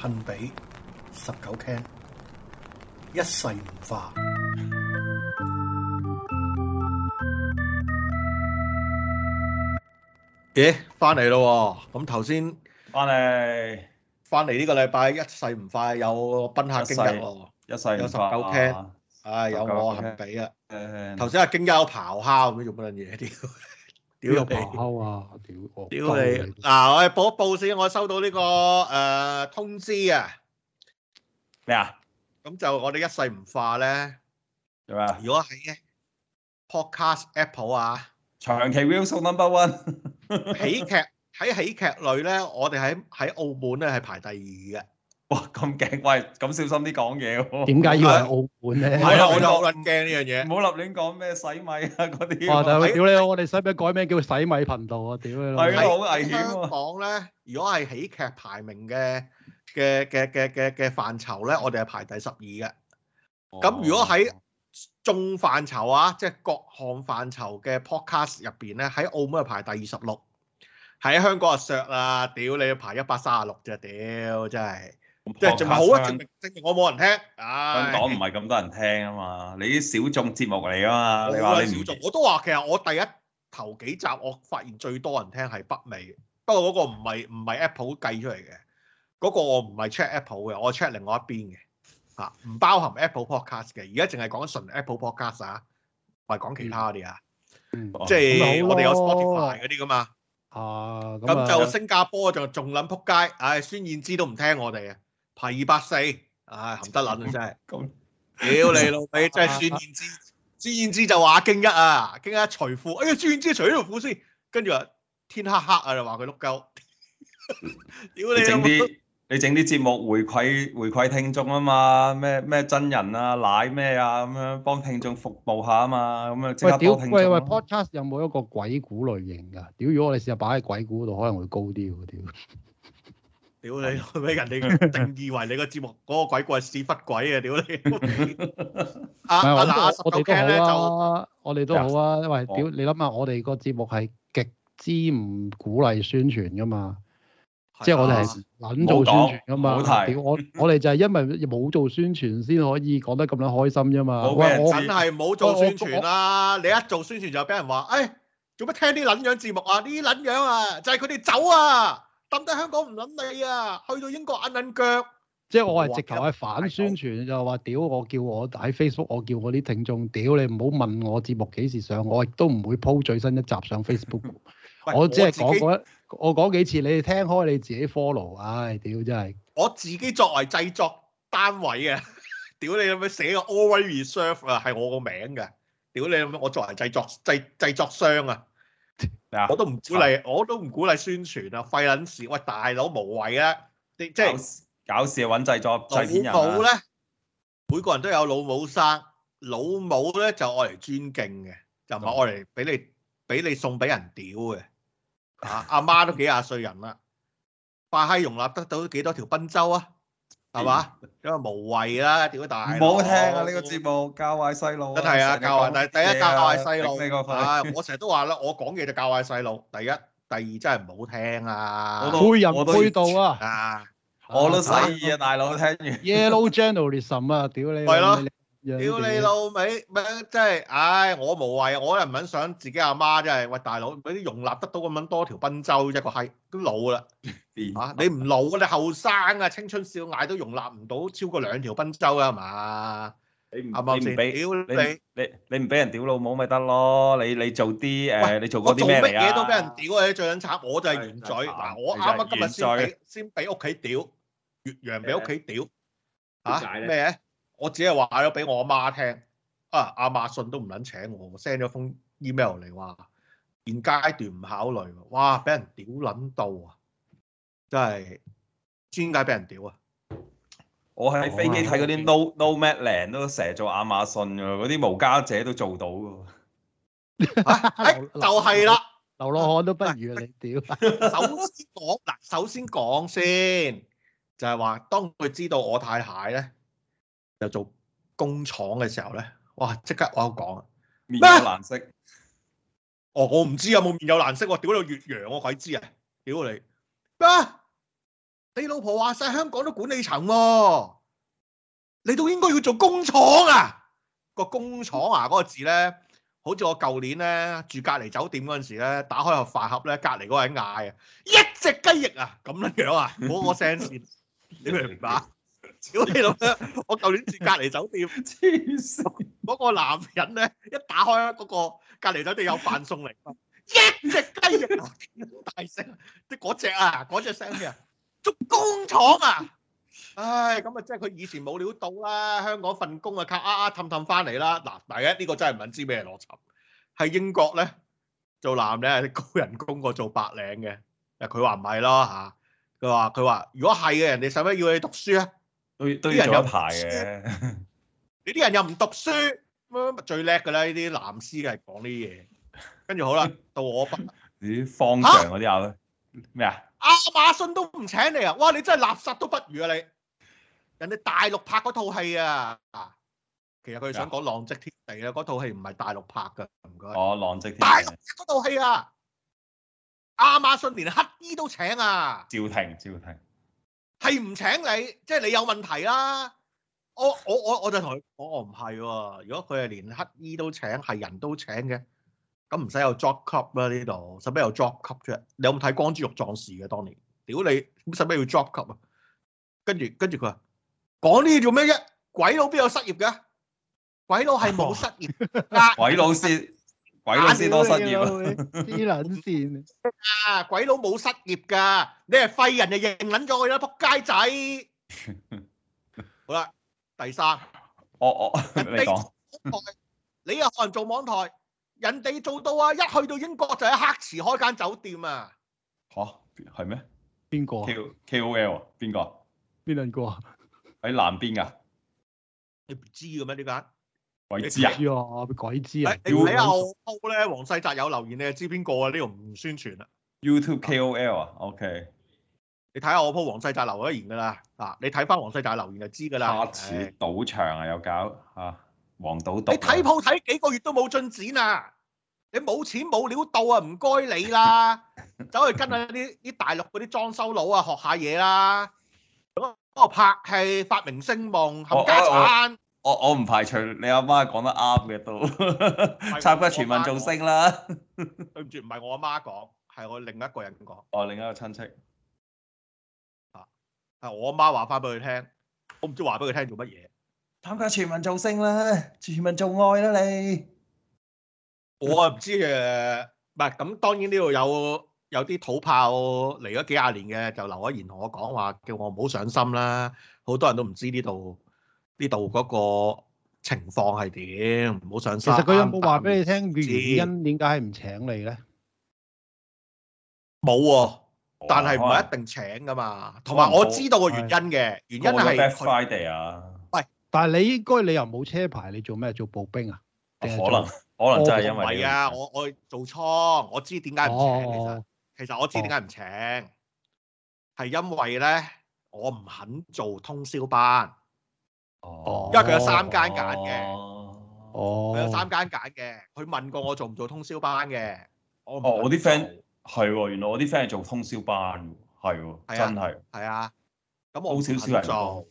幸比19 Ken，一世唔化。咦，翻嚟咯！咁頭先翻嚟翻嚟，呢個禮拜一世唔快，有賓客京一喎，一世唔化19 Ken，唉有我幸比啊！頭先阿京一有咆哮咁樣做乜嘢？屌！屌你白睺啊！屌我！屌你！嗱，我哋報報先，我收到呢個誒、呃、通知啊。咩啊麼？咁就我哋一世唔化咧，係咪麼？如果係咧，Podcast Apple 啊，長期 Views Number One 喜劇喺喜劇類咧，我哋喺喺澳門咧係排第二嘅。哇，咁勁！喂，咁小心啲講嘢喎。點解要喺澳門咧？係啊，我就好撚驚呢樣嘢。唔好立亂講咩洗米啊嗰啲。屌你，我哋使唔使改名叫洗米頻道啊？屌你。係啊，好危險啊。香港咧，如果係喜劇排名嘅嘅嘅嘅嘅嘅範疇咧，我哋係排第十二嘅。咁如果喺中範疇啊，即係各項範疇嘅 podcast 入邊咧，喺澳門係排第二十六，喺香港啊削啦！屌你，要排一百三啊六啫，屌真係。即係仲係好啊！證明，證明我冇人聽，啊，講唔係咁多人聽啊嘛，你啲小眾節目嚟啊嘛，你話你小眾？我都話其實我第一頭幾集我發現最多人聽係北美，不過嗰個唔係唔係 Apple 計出嚟嘅，嗰個我唔係 check Apple 嘅，我 check 另外一邊嘅，嚇唔包含 Apple Podcast 嘅，而家淨係講純 Apple Podcast 啊，唔係講其他嗰啲啊，即係我哋有 Spotify 嗰啲噶嘛，啊咁，咁就新加坡仲仲撚撲街，唉，孫燕姿都唔聽我哋啊！排二百四，唉、哎，含得撚啊！真係，屌你老味，真係孫燕姿，孫燕姿就話京一啊，京一除褲，哎呀，孫燕姿除呢條褲先，跟住話天黑黑啊，就話佢碌鳩。屌 你！整啲，你整啲節目回饋回饋聽眾啊嘛，咩咩真人啊，奶咩啊咁樣，幫聽眾服務下啊嘛，咁啊即刻多聽眾。喂，屌，喂喂，Podcast 有冇一個鬼故類型㗎？屌，如果我哋試下擺喺鬼故嗰度，可能會高啲喎屌。 屌你，俾人哋定義為你個節目嗰個鬼怪屎忽鬼啊！屌你，啊啊嗱，十九聽咧就我哋都好啊，因為屌你諗下，我哋個節目係極之唔鼓勵宣傳噶嘛，即係我哋係撚做宣傳噶嘛，我我哋就係因為冇做宣傳先可以講得咁樣開心啫嘛。喂，我真係冇做宣傳啦，你一做宣傳就俾人話，誒做乜聽啲撚樣節目啊？呢撚樣啊，就係佢哋走啊！抌低香港唔撚理啊！去到英國眼癱腳，即係我係直頭係反宣傳就話屌我叫我喺 Facebook，我叫我啲聽眾屌你唔好問我節目幾時上，我亦都唔會 po 最新一集上 Facebook。我只係講嗰，我講幾次你哋聽開你自己 follow，唉屌真係。我自己作為製作單位嘅，屌你有咩寫個 All Rights Reserved 係我個名嘅，屌你有咩我作為製作製製作商啊！嗱， 我都唔鼓勵， 我都唔鼓勵宣傳啊！廢撚事，喂大佬無謂啊！即係搞事揾製作 製片人啦。老母咧，每個人都有老母生，老母咧就愛嚟尊敬嘅，就唔係愛嚟俾你俾 你送俾人屌嘅。啊，阿媽都幾廿歲人啦，化閪容納得到幾多條賓州啊？係嘛？因為無謂啦，屌大唔好聽啊！呢、呢個節目教壞細路，真係啊，教壞第、啊啊、壞第一教壞細路。呢個快，我成日都話啦，我講嘢就教壞細路。第一、第二真係唔好聽啊！背人背到啊！我都洗啊，啊，大佬聽完。 Yellow journalism 啊，屌你！係 咯。屌你老味，咩真係？唉，我無謂，我又唔想自己阿媽真係。喂，大佬，嗰啲容納得到咁樣多條賓州一個閪都老啦。啊，你唔老啊？你後生啊，青春少艾都容納唔到超過兩條賓州噶係嘛？你唔俾，你你你唔俾人屌老母咪得咯？你你做啲誒，你做過啲咩嚟啊？我做乜嘢都俾人屌啊！最撚慘，我就係原罪。嗱，我啱啱今日先俾先俾屋企屌，粵陽俾屋企屌，嚇咩？我只係話咗俾我阿媽聽，啊，亞馬遜都唔撚請我，我 send 咗封 email 嚟話現階段唔考慮，哇！俾人屌撚到啊！真係，點解俾人屌啊？我喺飛機睇嗰啲 no no, no man land 都成日做亞馬遜啊，嗰啲無家者都做到㗎 哎、就係、是、啦，流浪漢都不如、啊、你屌。 首先講嗱，首先講先，就係、是、話當佢知道我太蟹咧。又做工廠嘅時候咧，哇！即刻我有講啊，面有難色。哦，我唔知有冇面有難色、啊。我屌到越洋、啊，我鬼知啊！屌你啊！你老婆話晒香港都管理層喎、啊，你都應該要做工廠啊！個工廠啊嗰、那個字咧，好似我舊年咧住隔籬酒店嗰陣時咧，打開個飯盒咧，隔籬嗰位嗌啊，一隻雞翼啊，咁樣啊，嗰個聲線，你明唔明啊？ 屌你老母！ 我舊年住隔離酒店，黐線！嗰個男人咧，一打開嗰、嗰個隔離酒店有飯送嚟， 一隻雞啊！大聲！即嗰隻啊，嗰隻聲咩啊？竹、啊、工廠啊！唉、哎，咁啊，即係佢以前冇料到啦。香港份工啊，咔啊啊氹氹翻嚟啦！嗱，但係呢個真係唔知咩邏輯，喺英國咧做藍領高人工過做白領嘅。誒，佢話唔係咯嚇，佢話佢話如果係嘅，人哋使乜要你讀書啊？都都要一排嘅，你啲人又唔讀， 讀書，最叻噶啦！呢啲藍絲嘅，係講呢啲嘢，跟住好啦，到我份。啲 方丈嗰啲有咩啊？亞麼馬遜都唔請你啊！哇，你真係垃圾都不如啊！你人哋大陸拍嗰套戲啊，其實佢想講《浪跡天地》啊，嗰套戲唔係大陸拍噶，唔該。哦，《浪跡天地》嗰套戲啊，亞馬遜連乞衣都請啊！趙婷，趙婷。係唔請你，即係你有問題啦。我我我我就同佢講，我唔係喎。如果佢係連乞衣都請，係人都請嘅，咁唔使有 job cup 啦。呢度，使咩有 job cup 啫？你有冇睇光豬六壯士嘅當年？屌你，咁使咩要 job cup 啊？跟住跟住佢話講呢啲做咩啫？鬼佬邊有失業嘅？鬼佬係冇失業 鬼老師。鬼佬先多失業啊！黐撚線啊！鬼佬冇失業噶，你係廢人就認撚咗佢啦，仆街仔！好啦，第三，我我你講，你又學人做網台，人哋做到啊！一去到英國就喺黑池開間酒店啊！嚇，係咩？邊個？K K O L 啊？邊個？邊兩個啊？喺南邊噶？你唔知嘅咩呢間？鬼知啊！鬼知啊！你睇下我鋪咧，黃世澤有留言，你又知邊個啊？呢度唔宣傳啊 YouTube KOL 啊，OK 你看看。你睇下我鋪黃世澤留言噶啦，嗱，你睇翻黃世澤留言就知噶啦。黑錢賭場啊，哎、又搞吓，黃、啊、賭毒、啊。你睇鋪睇幾個月都冇進展啊！你冇錢冇料到啊，唔該你啦， 走去跟下啲啲大陸嗰啲裝修佬啊，學下嘢啦。嗰個拍戲發明星夢，冚家鏟。 我我唔排除你阿媽講得啱嘅，都參加 全民造星啦。 對唔住，唔係我阿媽講，係我另一個人講。我、哦、另一個親戚。啊，我阿媽話翻俾佢聽，我唔知話俾佢聽做乜嘢。參加全民造星啦，全民造愛啦，你。我啊唔知誒，唔係咁，當然呢度有有啲土炮嚟咗幾廿年嘅，就劉凱然同我講話，叫我唔好上心啦。好多人都唔知呢度。呢度嗰個情況係點？唔好上心。其實佢有冇話俾你聽原因？點解唔請你咧？冇喎，但係唔係一定請噶嘛？同埋我知道個原因嘅，原因係佢。Friday 啊！喂，但係你應該你又冇車牌，你做咩做步兵啊？可能可能真係因為你。唔係啊！我我做倉，我知點解唔請。其實其實我知點解唔請，係因為咧，我唔肯做通宵班。哦，因為佢有三間揀嘅，哦，佢有三間揀嘅。佢問過我做唔做通宵班嘅，我唔做。我啲 friend 係喎，原來我啲 friend 係做通宵班，係喎，真係。係啊，咁我唔肯做，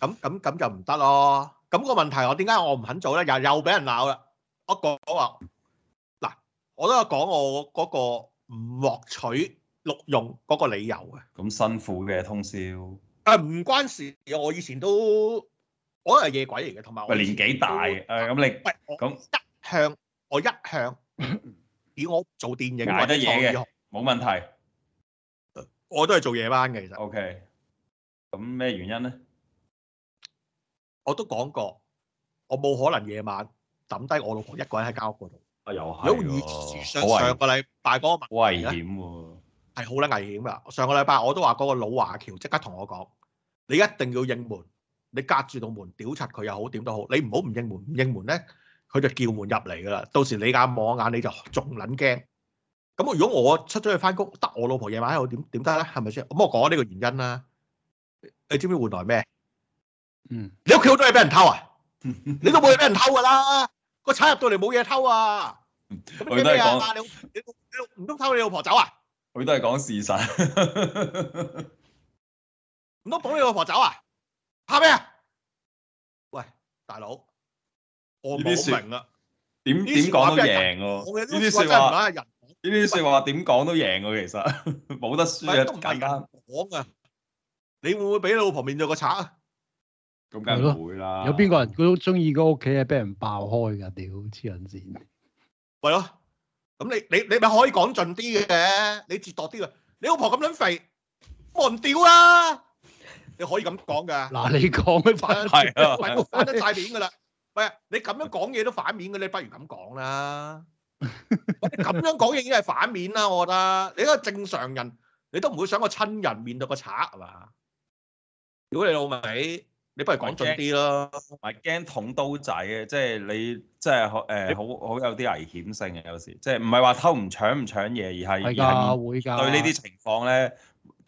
咁咁咁就唔得咯。咁個問題我點解我唔肯做咧？又又俾人鬧啦。我講話，嗱，我都有講我嗰個唔獲取錄用嗰個理由嘅。咁辛苦嘅通宵，誒，唔關事，我以前都。我都係夜鬼嚟嘅，同埋我年紀大，誒，咁你，唔係，咁一向我一向以我做電影或者創意行，冇問題，我都係做夜班嘅，其實。OK，咁咩原因咧？我都講過，我冇可能夜晚抌低我老婆一個人喺間屋嗰度。啊，又係，如果如上上個禮拜嗰個危險喎，係好撚危險啊！上個禮拜我都話嗰個老華僑即刻同我講，你一定要應門。你隔住道門屌柒佢又好，點都好，你唔好唔應門唔應門咧，佢就叫門入嚟噶啦。到時你眼望眼你就仲撚驚。咁如果我出咗去翻工，得我老婆夜晚喺度，點點得咧？係咪先？咁我講呢個原因啦。你知唔知換來咩？嗯。你屋企好多嘢俾人偷啊！你都冇嘢俾人偷噶啦，個產入到嚟冇嘢偷啊。佢 都係講、啊。你唔通偷你老婆走啊？佢都係講事實。唔通綁你老婆走啊？怕咩啊？喂，大佬，我唔明啦。點點講都贏喎。呢啲說話真唔係人講。呢啲說話點講都贏喎，其實冇得輸啊。都唔係啱講啊！你會唔會俾你老婆變做個賊啊？咁梗係唔會啦。有邊個人佢都中意個屋企係俾人爆開噶？屌黐撚線！喂咯，咁你你你咪可以講盡啲嘅，你折墮啲啊！你老婆咁樣肥，我唔屌啦！你可以咁講噶，嗱，你講嘅反面啊，反得太面噶啦，唔啊，你咁 樣講嘢都反面嘅，你不如咁講啦，咁樣講嘢已經係反面啦，我覺得你一個正常人，你都唔會想個親人面對個賊係嘛？如果你老味，你不如講準啲咯，咪驚捅刀仔嘅、就是，即係你即係呃好好有啲危險性嘅，有時即係唔係話偷唔搶唔搶嘢，而係而係對呢啲情況咧。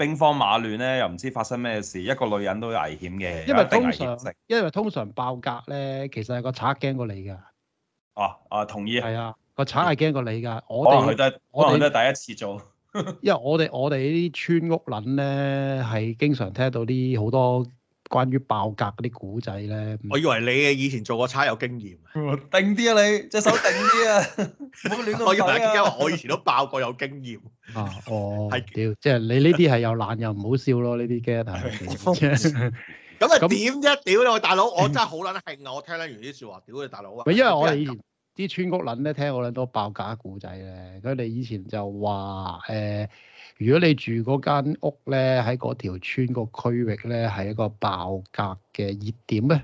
兵荒馬亂咧，又唔知發生咩事，一個女人都有危險嘅。因為通常，因為通常爆格咧，其實係個賊驚過你㗎。哦哦、啊啊，同意啊。係啊，個賊係驚過你㗎。我可、哦、得佢都都係第一次做。 因為我哋我哋呢啲村屋撚咧，係經常聽到啲好多。關於爆格嗰啲古仔咧，我以為你以前做過差有經驗，定啲啊你隻手定啲啊，唔好亂咁。我以前都爆過有經驗啊，哦，係屌，即係你呢啲係又爛又唔好笑咯，呢啲驚係。咁啊點一屌你大佬，我真係好撚係我聽得完啲説話，屌你大佬啊！因為我哋以前。啲村屋撚咧，聽好撚多爆格古仔咧。佢哋以前就話：誒、呃，如果你住嗰間屋咧，喺嗰條村個區域咧，係一個爆格嘅熱點咧，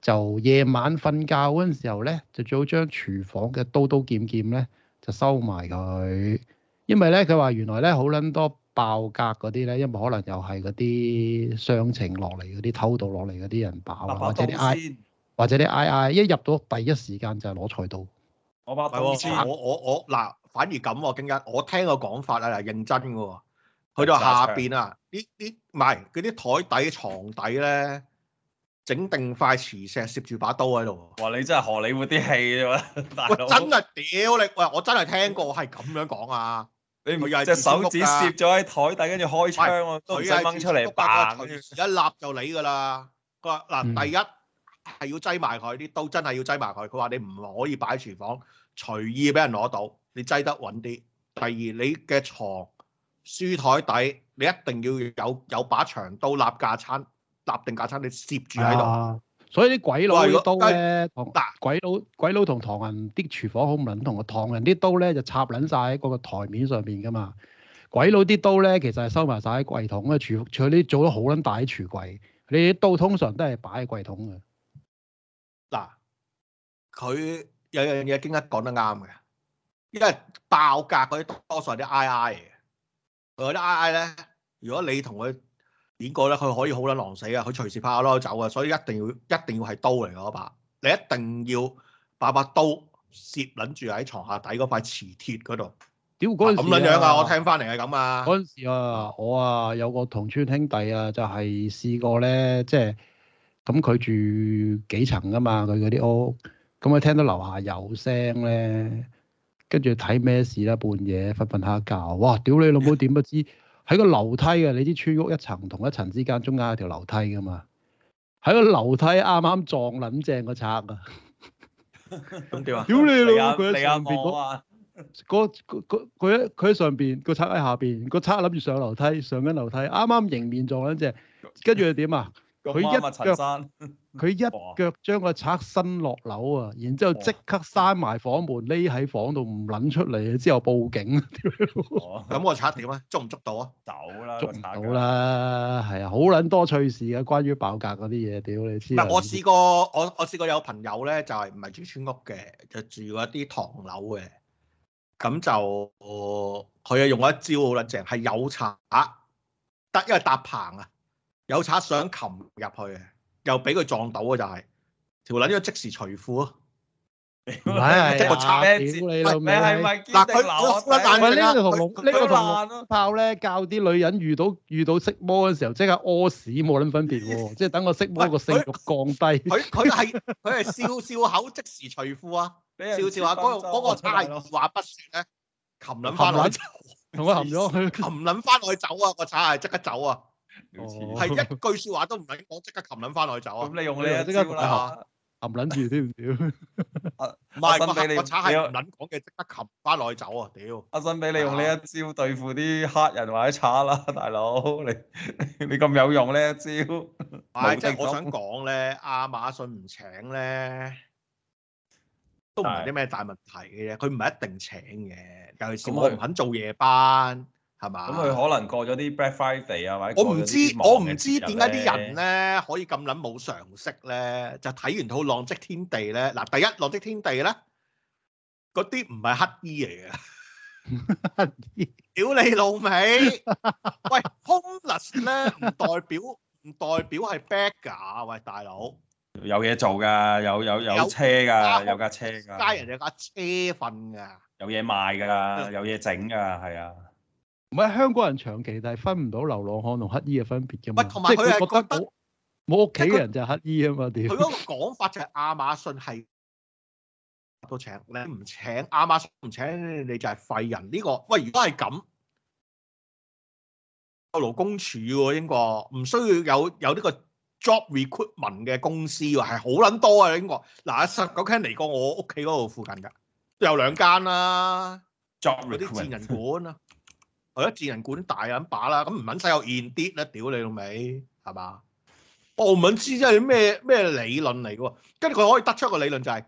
就夜晚瞓覺嗰陣時候咧，就最好將廚房嘅刀刀劍劍咧就收埋佢。因為咧，佢話原來咧，好撚多爆格嗰啲咧，因為可能又係嗰啲商情落嚟嗰啲偷渡落嚟嗰啲人爆，或者啲或者啲 I I 一入到第一時間就係攞菜刀。我話第二次，我我我嗱，反而咁喎，今日我聽個講法啊，認真嘅喎。去到下邊啊，呢啲槍，唔係嗰啲台底、床底咧，整定塊磁石，攝住把刀喺度。哇！你真係荷里活啲戲啊嘛？真係屌你！我真係聽過係咁樣講啊！你唔係隻手指攝咗喺台底，跟住開槍，佢係掹出嚟，一立就你㗎啦。佢話嗱第一。第一第一第一嗯係要擠埋佢啲刀，真係要擠埋佢。佢話你唔可以擺喺廚房，隨意俾人攞到。你擠得穩啲。第二，你嘅床、書台底，你一定要有有把長刀立架撐、立定架撐，你攝住喺度。所以啲鬼佬啲刀咧，同、哎、呀鬼佬鬼佬同唐人啲廚房好唔撚同。唐人啲刀咧就插撚晒喺個台面上面㗎嘛。鬼佬啲刀咧其實係收埋晒喺櫃桶嘅，除除啲做咗好撚大啲櫥櫃，你啲刀通常都係擺喺櫃桶㗎。佢有樣嘢，經得講得啱嘅，因為爆格嗰啲多數係啲 I I 嘅，佢啲 I I 咧，如果你同佢點過咧，佢可以好撚狼、狼死啊，佢隨時跑咯走啊，所以一定要一定要係刀嚟噶把，你一定要把把刀攝捻住喺床下底嗰塊磁鐵嗰度。屌嗰陣時咁、啊啊、樣啊，我聽翻嚟係咁啊。嗰陣時啊，我啊有個同村兄弟啊，就係、是、試過咧，即係咁佢住幾層噶嘛，佢嗰啲屋。咁佢聽到樓下有聲咧，跟住睇咩事啦？半夜瞓瞓下覺，哇！屌你老母點不知喺個樓梯啊！你知村屋一層同一層之間中間有條樓梯噶嘛？喺個樓梯啱啱撞撚正個賊啊！咁點啊？屌你老母！佢喺上邊嗰佢喺佢喺上邊，個賊喺下邊，個賊諗住上樓梯，上緊樓梯，啱啱迎面撞撚正，跟住佢點啊？佢、嗯嗯嗯、一腳。佢一腳將個賊伸落樓啊，然之後即刻閂埋房門，匿喺房度唔撚出嚟，之後報警啊。咁個賊點啊？捉唔捉到啊？走啦，捉唔到啦，係啊，好撚多趣事啊，關於爆格嗰啲嘢，屌你黐。唔係我試過，我我試過有朋友咧，就係唔係住村屋嘅，就住嗰啲唐樓嘅，咁就佢啊、呃、用一招好撚正，係有賊得，因為搭棚啊，有賊想擒入去嘅。又俾佢撞到啊！就係條撚嘢即時除褲啊。唔係即個叉子。你係咪？嗱、這個，佢我一眼呢個同龍呢個慢咯。炮咧教啲女人遇到遇到色魔嘅時候，即刻屙屎冇撚分別喎，即係等個色魔個性欲降低。佢佢係佢係笑笑口即時除褲啊！笑笑話，嗰個嗰個叉話不説咧，擒撚翻我同我擒咗佢，擒撚翻落去走啊！個叉係即刻走啊！係一句說話都唔肯講，即刻擒捻翻落走啊！咁你用呢一即刻擒捻住先屌！唔係話我係捻講嘅，即刻擒翻落走啊！屌、啊！阿新俾你、啊啊、用呢一招對付啲黑人或者賊啦，大佬你你咁有用呢一招？係即係我想講咧，亞馬遜唔請咧，都唔係啲咩大問題嘅啫。佢唔係一定請嘅，尤其是我唔肯做夜班。 係嘛？咁佢可能過咗啲 Black Friday 啊，或者過咗啲網嘅人咧，我唔知我唔知點解啲人咧可以咁撚冇常識咧，就睇完套《浪跡天地》咧。嗱，第一《浪跡天地》咧，嗰啲唔係乞衣嚟嘅，乞衣屌你老味！喂，homeless 咧唔代表唔代表係 beg 㗎？喂，大佬有嘢做㗎，有有有車㗎，有架車㗎，街人有架車瞓㗎，有嘢賣㗎，有嘢整㗎，係啊。唔係香港人長期，但係分唔到流浪漢同乞衣嘅分別嘅嘛。同埋佢係覺得冇屋企嘅人就係乞衣啊嘛。屌，佢嗰個講法就係亞馬遜係都請，你唔請亞馬遜唔請，請你就係廢人。呢個喂，如果係咁，勞工處英國唔需要有有呢個 job recruitment 嘅公司，係好捻多啊。英國嗱，19 Ken 嚟過我屋企嗰度附近噶，都有兩間啦。job 啲錢銀館啊。我覺得自然管大撚把啦，咁吳敏西又現啲咧，屌你老味，係嘛？我唔撚知真係咩咩理論嚟㗎喎？跟住佢可以得出個理論就係、是、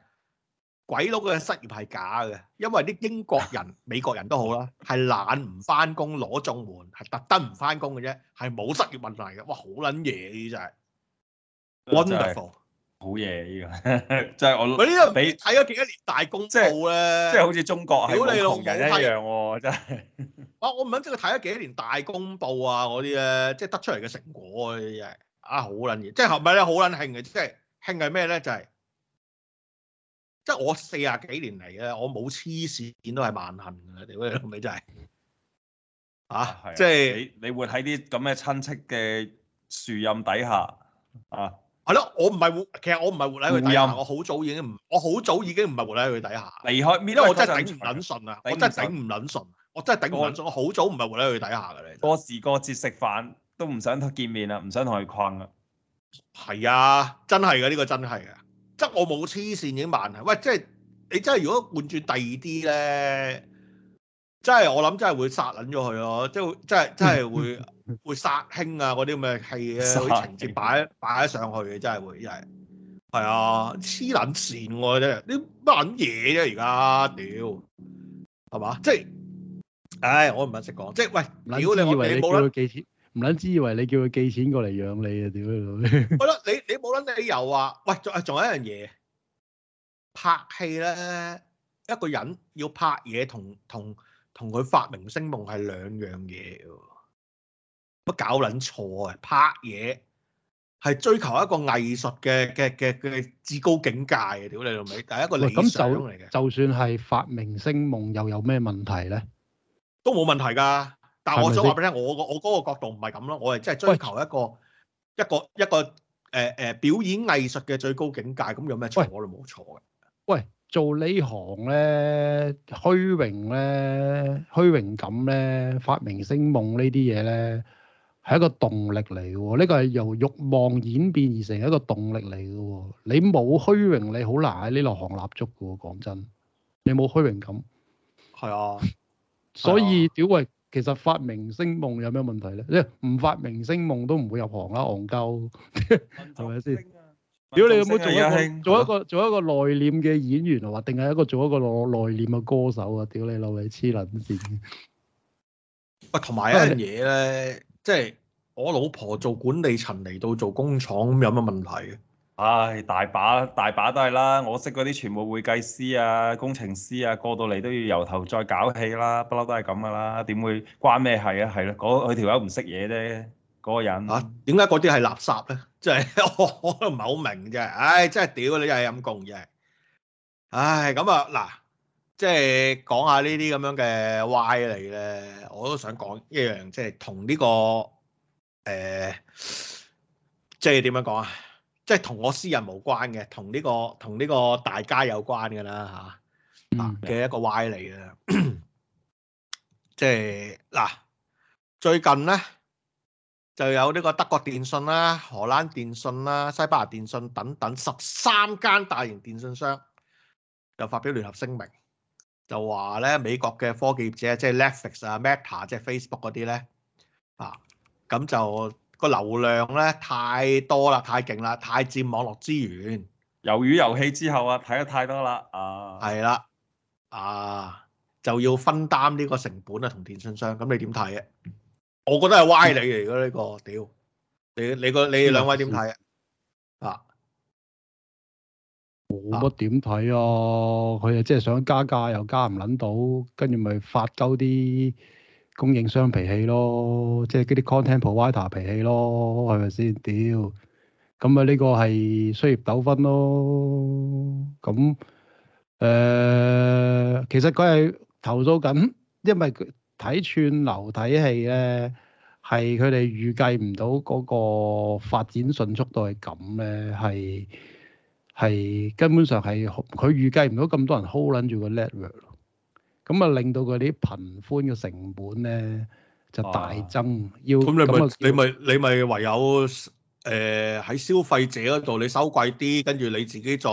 鬼佬嘅失業係假嘅，因為啲英國人、美國人都好啦，係懶唔翻工攞綜援，係特登唔翻工嘅啫，係冇失業問題嘅。哇，好撚嘢就係。 Wonderful。好嘢呢個，就係、是、我。佢呢個唔睇咗幾多年大公報咧、啊，即係好似中國係同人一樣喎，真、就、係、是。啊！就是就是就是、我唔諗即係睇咗幾多年大公報啊，嗰啲咧，即係得出嚟嘅成果啊！啊，好撚嘢，即係後咪咧好撚興嘅，即係興係咩咧？就係即係我四十幾年嚟咧，我冇黐線都係萬幸嘅，你會唔會真係？啊，即係你你會喺啲咁嘅親戚嘅樹蔭底下啊？係咯，我唔係活，其實我唔係活喺佢底下， 我好早已經唔，我好早已經唔係活喺佢底下。離開面，我真係頂唔捻順啊，頂我真係頂唔捻順啊，頂我真係頂唔捻順。我好早唔係活喺佢底下噶，你。過時過節食飯都唔想同見面啦，唔想同佢困啊。係啊，真係噶呢個真係啊！即係我冇黐線已經慢啊！喂，即係你真係如果換轉第二啲咧，真係我諗真係會殺捻咗佢咯，即係真係真係會。 會殺兄啊！嗰啲咁嘅戲嘅情節擺擺上去嘅，真係會真係係啊！黐捻線嘅啫，你乜捻嘢啫？而家屌係嘛？即係唉、哎，我唔係識講。即係喂，屌你！我以為你，為你叫佢寄錢，唔撚知以為你叫佢寄錢過嚟養你啊！屌你老！唔好啦，你你冇撚理由話喂，仲仲有，有，有，有一樣嘢拍戲咧，一個人要拍嘢同同同佢發明星夢係兩樣嘢。乜搞撚錯啊！拍嘢係追求一個藝術嘅嘅嘅嘅至高境界啊！屌你老味，係一個理想嚟嘅。就算係發明星夢，又有咩問題咧？都冇問題噶。但係我想話俾你聽，我個我嗰個角度唔係咁咯。我係即係追求一個一個一個誒誒表演藝術嘅最高境界。咁有咩錯？我冇錯嘅。喂，做呢行咧，虛榮咧，虛榮感咧，發明星夢呢啲嘢咧。係一個動力嚟嘅喎，呢個係由欲望演變而成一個動力嚟嘅喎。你冇虛榮，你好難喺呢行立足嘅喎。講真，你冇虛榮感。係啊，所以屌喂，其實發明星夢有咩問題咧？即係唔發明星夢都唔會入行啦，戇鳩，係咪先？屌你有冇做一做一個做一個內斂嘅演員啊？定係一個做一個內內斂嘅歌手啊？屌你老味，黐捻線。喂，同埋一樣嘢咧。即係我老婆做管理層嚟到做工廠咁有乜問題？唉、哎，大把大把都係啦，我識嗰啲全部會計師啊、工程師啊過到嚟都要由頭再搞起啦，不嬲都係咁噶啦，點會關咩事啊？係啦，佢條友唔識嘢啫，嗰、嗰個啊嗰個人。啊，點解嗰啲係垃圾咧？即 係我，我都唔係好明啫。唉、哎，真係屌你又係咁公嘢。唉、哎，咁啊嗱。即係講下這這呢啲咁樣嘅歪嚟咧，我都想講一樣，即係同呢、這個誒、呃，即係點樣講啊？即係同我私人無關嘅，同呢、這個同呢個大家有關嘅啦嚇嘅一個歪嚟嘅，即係嗱最近咧就有呢個德國電信啦、荷蘭電信啦、西班牙電信等等十三間大型電信商就發表聯合聲明。就話咧，美國嘅科技業者，即係 Netflix 啊、Meta 即係 Facebook 嗰啲咧，啊咁就個流量咧太多啦，太勁啦，太佔網絡資源。魷魚遊戲之後啊，睇得太多啦，啊，係啦，啊就要分擔呢個成本啊，同電信商。咁你點睇啊？我覺得係歪理嚟嘅呢個，屌 你你個你兩位點睇啊？ 冇乜點睇啊！佢又即係想加價又加唔撚到，跟住咪發鳩啲供應商脾氣咯，即係嗰啲 content provider 脾氣咯，係咪先？屌！咁啊呢個係商業糾紛咯。咁誒，其實佢係投訴緊，因為佢睇串流睇戲咧，係佢哋預計唔到嗰個發展迅速度係咁咧，係。係根本上係佢預計唔到咁多人 hold 撚住個 network，咁啊令到佢啲頻寬嘅成本咧就大增。啊、要咁你咪你咪你咪唯有誒喺、呃、消費者嗰度你收貴啲，跟住你自己再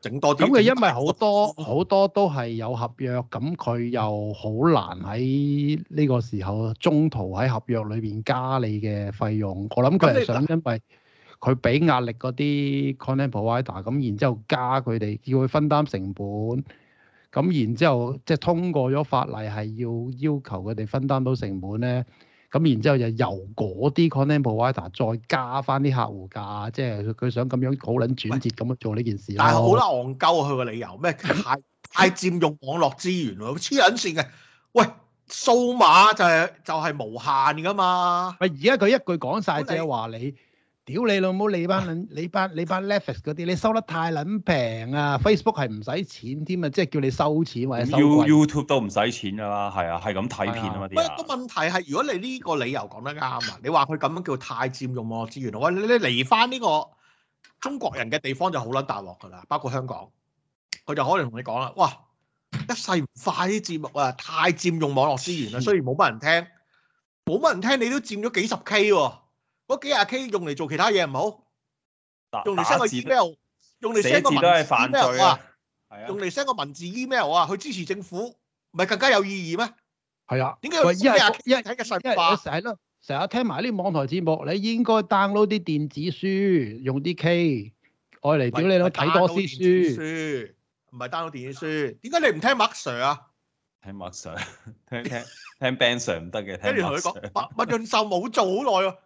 整多啲。咁嘅因為好多好 多都係有合約，咁佢又好難喺呢個時候中途喺合約裏邊加你嘅費用。我諗佢係想因為。佢俾壓力嗰啲 content provider，咁然之後加佢哋，叫佢分擔成本。咁然之後，即係通過咗法例係要要求佢哋分擔到成本咧。咁然之後就由嗰啲 content provider 再加翻啲客戶價，即係佢想咁樣好撚轉折咁樣做呢件事。但係好啦，戇鳩啊！佢個理由咩？太 太佔用網絡資源喎，黐撚線嘅。喂，數碼就係就係無限㗎嘛。咪而家佢一句講曬啫，即係話喂你。屌你老母！你班撚你班你班 Netflix 嗰啲，你收得太撚平啊！Facebook 係唔使錢添啊，即係叫你收錢或者收 YouTube 都唔使錢噶啦，係啊，係咁睇片啊嘛啲。喂，個問題係如果你呢個理由講得啱啊，你話佢咁樣叫太佔用網絡資源，我你你嚟翻呢個中國人嘅地方就好撚大鑊噶啦，包括香港，佢就可能同你講啦，哇！一世唔化啲節目啊，太佔用網絡資源啦，雖然冇乜人聽，冇乜人聽，你都佔咗幾十 K 喎、啊。嗰幾廿 K 用嚟做其他嘢唔好，用嚟 send 個 email，用嚟 send 個文字 email 啊，用嚟 send 個文字 email 啊，去支持政府唔係更加有意義咩？係啊，點解要用幾廿 K？一係一睇嘅神話，成日成日聽埋啲網台節目，你應該 download 啲電子書，用啲 K 愛嚟屌你睇多啲書，唔係 download 電子書。點解你唔聽麥 Sir 啊？聽麥 Sir，聽聽聽 Ben Sir 唔得嘅，聽麥 Sir。麥麥潤壽冇做好耐啊。」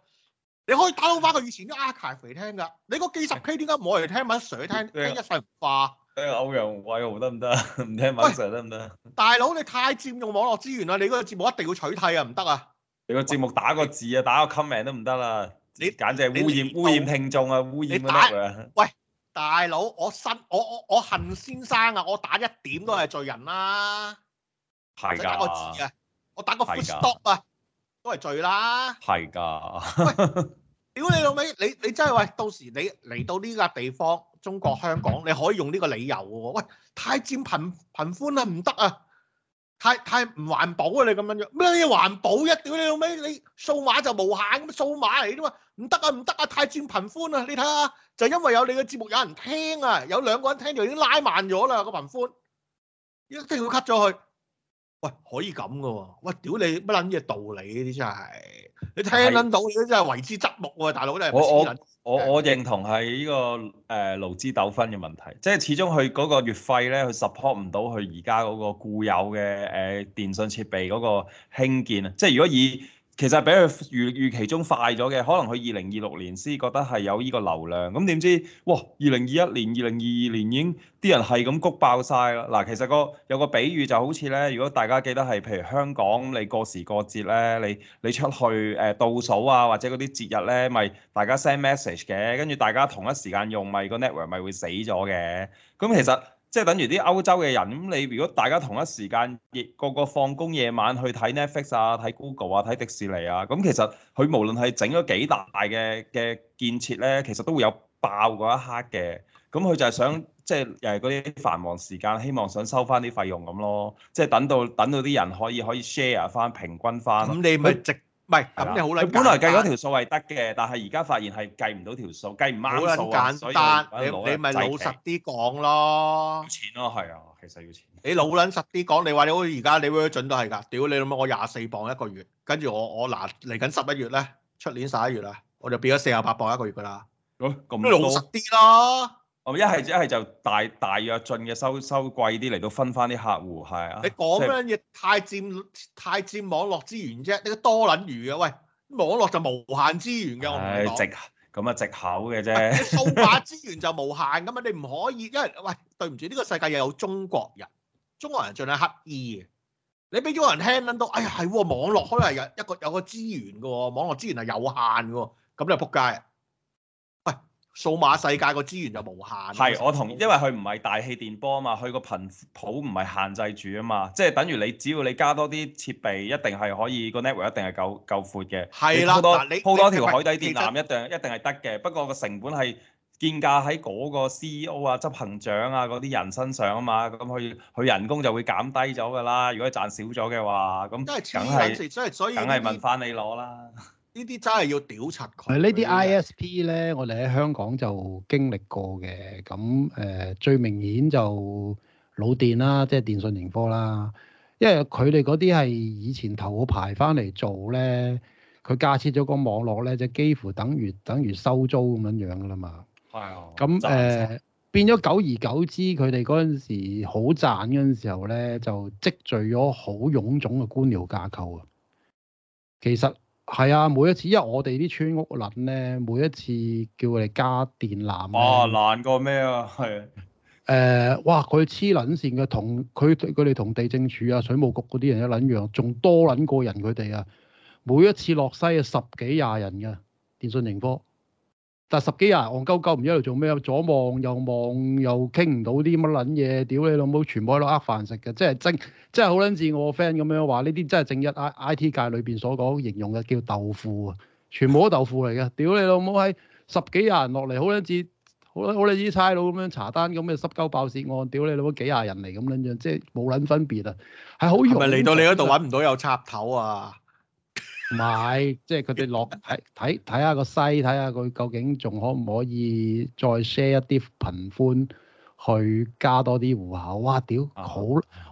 你可以打倒翻佢以前啲 archive 聽噶，你個幾十 K 點解冇人聽問 Sir 聽？聽一世唔化。聽歐陽偉豪得唔得？唔聽問 Sir 得唔得？大佬你太佔用網絡資源啦，你嗰個節目一定要取替啊，唔得啊！你個節目打個字啊，打個 comment 都唔得啦。你簡直係污染污染聽眾啊！污染乜嘢啊？喂，大佬，我新我我我，我恨先生啊！我打一點都係罪人啦、啊。係㗎的。我打個字啊，我打個 full stop 啊。都係罪啦，係噶喂。屌 你老味，你你真係喂，到時你嚟到呢個地方，中國香港，你可以用呢個理由喎、啊。喂，太佔頻頻寬啦，唔得啊，啊！太太唔環保啊，你咁樣樣咩嘢環保啊？屌你老味，你數碼就無限咁，數碼嚟啫嘛，唔得啊，唔得啊，太佔頻寬啦！你睇下，就因為有你嘅節目有人聽啊，有兩個人聽就已經拉慢咗啦個頻寬，一定要 cut 咗佢。喂，可以咁噶喎！喂，屌你乜撚嘢道理啊？呢啲真係，你聽撚到是，啊，你真係為之側目喎！大佬真係，我我我我認同係呢、呢個誒、呃、勞資糾紛嘅問題，即係始終佢嗰個月費咧，佢 support 唔到佢而家嗰個固有嘅誒、呃、電信設備嗰個興建啊！即係如果以其實比佢預預期中快咗嘅，可能佢二零二六年先覺得係有呢個流量，咁點知哇？二零二一年、二零二二年已經啲人係咁谷爆晒啦！嗱，其實個有個比喻就好似咧，如果大家記得係譬如香港，你過時過節咧，你你出去誒、呃、倒數啊，或者嗰啲節日咧，咪大家 send message 嘅，跟住大家同一時間用，咪、個 network 咪會死咗嘅。咁其實。即係等於啲歐洲嘅人，咁你如果大家同一時間夜個個放工夜晚去睇 Netflix 啊、睇 Google 啊、睇迪士尼啊，咁其實佢無論係整咗幾大嘅嘅建設咧，其實都會有爆嗰一刻嘅。咁佢就係想即係誒嗰啲繁忙時間，希望想收翻啲費用咁咯。即係等到等到啲人可以可以 share 翻平均翻。咁你咪直？.唔係，咁你好撚本來計嗰條數係得嘅，但係而家發現係計唔到條數，計唔啱好撚簡單，所以你你咪取得 老實啲講咯，要錢咯係啊，其實要錢。你老撚實啲講，你話你好而家你會準都係㗎，屌，你諗下我廿四磅一個月，跟住我我嗱嚟緊十一月咧，出年十一月啊，我就變咗四十八磅一個月㗎啦。咁、啊、老實啲咯。我一係一係就大大約進嘅收收貴啲嚟到分翻啲客戶，係啊。你講嗰樣嘢太佔太佔網絡資源啫，你個多撚餘嘅？喂，網絡就無限資源嘅，哎、我直咁啊，直口嘅啫。你數碼資源就無限咁嘛， 你唔可以，因為喂，對唔住，呢、呢個世界又有中國人，中國人盡係刻意。嘅。你俾中國人聽撚到，哎呀，係喎，網絡可能係一個有個資源嘅喎，網絡資源係有限嘅喎，咁你係撲街。數碼世界個資源就無限，係我同，因為佢唔係大氣電波啊嘛，佢個頻譜唔係限制住啊嘛，即係等於你只要你加多啲設備，一定係可以個 network 一定係夠夠闊嘅。係啦的，鋪多鋪多條海底電纜一定實一定係得嘅。不過個成本係建價喺嗰個 CEO 啊、執行長啊嗰啲人身上啊嘛，咁佢佢人工就會減低咗㗎啦。如果賺少咗嘅話，咁梗係，梗係問翻你攞啦。呢啲真係要屌柒佢。呢啲 ISP 咧，我哋喺香港就經歷過嘅。咁誒、呃，最明顯就老電啦，即係電信盈科啦。因為佢哋嗰啲係以前頭嗰排翻嚟做咧，佢架設咗個網絡咧，就係幾乎等於等於收租咁樣樣噶啦嘛。係啊、哎呦。咁誒那、呃，變咗久而久之，佢哋嗰陣時好賺嗰陣時候咧，就積聚咗好臃腫嘅官僚架構啊。其實。係啊，每一次，因為我哋啲村屋撚咧，每一次叫佢哋加電纜咧，哇，難過咩啊？係，誒、呃，哇，佢黐撚線嘅同佢佢哋同地政署啊、水務局嗰啲人一撚樣，仲多撚過人佢哋啊！每一次落西啊，十幾廿人嘅電訊盈科。但十幾廿人戇鳩鳩唔知喺度做咩，左望右望又傾唔到啲乜撚嘢，屌你老母！全部喺度呃飯食嘅，即係正，即係好撚似我個 friend 咁樣話呢啲，真係正一 I T 界裏邊所講形容嘅叫豆腐啊，全部都豆腐嚟嘅，屌你老母，喺十幾廿人落嚟，好撚似好撚好撚似差佬咁樣查單咁嘅濕鳩爆竊案，屌你老母幾廿人嚟咁撚樣，即係冇撚分別啊，係好容易。嚟到你度揾唔到有插頭啊！唔即係佢哋落睇睇睇下個西，睇下佢究竟仲可唔可以再 share 一啲頻寬去加多啲戶口。哇！屌好，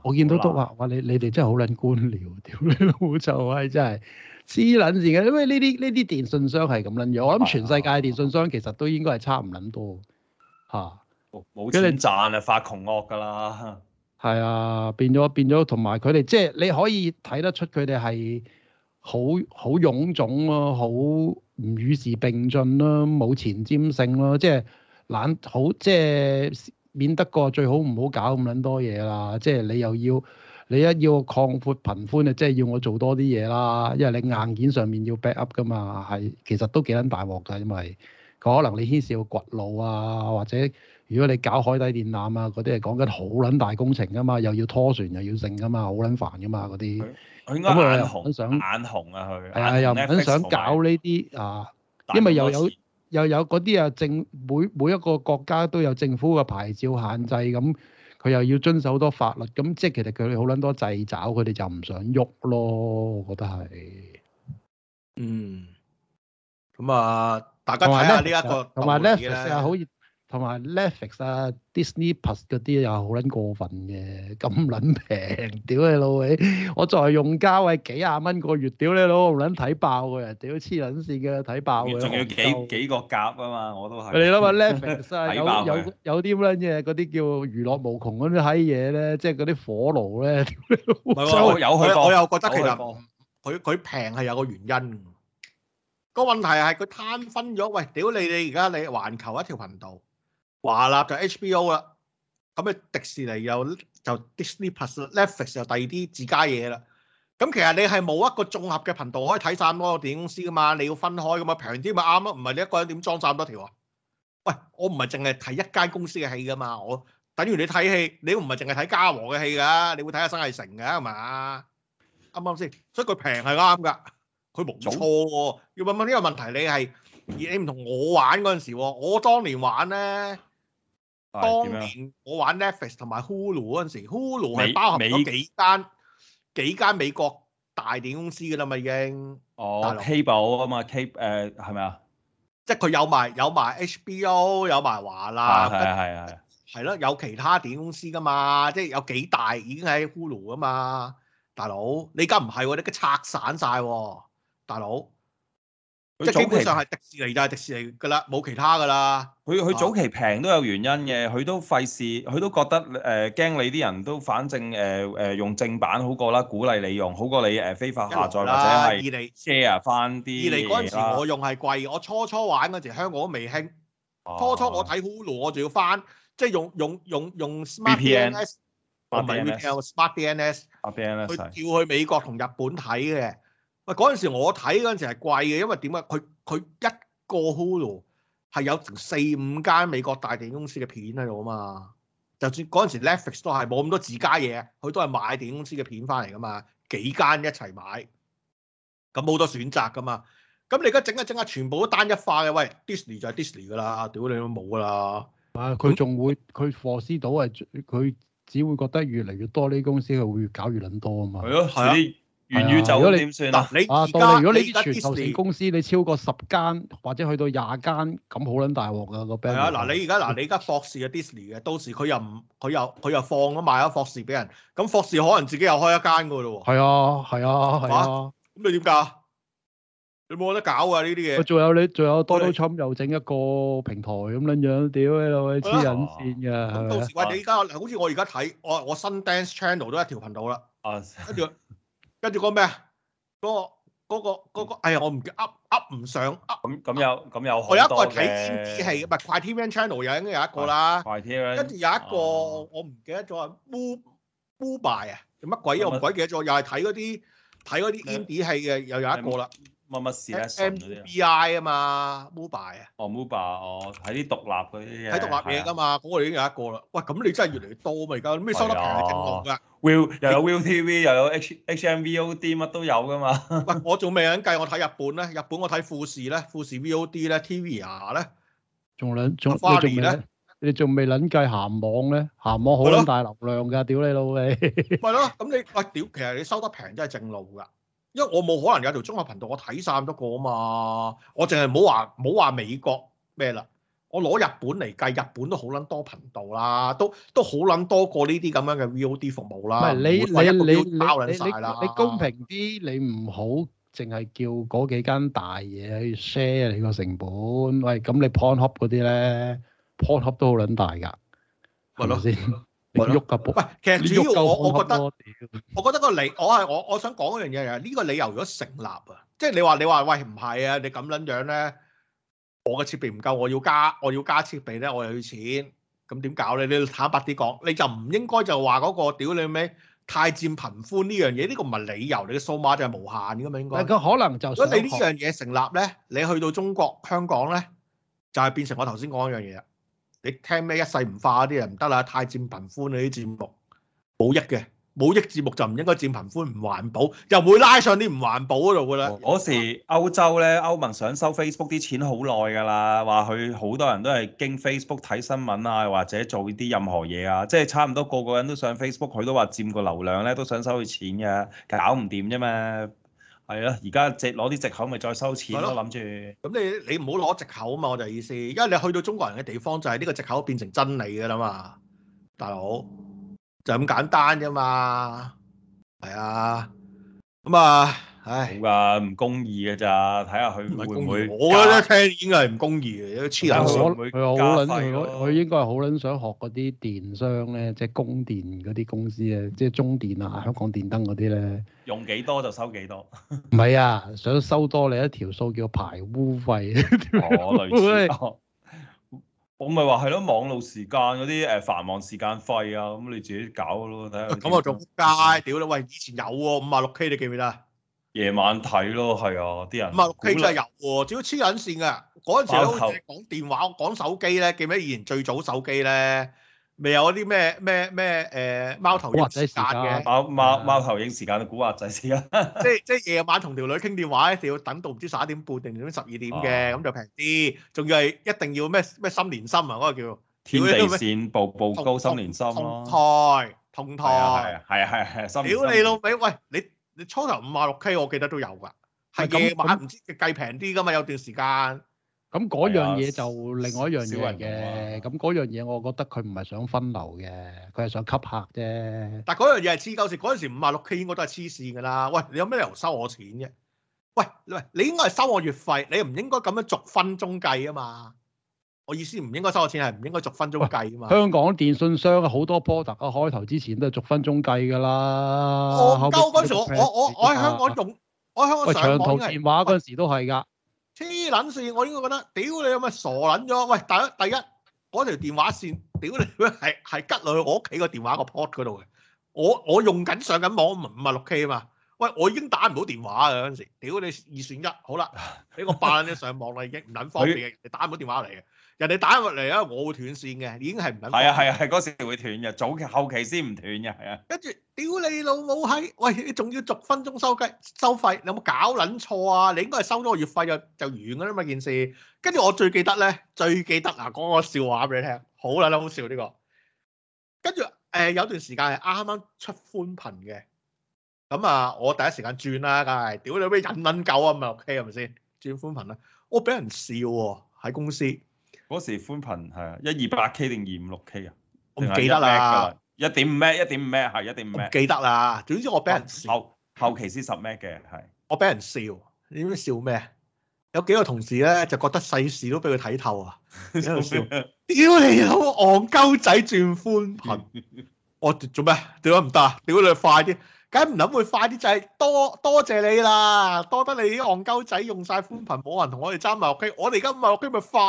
我見到都話：，啦哇！你你哋真係好撚官僚，屌你老臭閪！真係黐撚事嘅。因為呢啲呢啲電信商係咁撚樣，我諗全世界電信商其實都應該係差唔撚多嚇。哦、啊，冇錢賺啊，發窮惡㗎啦。係啊，變咗變咗，同埋佢哋即係你可以睇得出佢哋係。好好臃腫咯，好唔、啊、與時並進咯、啊，冇前瞻性咯、啊，即係懶好即係免得過最好唔好搞咁撚多嘢啦。即係你又要你一要擴闊頻寬啊，即係要我做多啲嘢啦，因為你硬件上面要 back up 噶嘛，係其實都幾撚大鑊㗎，因為可能你牽涉到掘路啊或者。如果你搞海底電纜啊，嗰啲係講緊好撚大工程㗎嘛，又要拖船又要剩㗎嘛，好撚煩㗎嘛嗰啲。佢應該眼紅想眼紅啦、啊，佢係啊，又唔想搞呢啲啊，因為又有又有嗰啲啊政每每一個國家都有政府嘅牌照限制，咁佢又要遵守好多法律，咁即係其實佢哋好撚多掣肘，佢哋就唔想喐咯。我覺得係嗯咁啊，大家睇下呢一個同埋咧，同埋咧，好同埋 Netflix 啊、DisneyPlus 嗰啲又好撚過分嘅，咁撚平，屌你老味！我作為用家係幾廿蚊個月，屌你老，撚睇爆嘅，人屌黐撚線嘅，睇爆啊！仲要幾幾個夾啊嘛，我都係。你諗下 Netflix 啊，有有有啲撚嘢，嗰啲叫娛樂無窮咁啲閪嘢咧，即係嗰啲火爐咧，唔係喎，有佢，我又覺得其實佢佢平係有個原因。個問題係佢攤分咗，喂，屌你你而家你環球一條頻道。華納就係、HBO 啦，咁啊迪士尼又就 Disney Plus，Netflix 又第二啲自家嘢啦。咁其實你係冇一個綜合嘅頻道可以睇晒咁多電影公司噶嘛？你要分開咁嘛？平啲咪啱咯？唔係你一個人點裝晒咁多條啊？喂，我唔係淨係睇一間公司嘅戲噶嘛？我等於你睇戲，你都唔係淨係睇嘉禾嘅戲㗎，你會睇下新藝城㗎係嘛？啱啱先？所以佢平係啱㗎，佢冇錯喎。要問問呢個問題你，你係你唔同我玩嗰陣時，我當年玩咧。當年我玩 Netflix 同埋 Hulu 嗰陣時美，Hulu 係包含咗幾間美幾間美國大電影公司噶啦嘛已經。哦，Cable 啊嘛，C 誒係咪啊？即係佢有埋有埋 HBO，有埋華啦，係係係係。係咯，有其他電影公司噶嘛？即係有幾大已經喺 Hulu 噶嘛？大佬，你而家唔係，你家拆散晒喎，大佬。即係基本上係迪士尼就係迪士尼噶啦，冇其他噶啦。佢佢早期平都有原因嘅，佢都費事，佢都覺得誒驚你啲人都，反正誒誒用正版好過啦，鼓勵你用好過你誒非法下載或者係 share 翻。啲。二嚟嗰陣時我用係貴，我初初玩嗰陣時香港都未興，初初我睇 Hulu 我仲要翻，即係用用用用 Smart DNS 或埋 VPN、Smart DNS、Smart DNS 去叫去美國同日本睇嘅。喂，嗰陣時我睇嗰陣時係貴嘅，因為點啊？佢佢一個 Hulu 係有成四五間美國大電影公司嘅片喺度啊嘛。就算嗰陣時 Netflix 都係冇咁多自家嘢，佢都係買電影公司嘅片翻嚟噶嘛，幾間一齊買，咁好多選擇噶嘛。咁你而家整一整下，全部都單一化嘅。喂，Disney 就係 Disney 噶啦，屌你都冇噶啦。啊，佢仲會佢 Forbes 島，係佢只會覺得越嚟越多呢啲公司佢會越搞越撚多啊嘛。係咯、啊，係元宇宙點算啊？嗱，你而家如果你全球公司你超過十間或者去到廿間咁好撚大鑊噶個 brand 係啊！嗱，你而家嗱，你而家霍士嘅 Disney 嘅，到時佢又唔佢又佢又放咗賣咗霍士俾人，咁霍士可能自己又開一間噶咯喎。係啊，係啊，係啊。咁你點搞？你冇得搞㗎呢啲嘢。仲有你，仲有多多川普又整一個平台咁撚樣，屌你黐緊線㗎。咁到時喂，你而家嗱，好似我而家睇，我我新 dance channel 都一條頻道啦，跟住。跟住個咩啊？嗰、嗰個嗰、嗰個嗰、嗰個，哎呀，我唔記得 up up 唔上，咁咁又，咁又。好有一個係睇英語戲嘅，唔係快 TV Channel 有應該有一個啦。快 TV。跟住有一個、啊、我唔記得咗，move move by 啊，乜鬼啊？麼我唔鬼記得咗，又係睇嗰啲睇嗰啲 MD 戲嘅，戲嗯、又有一個啦。乜乜事咧？M B I 啊嘛，MUBA 啊。哦，MUBA，我睇啲獨立嗰啲嘢。睇獨立嘢噶嘛，嗰個已經有一個啦。喂，咁你真係越嚟越多啊！咪，而家咩收得平嘅情況㗎。Viu 又有 ViuTV 又有 H H M V O D 乜都有噶嘛。喂，我仲未撚計，我睇日本咧，日本我睇富士咧，富士 V O D 咧，T V R 咧，仲兩仲花兒咧，你仲未撚計咸網咧？咸網好大流量㗎，屌你老味。咪咯，咁你喂屌，其實你收得平真係正路㗎。因為我冇可能有條綜合頻道，我睇晒咁多個啊嘛，我淨係冇話冇話美國咩啦，我攞日本嚟計，日本都好撚多頻道啦，都都好撚多過呢啲咁樣嘅 VOD 服務啦。你包你你你你你，你公平啲，你唔好淨係叫嗰幾間大嘢去 share 你個成本。喂，咁你 pornhub 嗰啲咧，pornhub 都好撚大㗎。係咯吧。吧 你喐㗎噃，唔係，其實主要我，我覺得，我覺得個理，我係我，我想講一樣嘢係呢個理由如果成立啊，即係你話你話喂唔係啊，你咁撚樣咧，我嘅設備唔夠，我要加，我要加設備咧，我又要錢，咁點搞咧？你坦白啲講，你就唔應該就話嗰、那個屌你尾太佔頻寬呢樣嘢，呢、這個唔係理由你嘅，數碼就係無限噶嘛，應該。但佢可能就，所以你呢樣嘢成立咧，你去到中國香港咧，就係、是、變成我頭先講一樣嘢你聽咩一世唔化啲人唔得啦，太佔頻寬嗰啲節目，冇益嘅，冇益節目就唔應該佔頻寬，唔環保又唔會拉上啲唔環保嗰度噶啦。嗰時歐洲咧，歐盟想收 Facebook 啲錢好耐噶啦，話佢好多人都係經 Facebook 睇新聞啊，或者做啲任何嘢啊，即係差唔多個個人都上 Facebook，佢都話佔個流量咧，都想收佢錢嘅，搞唔掂啫嘛。係咯，而家藉攞啲藉口咪再收錢咯，諗住的。咁你你唔好攞藉口啊嘛，我就意思，因為你去到中國人嘅地方，就係、是、呢個藉口變成真理嘅啦嘛，大佬就咁、是、簡單啫嘛，係啊，咁啊。唉，好噶，唔公義嘅咋？睇下佢會唔會？我覺得聽應該係唔公義嘅，有黐線。佢佢好撚，佢佢應該係好撚想學嗰啲電商咧，即係供電嗰啲公司啊，即係中電啊、香港電燈嗰啲咧。用幾多就收幾多？唔係啊，想收多你一條數叫排污費。哦，類似。我咪話係咯，網路時間嗰啲誒繁忙時間費啊，咁你自己搞咯，睇下。咁啊，仲街？屌你喂！以前有喎，五啊六 K，你記唔記得啊？夜晚睇咯，係啊，啲人唔係屋企就係有喎，只要黐緊線嘅。嗰陣時好似講電話，講手機咧，記唔記得以前最早手機咧，未有嗰啲咩咩咩誒貓頭。話仔時間貓貓貓頭鷹時間啊，古惑仔時間。即即夜晚同條女傾電話咧，一定要等到唔知十一點半定點十二點嘅，咁就平啲。仲要係一定要咩咩心連心啊，嗰個叫天地線步步高心連心咯。台同台係啊係啊係啊係。屌你老味，喂你！你初頭五啊六 K 我記得都有㗎，係夜晚唔知計平啲㗎嘛？有段時間。咁嗰樣嘢就另外一樣嘢嘅，咁嗰、啊、樣嘢我覺得佢唔係想分流嘅，佢係想吸客啫。但嗰樣嘢係黐鳩線，嗰陣時五啊六 K 應該都係黐線㗎啦。喂，你有咩理由收我錢啫？喂，喂，你應該係收我月費，你唔應該咁樣逐分鐘計啊嘛。我意思唔應該收我錢，係唔應該逐分鐘計啊嘛。香港電信商好多 port 開頭之前都係逐分鐘計噶啦。我溝嗰陣時，我我我喺香港用，我喺香港上網電話嗰陣時都係噶。黐捻線，我應該覺得，屌喂你有咪傻捻咗？喂，第一第一，嗰條電話線，屌喂你是，係係吉落去我屋企個電話個 port 嗰度嘅。我我用緊上緊網，五啊六 K 啊嘛。喂，我已經打唔到電話啊嗰陣時。屌 你二選一，好啦，俾我八蚊，你上網啦已經，唔捻 方便 你打唔到電話嚟嘅。人哋打落嚟啊，我會斷線嘅，已經係唔等。係啊係啊係，嗰時會斷嘅，早期後期先唔斷嘅係啊。跟住屌你老母閪，喂你仲要逐分鐘收雞收費，你有冇搞撚錯啊？你應該係收咗個月費就，就完㗎啦嘛件事。跟住我最記得咧，最記得啊，講個笑話俾你聽，好啦，啦好笑呢個。跟住誒有段時間係啱啱出寬頻嘅，咁啊我第一時間轉啦，梗係屌你咩引撚狗啊，唔係 OK 係咪先？轉寬頻啦，我俾人笑喎喺公司。嗰時寬頻係啊，一二八 K 定二五六 K 啊？我唔記得啦，一點五咩？一點五咩？係一點五咩，記得啦。總之我俾人笑，後,後期先十咩嘅，係。我俾人笑，你哋笑咩？有幾個同事咧就覺得世事都俾佢睇透啊，笑。屌 你，好戇鳩仔轉寬頻， 我做咩？點解唔得？點解你快啲？梗唔諗會快啲就係多多謝你啦，多得你啲戇鳩仔用晒寬頻，冇人同我哋爭埋六 K。我哋而家五啊六 K 咪快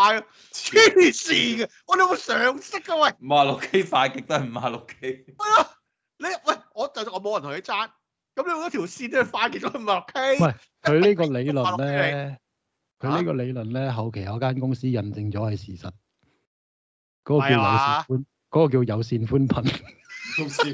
黐線嘅，我哋有常識噶喂。五啊六 K 快極都係五啊六 K。係你喂，我就我冇人同你爭，咁你用一條線、啊、極都係快極咗五啊六 K。唔係佢呢個理論咧，佢呢 個理論咧後期有間公司印證咗係事實。嗰、嗯、個叫有線寬，嗰、嗰個叫有線寬頻。公司。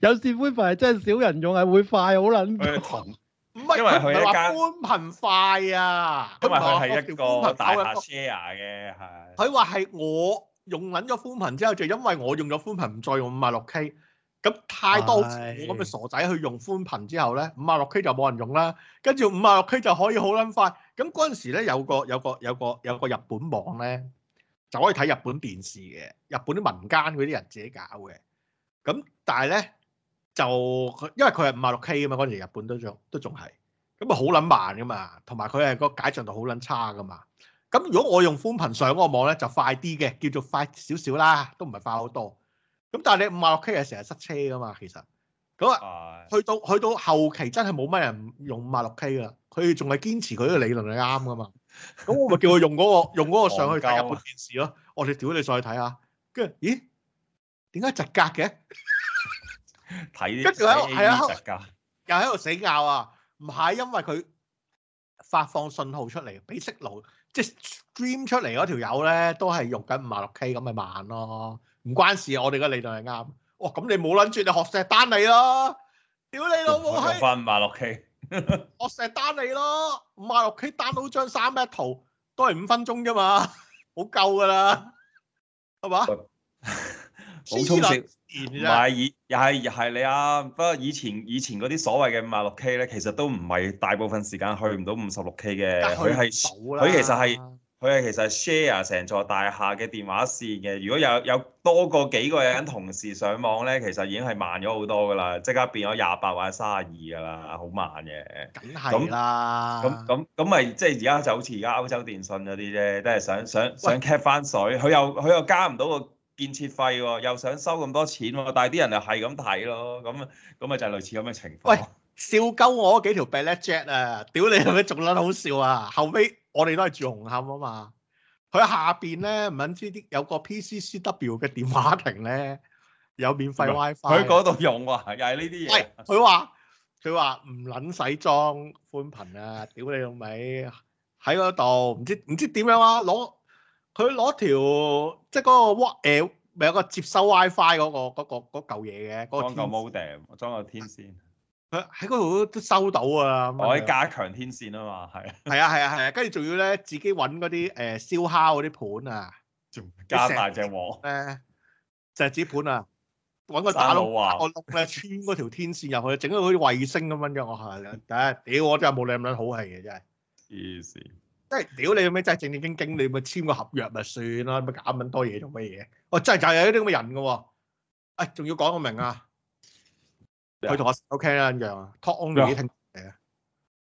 有時寬頻係真係少人用，係會快好撚多。唔係佢唔係話寬頻快啊，因為佢係一個打下 share 嘅係。佢話係我用撚咗寬頻之後，就因為我用咗寬頻唔再用五啊六 K，咁太多咁嘅傻仔去用寬頻之後咧，五啊六 K 就冇人用啦。跟住五啊六 K 就可以好撚快。咁嗰陣時咧，有個有個有個有個日本網咧，就可以睇日本電視嘅。日本啲民間嗰啲人自己搞嘅。咁但係咧就，因為佢係五啊六 K 啊嘛，嗰陣時日本都仲都仲係，咁啊好撚慢噶嘛，同埋佢係個解像度好撚差噶嘛。咁如果我用寬頻上嗰個網咧，就快啲嘅，叫做快少少啦，都唔係快好多。咁但係你五啊六 K 係成日塞車噶嘛，其實咁啊，去到去到後期真係冇乜人用五啊六 K 噶啦，佢仲係堅持佢呢個理論係啱噶嘛。咁我咪叫佢用嗰、嗰個 用嗰個上去睇日本電視咯。 我哋屌你再睇下，跟住咦？點解窒格嘅？睇跟住喺度，係啊，又喺度死拗啊！唔係因為佢發放信號出嚟，俾色奴即係 stream 出嚟嗰條友咧，都係用緊五萬六 K，咁咪慢咯，唔關事我哋嘅理論係啱。哇，咁你冇諗住你學石丹你咯，屌你老母係翻五萬六 K，學石丹你咯，五萬六 K 單到張三 A 圖都係五分鐘啫嘛，好夠噶啦，係嘛？ 好充少，唔係以又係又你啊！不過以前以前嗰啲所謂嘅五十六 K 咧，其實都唔係大部分時間去唔到五十六 K 嘅，佢係佢其實係佢係其實 share 成座大廈嘅電話線嘅。如果有有多過幾個人同時上網咧，其實已經係慢咗好多噶啦，即刻變咗廿八或者三十二噶啦，好慢嘅。梗係咁啦，咁咁咁咪即係而家就好似而家歐洲電信嗰啲啫，都係想想想 cap 翻水，佢又佢又加唔到個。建設費喎、哦，又想收咁多錢喎、哦，但係啲人又係咁睇咯，咁咁咪就係類似咁嘅情況。喂，笑鳩我嗰幾條鼻咧 Jack 啊， 屌你係咪仲撚好笑啊？後尾我哋都係住紅磡啊嘛，佢下邊咧唔撚知啲有個 PCCW 嘅電話亭咧，有免費 WiFi，佢嗰度用喎、啊，又係呢啲嘢。喂，佢話佢話唔撚使裝寬頻啊，屌你老味，喺嗰度唔知唔知點樣啊攞。佢攞條即係、那、嗰個 what 誒，咪、呃、有個接收 WiFi 嗰、那個嗰個嗰嚿嘢嘅，裝個 modem，裝個天線。佢喺嗰度都收到啊！可以加強天線啊嘛，係。係啊係啊係啊，跟住仲要咧自己搵嗰啲誒燒烤嗰啲盤啊，仲加大隻鑊咧隻紙盤啊，搵個大佬啊。我碌穿嗰條天線入去，整到好似衛星咁樣嘅我下等下屌我真係冇你咁卵好氣嘅真係黐即係屌你咩？真係正正經經，你咪簽個合約咪算啦，咪搞咁多嘢做乜嘢？我真係就係有啲咁嘅人㗎喎。誒，仲要講個名啊？佢同我 OK 啦，一樣啊。Tony 嗰啲聽嚟啊！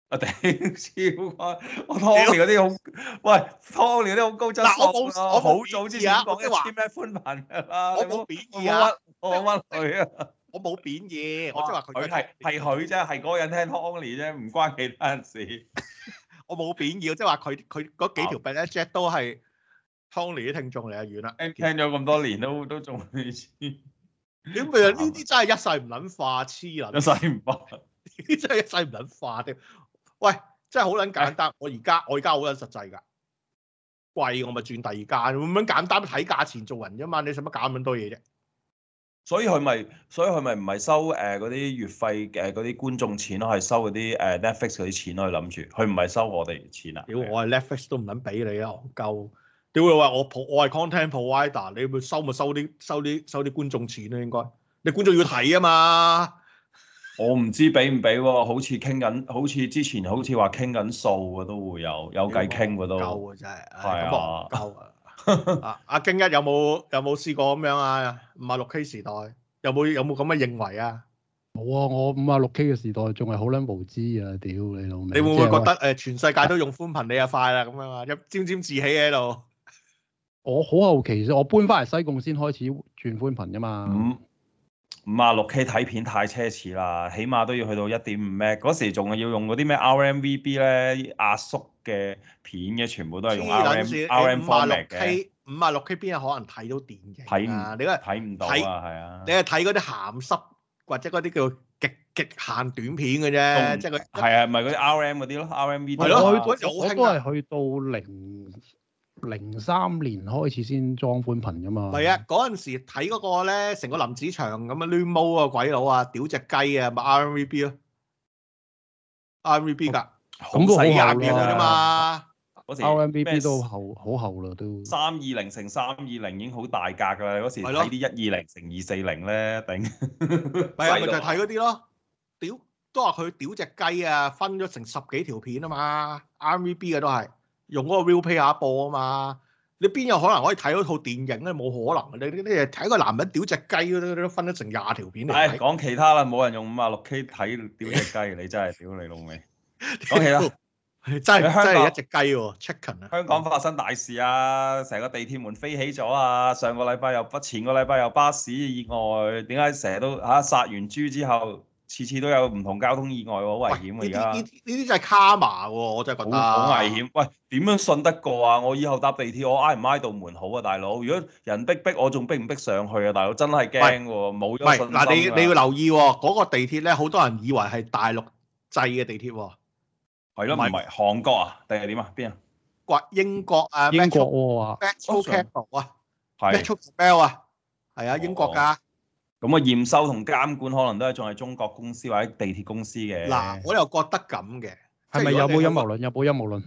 我頂超啊！我 Tony 嗰啲好，喂，Tony 嗰啲好高質素啊！好早之前講嘅，簽咩寬頻啊？我冇貶義啊！我乜嚟啊？我冇貶義，我即係話佢係係佢啫，係嗰個人聽 Tony 啫，唔關其他事。我冇貶義，即係話佢佢嗰幾條病咧，Jack 都係 Tony 啲聽眾嚟啊，遠啦。聽咗咁多年都都仲黐，點解呢啲真係一世唔撚化黐撚？一世唔化， 真係一世唔撚化添。喂，真係好撚簡單。的我而家我而家好撚實際㗎，貴我咪轉第二間。咁樣簡單睇價錢做人啫嘛，你使乜搞咁多嘢啫？所以佢咪，所以佢咪唔係收誒嗰啲月費嘅嗰啲觀眾錢咯，係收嗰啲誒 Netflix 嗰啲錢咯。佢諗住，佢唔係收我哋錢啊！屌，我係 Netflix 都唔撚俾你啊！我鳩、啊！屌你話我普，我係 content provider，你會收咪收啲收啲收啲觀眾錢咯、啊？應該，你觀眾要睇啊嘛！我唔知俾唔俾喎，好似傾緊，好似之前好似話傾緊數嘅都會有，有計傾嘅都，真係係啊鳩啊！呀 阿阿、 啊啊、京一有冇有冇試過咁樣啊？五啊六 K 時代有冇有冇咁嘅認為啊？冇啊！我五啊六 K 嘅時代仲係好卵無知啊！屌你老味！你會唔會覺得誒？全世界都用寬頻你快啊快啦咁啊嘛？一沾沾自喜喺度。 我好後期先，我搬翻嚟西貢先開始轉寬頻噶嘛。嗯五啊六 K 睇片太奢侈啦，起碼都要去到一點五 m b 嗰時仲係要用嗰啲咩 RMVB 咧壓縮嘅片嘅，全部都係用 RMVB。五啊五啊六 K 邊有可能睇到電影啊？你覺得睇唔到啊？係看啊，你係睇嗰啲鹹濕或者嗰啲叫極極限短片嘅啫，即係佢係啊，唔係嗰啲 RM 嗰啲咯，RMVB。啊、我嗰好我都係去到零。零三年開始先裝寬頻㗎嘛，係啊！嗰陣時睇嗰個咧，成個林子祥咁啊攣毛啊鬼佬啊，屌隻雞啊！RMVB 咪咯，RMVB 㗎，咁、嗯、這樣 都唔廿秒㗎啫嘛！嗰、啊、RMVB 都厚，好麼厚啦都。三二零乘三二零已經好大格㗎啦，嗰時睇啲一二零乘二四零咧，頂。咪係咪就係睇嗰啲咯？屌都話佢屌隻雞啊，分咗成十幾條片啊嘛！RMVB 嘅都係。用嗰個 real player 播啊嘛，你邊有可能可以睇到套電影咧？冇可能，你你你睇個男人屌隻雞啲都分得成廿條片嚟睇，唉。講其他啦，冇人用五啊六 K 睇屌隻雞，你真係屌你老味。講其他，真係真係一隻雞喎，Chicken、哎、 啊！Chicken 香港發生大事啊，成個地鐵門飛起咗啊！上個禮拜又不，前個禮拜又有巴士意外，點解成日都嚇、啊、殺完豬之後？次次都有唔同交通意外喎，好危險，而家呢啲依啲就係卡嘛喎，我就係覺得好危險。喂，點樣信得過啊？我以後搭地鐵，我挨唔挨到門好啊，大佬！如果人逼逼，我仲逼唔逼上去啊，大佬？真係驚喎，冇咗信喂，嗱，你你要留意喎，嗰個地鐵咧，好多人以為係大陸製嘅地鐵喎。係咯，唔咪？韓國啊？定係點啊？邊啊？英國啊？英國？啊？Metro 啊 m 啊英國㗎。咁啊，驗收同監管可能都係仲係中國公司或者地鐵公司嘅。嗱，我又覺得咁嘅，係咪有冇陰謀論？有冇陰謀論？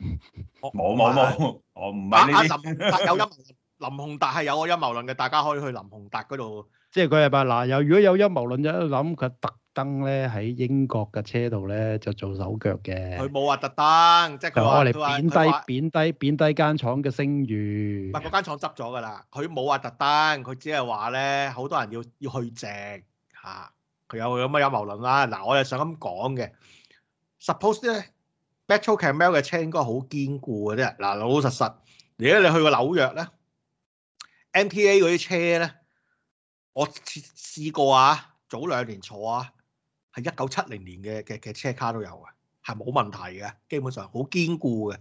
我冇冇冇，我唔係呢啲。有陰謀論，林鴻達係有個陰謀論嘅，大家可以去林鴻達嗰度。即係佢係話嗱，有如果有陰謀論，就諗佢。燈咧喺英國嘅車度咧就做手腳嘅，佢冇話特登，即係我哋貶低貶低貶低,貶低間廠嘅聲譽。唔係嗰間廠執咗㗎啦，佢冇話特登，佢只係話咧好多人要要去靜嚇，佢、啊、有有乜有謀論啦？嗱、啊，我係想咁講嘅。Suppose 咧，Metro Cammell 嘅車應該好堅固嘅啫。嗱、啊，老老實實，如果你去過紐約咧，M T A 嗰啲車咧，我試過啊，早兩年坐啊。係一九七零年嘅嘅嘅車卡都有啊，係冇問題嘅，基本上好堅固嘅。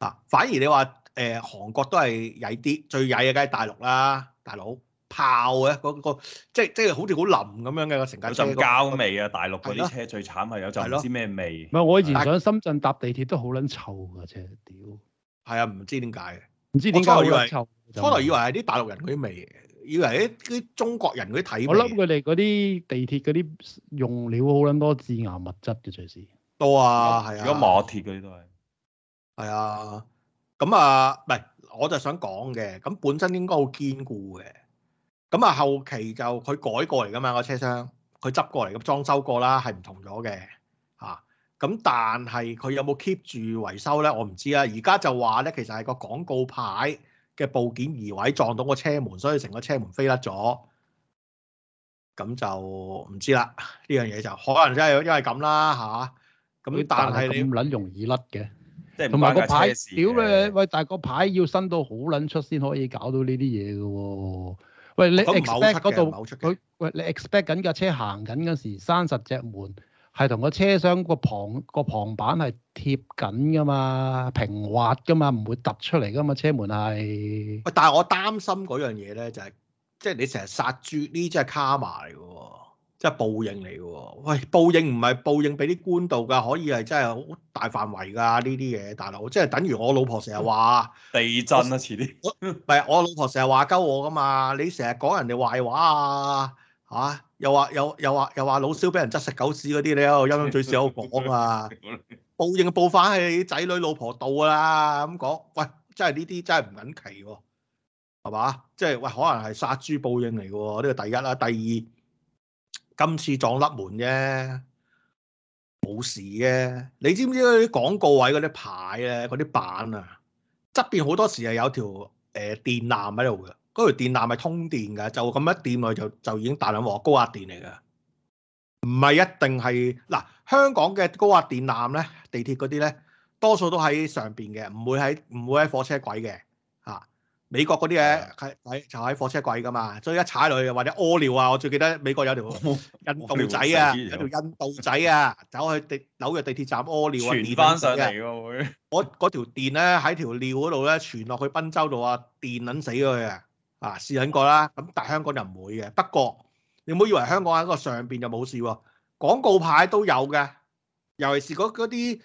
嗱，反而你話誒、呃、韓國都係曳啲，最曳嘅梗係大陸啦，大佬炮啊，嗰即係即係好似好腍咁樣嘅個成架車。膠味啊！大陸嗰啲車、啊、最慘係有陣唔知咩味。唔係，我以前想深圳搭地鐵都好撚臭嘅車，屌！係啊，唔知點解，唔知點解會臭。我初頭以為係啲大陸人嗰啲味。嗯以為啲中國人嗰啲睇，我諗佢哋嗰啲地鐵嗰啲用料好撚多致癌物質嘅，隨時多啊，係啊，如果馬鐵嗰啲都係，係啊，咁啊，唔係，我就想講嘅，咁本身應該好堅固嘅，咁啊後期就佢改過嚟㗎嘛個車廂，佢執過嚟咁裝修過啦，係唔同咗嘅，嚇，咁但係佢有冇 keep 住維修咧？我唔知呀，而家就話咧，其實係個廣告牌。嘅部件移位撞到個車門，所以成個車門飛甩咗，咁就唔知啦。呢樣嘢就可能真係因為咁啦吓？咁但係咁撚容易甩嘅，同埋個牌屌咧！喂，但係個牌要伸到好撚出先可以搞到呢啲嘢嘅喎。喂，你 expect 嗰度佢？喂，你 expect 緊架車行緊嗰時，三十隻門。係同個車廂個旁個旁，旁板係貼緊㗎嘛，平滑㗎嘛，唔會凸出嚟㗎嘛。車門係喂，但係我擔心嗰樣嘢咧，就係即係你成日殺豬，呢即係卡埋嘅喎，即係報應嚟嘅喎。喂，報應唔係報應，俾啲官道㗎，可以係真係好大範圍㗎呢啲嘢，大佬即係等於我老婆成日話地震啊，遲啲唔係我老婆成日話鳩我㗎嘛，你成日講人哋壞話啊嚇。又話又又話又話老蕭俾人執食狗屎嗰啲，你喺度陰陰嘴笑講啊！ 報應報翻喺啲仔女老婆度啦咁講。喂，真係呢啲真係唔緊奇喎，係嘛？即係喂，可能係殺豬報應嚟嘅喎。呢個第一啦，第二今次撞甩門啫，冇事嘅。你知唔知啲廣告位嗰啲牌咧，嗰啲板啊側邊好多時係有條誒、呃、電纜喺度嘅。嗰條電纜係通電嘅，就咁一掂落去就就已經大量鑊高壓電嚟嘅，唔係一定係嗱香港嘅高壓電纜咧，地鐵嗰啲咧，多數都喺上邊嘅，唔會喺唔會喺火車軌嘅嚇。美國嗰啲嘅喺喺就喺火車軌噶嘛，所以一踩落去或者屙尿啊，我最記得美國有條印度仔啊，有條印度仔啊，走去地紐約地鐵站屙尿啊，傳翻上嚟嘅會，我嗰條電咧喺條尿嗰度咧傳落去賓州度啊，電撚死佢啊！啊，試緊過啦，咁但係香港就唔會嘅。不過，你唔好以為香港喺個上邊就冇事喎，廣告牌都有嘅。尤其是嗰啲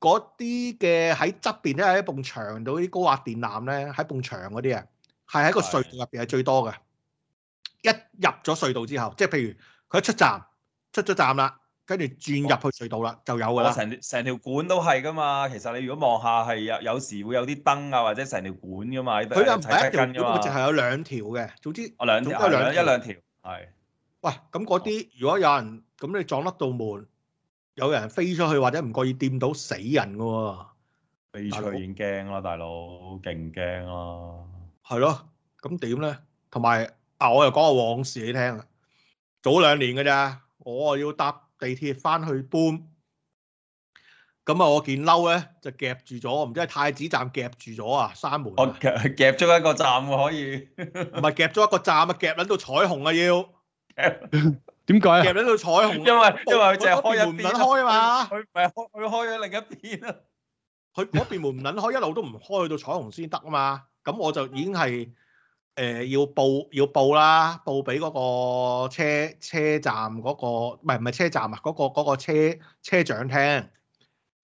啲嘅喺側邊咧，喺一埲牆度啲高壓電纜咧，喺埲牆嗰啲啊，係喺個隧道入邊係最多嘅。的一入咗隧道之後，即係譬如佢一出站，出咗站啦。跟住轉入去隧道啦，就有㗎啦。成成條管都係㗎嘛，其實你如果望下係有有時會有啲燈啊，或者成條管㗎嘛，佢又唔係一定，佢直係有兩條嘅。總之總兩條，我兩條，一兩條。係。喂，咁嗰啲如果有人咁你撞甩道門，有人飛出去或者唔覺意掂到死人㗎喎。飛出去已經驚啦，大佬，勁驚啦。係咯，咁點咧？同埋啊，我又講個往事你聽啊。早兩年㗎咋，我又要搭。地鐵翻去搬，咁啊我件褸咧就夾住咗，唔知係太子站夾住咗啊，閂門。我夾夾咗一個站喎，可以。唔係夾咗一個站啊，夾撚到彩虹啊要夾。點解？夾撚到彩虹。因為因為佢淨係開一邊門唔撚開啊嘛。佢唔係開，佢開咗另一邊啊。佢嗰邊門唔撚開，一路都唔開，去到彩虹先得啊嘛。咁我就已經係。誒、呃，要報要報啦，報俾嗰個車車站嗰、嗰個，唔係唔係車站啊，嗰個、嗰個車車長聽。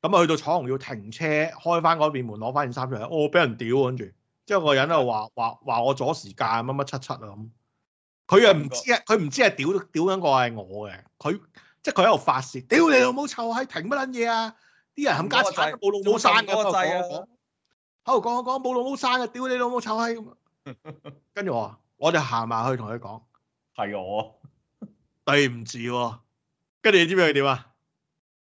咁啊，去到彩虹要停車，開翻嗰邊門攞翻件衫出嚟，哦，俾人屌，跟住，之後、這個人喺度話話話我阻時間，乜乜七七咁。佢又唔知啊，佢唔知係屌屌緊個係我嘅，佢即係佢喺度發洩，屌你老母臭閪，停乜撚嘢啊！啲人冚家鏟都冇老母生嘅。好講講講冇老母生嘅，屌你老母臭閪！跟住我，我就行埋去同佢講，係我對唔住，跟住你知唔知佢點啊？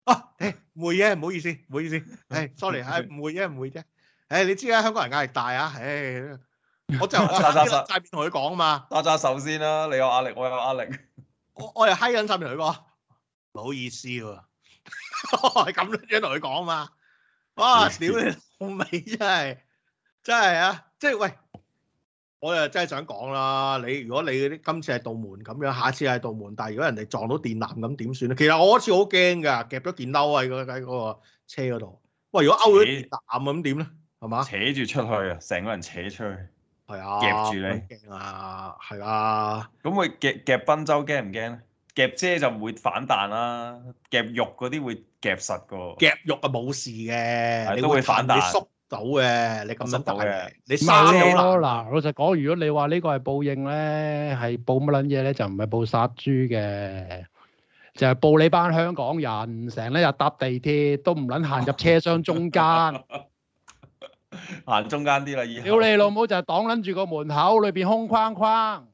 啊，誒，唔會嘅，唔好意思，唔好意思，誒，sorry，誒，唔會嘅，唔會嘅，誒，你知啦，香港人壓力大啊，誒，我就喺邊同佢講啊嘛，揸揸手先啦，你有壓力，我有壓力，我我又嗨緊身邊佢個，唔好意思喎，係咁樣同佢講啊嘛，哇，屌你老味真係真係啊，即係喂。我又真係想講啦，你如果你嗰啲今次係墜門咁樣，下次係墜門，但係如果人哋撞到電纜咁點算咧？其實我嗰次好驚㗎，夾咗電褸喺嗰個車嗰度，喂，如果勾咗電纜咁點咧？係嘛？扯住出去啊，成個人扯出去。係啊，夾住你。啊，係啊。咁會夾夾賓州驚唔驚咧？夾遮就唔會反彈啦，啊，夾肉嗰啲會夾實個。夾肉啊，冇事嘅。你都會反彈。走嘅，你咁樣打嘅，你殺咗啦！嗱，老實講，如果你話呢個係報應咧，係報乜撚嘢咧？就唔係報殺豬嘅，就係報你班香港人成日搭地鐵都唔撚行入車廂中間，行中間啲啦！以後，屌你老母就係擋撚住個門口，裏邊空框框，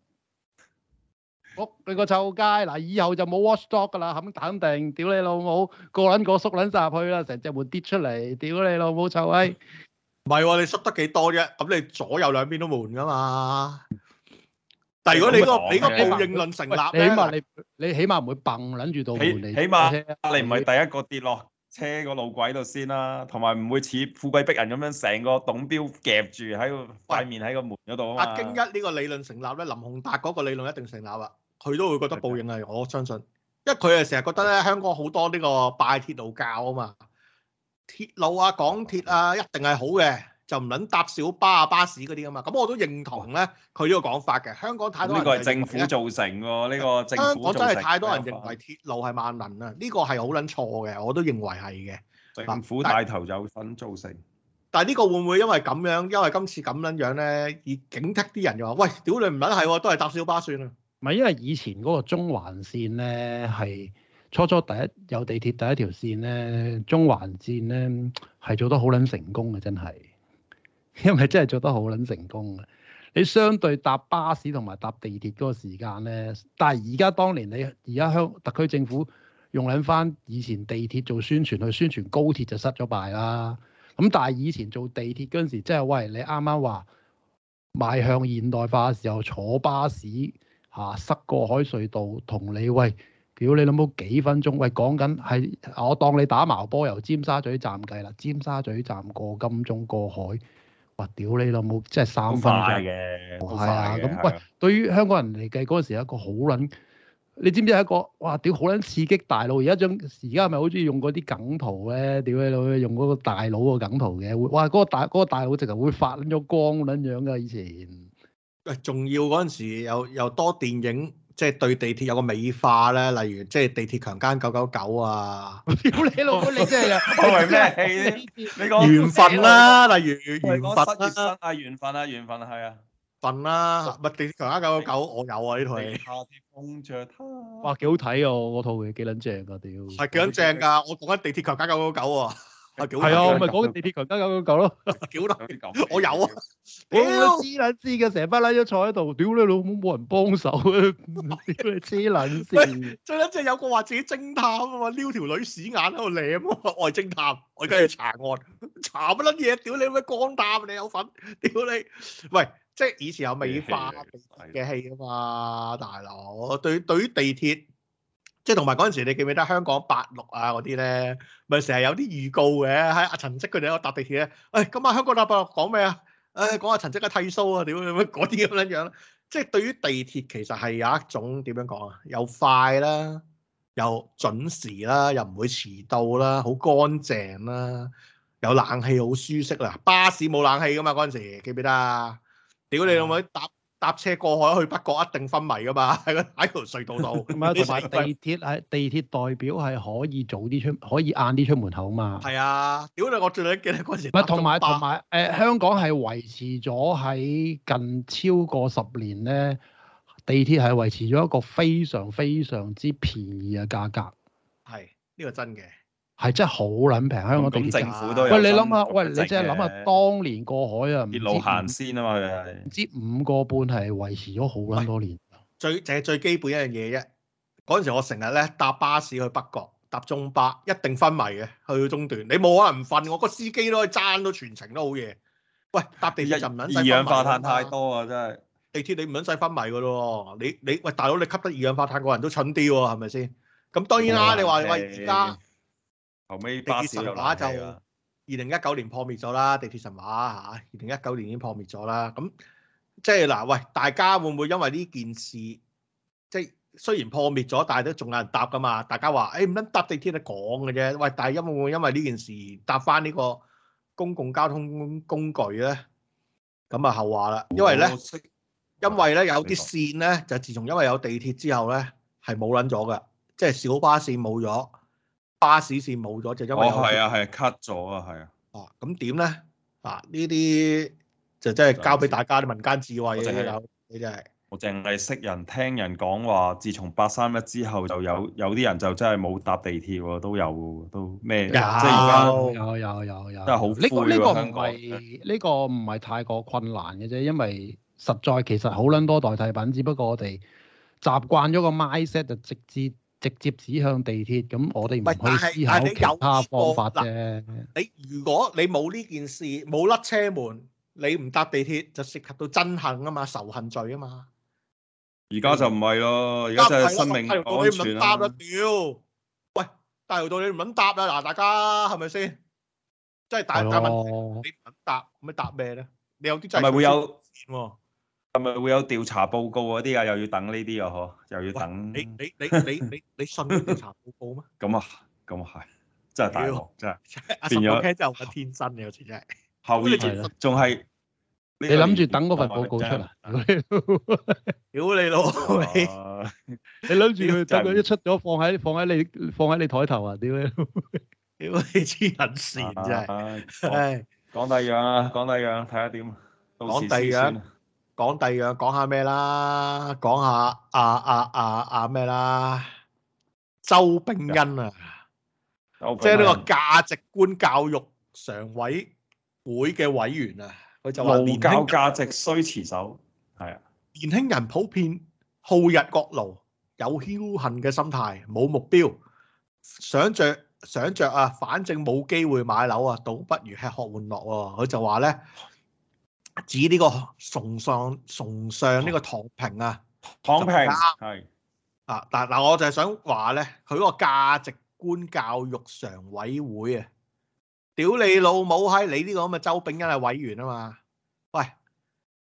屋畀個臭街嗱，以後就冇 watchdog 噶啦，肯肯定！屌你老母，個撚個縮撚曬入去啦，成隻門跌出嚟！屌你老母臭閪！唔係喎，你出得幾多啫？咁你左右兩邊都門噶嘛。但如果你、你個你個報應論成立你你，你起碼你碼你起碼唔會崩撚住到門。起碼你唔係第一個跌落車個路軌度先啦、啊，同埋唔會似富貴逼人咁樣，成個董驃夾住喺個塊面喺個門嗰度阿嘛。京、啊、一呢個理論成立咧，林鴻達嗰個理論一定成立啦。佢都會覺得報應係的我相信，因為佢係成日覺得咧，香港好多呢個拜鐵道教啊嘛。鐵路啊、港鐵啊，一定係好嘅，就唔撚搭小巴啊、巴士嗰啲啊嘛。咁我都認同咧，佢呢個講法嘅。香港太多人。呢個係政府造成喎，呢、呢個政府。我真係太多人認為鐵路係萬能啦、啊，呢個係好撚錯嘅，我都認為係嘅。政府帶頭有份造成。但係呢個會唔會因為咁樣，因為今次咁樣樣咧，而警惕啲人就話，喂，屌你唔撚係，都係搭小巴算啦。唔係因為以前嗰個中環線咧係。初初第一有地鐵第一條線咧，中環線咧係做得好撚成功嘅，真係，因為真係做得好撚成功嘅。你相對搭巴士同埋搭地鐵嗰個時間咧，但係而家當年你而家香港特區政府用撚翻以前地鐵做宣傳去宣傳高鐵就失咗敗啦。咁但係以前做地鐵嗰陣時，真係喂你啱啱話邁向現代化嘅時候，坐巴士嚇、啊、塞過海隧道同你喂。屌你老母幾分鐘？喂，講緊係我當你打矛波由尖沙咀站計啦，尖沙咀站過金鐘過海，哇！屌你老母即係三分鐘嘅，係啊咁。喂，的對於香港人嚟計嗰陣時，一個好撚，你知唔知係一個哇！屌好撚刺激大腦。而家將而家係咪好中意用嗰啲梗圖咧，屌你老母用嗰個大佬個梗圖嘅，哇！嗰、那個大嗰、那個、大佬直頭會發撚咗光撚樣㗎以前。誒，仲要嗰陣時又又多電影。即係對地鐵有個美化咧，例如即係地鐵強姦九九九啊！屌你老母，你真係，係咩戲咧？你講緣分啦，例如緣分啦，係講失業生啊，緣分啊，緣分啊，係啊，份啦，乜地鐵強姦九九九我有啊呢套戲，地下鐵碰著他，哇幾好睇啊！我嗰套嘢幾撚正啊！屌，係幾撚正㗎？我講緊地鐵強姦九九九喎。係啊，我咪講緊地鐵強姦案嗰嚿咯，幾好啦！我有啊，屌，知捻知嘅，成班拉咗坐喺度，屌你老母冇人幫手啊，黐捻線。喂，最撚即係有個話自己偵探啊嘛，撩條女屎眼喺度舐啊，我係偵探，我而家要查案，查乜撚嘢？屌你老母光膽你有份？屌你，喂，即係以前有美化嘅戲啊嘛，大佬。對對於地鐵。即係同埋嗰陣時，你記唔記得香港八六啊嗰啲咧，咪成日有啲預告嘅？喺阿陳跡佢哋喺度搭地鐵咧，誒咁啊香港八六講咩啊？誒講阿陳跡嘅剃鬚啊，屌你咪嗰啲咁樣樣。即係對於地鐵其實係有一種點樣講啊？又快啦，又準時啦，又唔會遲到啦，好乾淨啦，有冷氣好舒適啦。巴士冇冷氣㗎嘛，嗰陣時記唔記得啊？屌你老母搭！搭車過海去北角一定昏迷噶嘛，喺喺條隧道度。同埋 地鐵係 地鐵代表係可以早啲出，可以晏啲出，出門口嘛。係啊，屌你！我最記得嗰時。唔係同埋同埋誒，香港係維持咗喺近超過十年咧，地鐵係維持咗一個非常非常之便宜嘅價格。係呢個真嘅。係真係好撚平，香港地政府都喂你諗下，喂真正你即係諗下當年過海啊，唔路行先啊嘛佢唔知五個半係維持咗好撚多年，哎。最就係最基本一樣嘢啫。嗰陣時我成日咧搭巴士去北角，搭中巴一定昏迷嘅，去到中段你冇可能唔瞓。我個司機都可以爭到全程都好夜。喂，搭地鐵就唔撚。二氧化碳太多啊！真係地鐵你唔撚使昏迷㗎咯？你你，你喂大佬你吸得二氧化碳個人都蠢啲喎，係咪先？咁當然啦，你話喂而家。後尾地鐵神話就二零一九年破滅咗啦，地鐵神話吓，二零一九年已經破滅咗啦。咁即係嗱，喂，大家會唔會因為呢件事，即係雖然破滅咗，但係都仲有人搭噶嘛？大家話，誒唔通搭地鐵都講嘅啫？喂，但係會唔會因為呢件事搭返呢個公共交通工具咧？咁啊後話啦，因為咧，因為咧有啲線咧就自從因為有地鐵之後咧係冇撚咗㗎，即係小巴線冇咗。巴士線冇咗就因為哦，係啊係 cut 咗啊係啊哦，咁點咧啊？呢啲就真係交俾大家啲民間智慧嘅，你真係我淨係識人聽人講話，自從八三一之後就有有啲人就真係冇搭地鐵啊，都有都咩即係而家有有有有有真係好呢個呢個唔係呢個唔係太過困難嘅啫，因為實在其實好撚多代替品，只不過我哋習慣咗個 mindset 就直接。直接指向地鐵，咁我哋唔可以思考其他方法啫。你如果你冇呢件事，冇甩車門，你唔搭地鐵就涉及到憎恨啊嘛，仇恨罪啊嘛。而家就唔係咯，而家就係生命安全啊！屌，喂，大搖隊你唔肯搭啦，嗱大家係咪先？即係大家問你唔肯搭，咁你搭咩咧？你有啲真係會有啊？係咪會有調查報告嗰啲啊？又要等呢啲又嗬，又要等你你你你你你信調查報告咩？咁啊，咁係真係大鑊真係變咗，就天生嘅好似真係後邊仲係你諗住等嗰份報告出嚟啊？屌你老味！你諗住等佢一出咗放喺放喺你放喺你台頭啊？屌你！屌你黐撚線真係！講第樣啦，講第樣，睇下點到時先算。講第二樣，講下咩啦？講下啊啊啊，阿咩啦？周炳恩啊，恩啊，即係呢個價值觀教育常委會嘅委員啊，佢就話：勞教價值需持守，係啊，年輕人普遍好逸惡勞，有僥倖嘅心態，冇目標，想着想着啊，反正冇機會買樓啊，倒不如吃喝喝玩樂喎啊。佢就話咧，指呢個崇尚崇尚呢個躺平啊，躺平係啊，嗱嗱，但我就係想話咧，佢嗰個價值觀教育常委會啊，屌你老母喺你呢個咁嘅周炳恩係委員啊嘛，喂，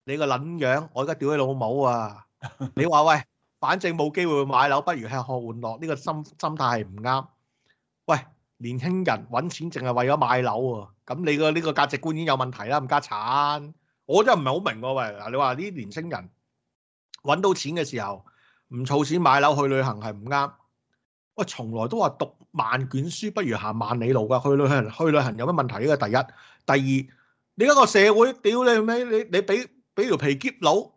你個撚樣，我而家屌你老母啊！你話喂，反正冇機會買樓，不如食喝玩樂呢個心心態係唔啱。喂，年輕人揾錢淨係為咗買樓喎，咁你個呢個價值觀已經有問題啦，冚家鏟！我真係唔係好明喎，喂！嗱，你話啲年青人揾到錢嘅時候唔儲錢買樓去旅行係唔啱，喂，從來都話讀萬卷書不如行萬里路噶，去旅行去旅行有咩問題？呢個第一，第二，你一個社會，屌你咩？你你俾俾條皮喼佬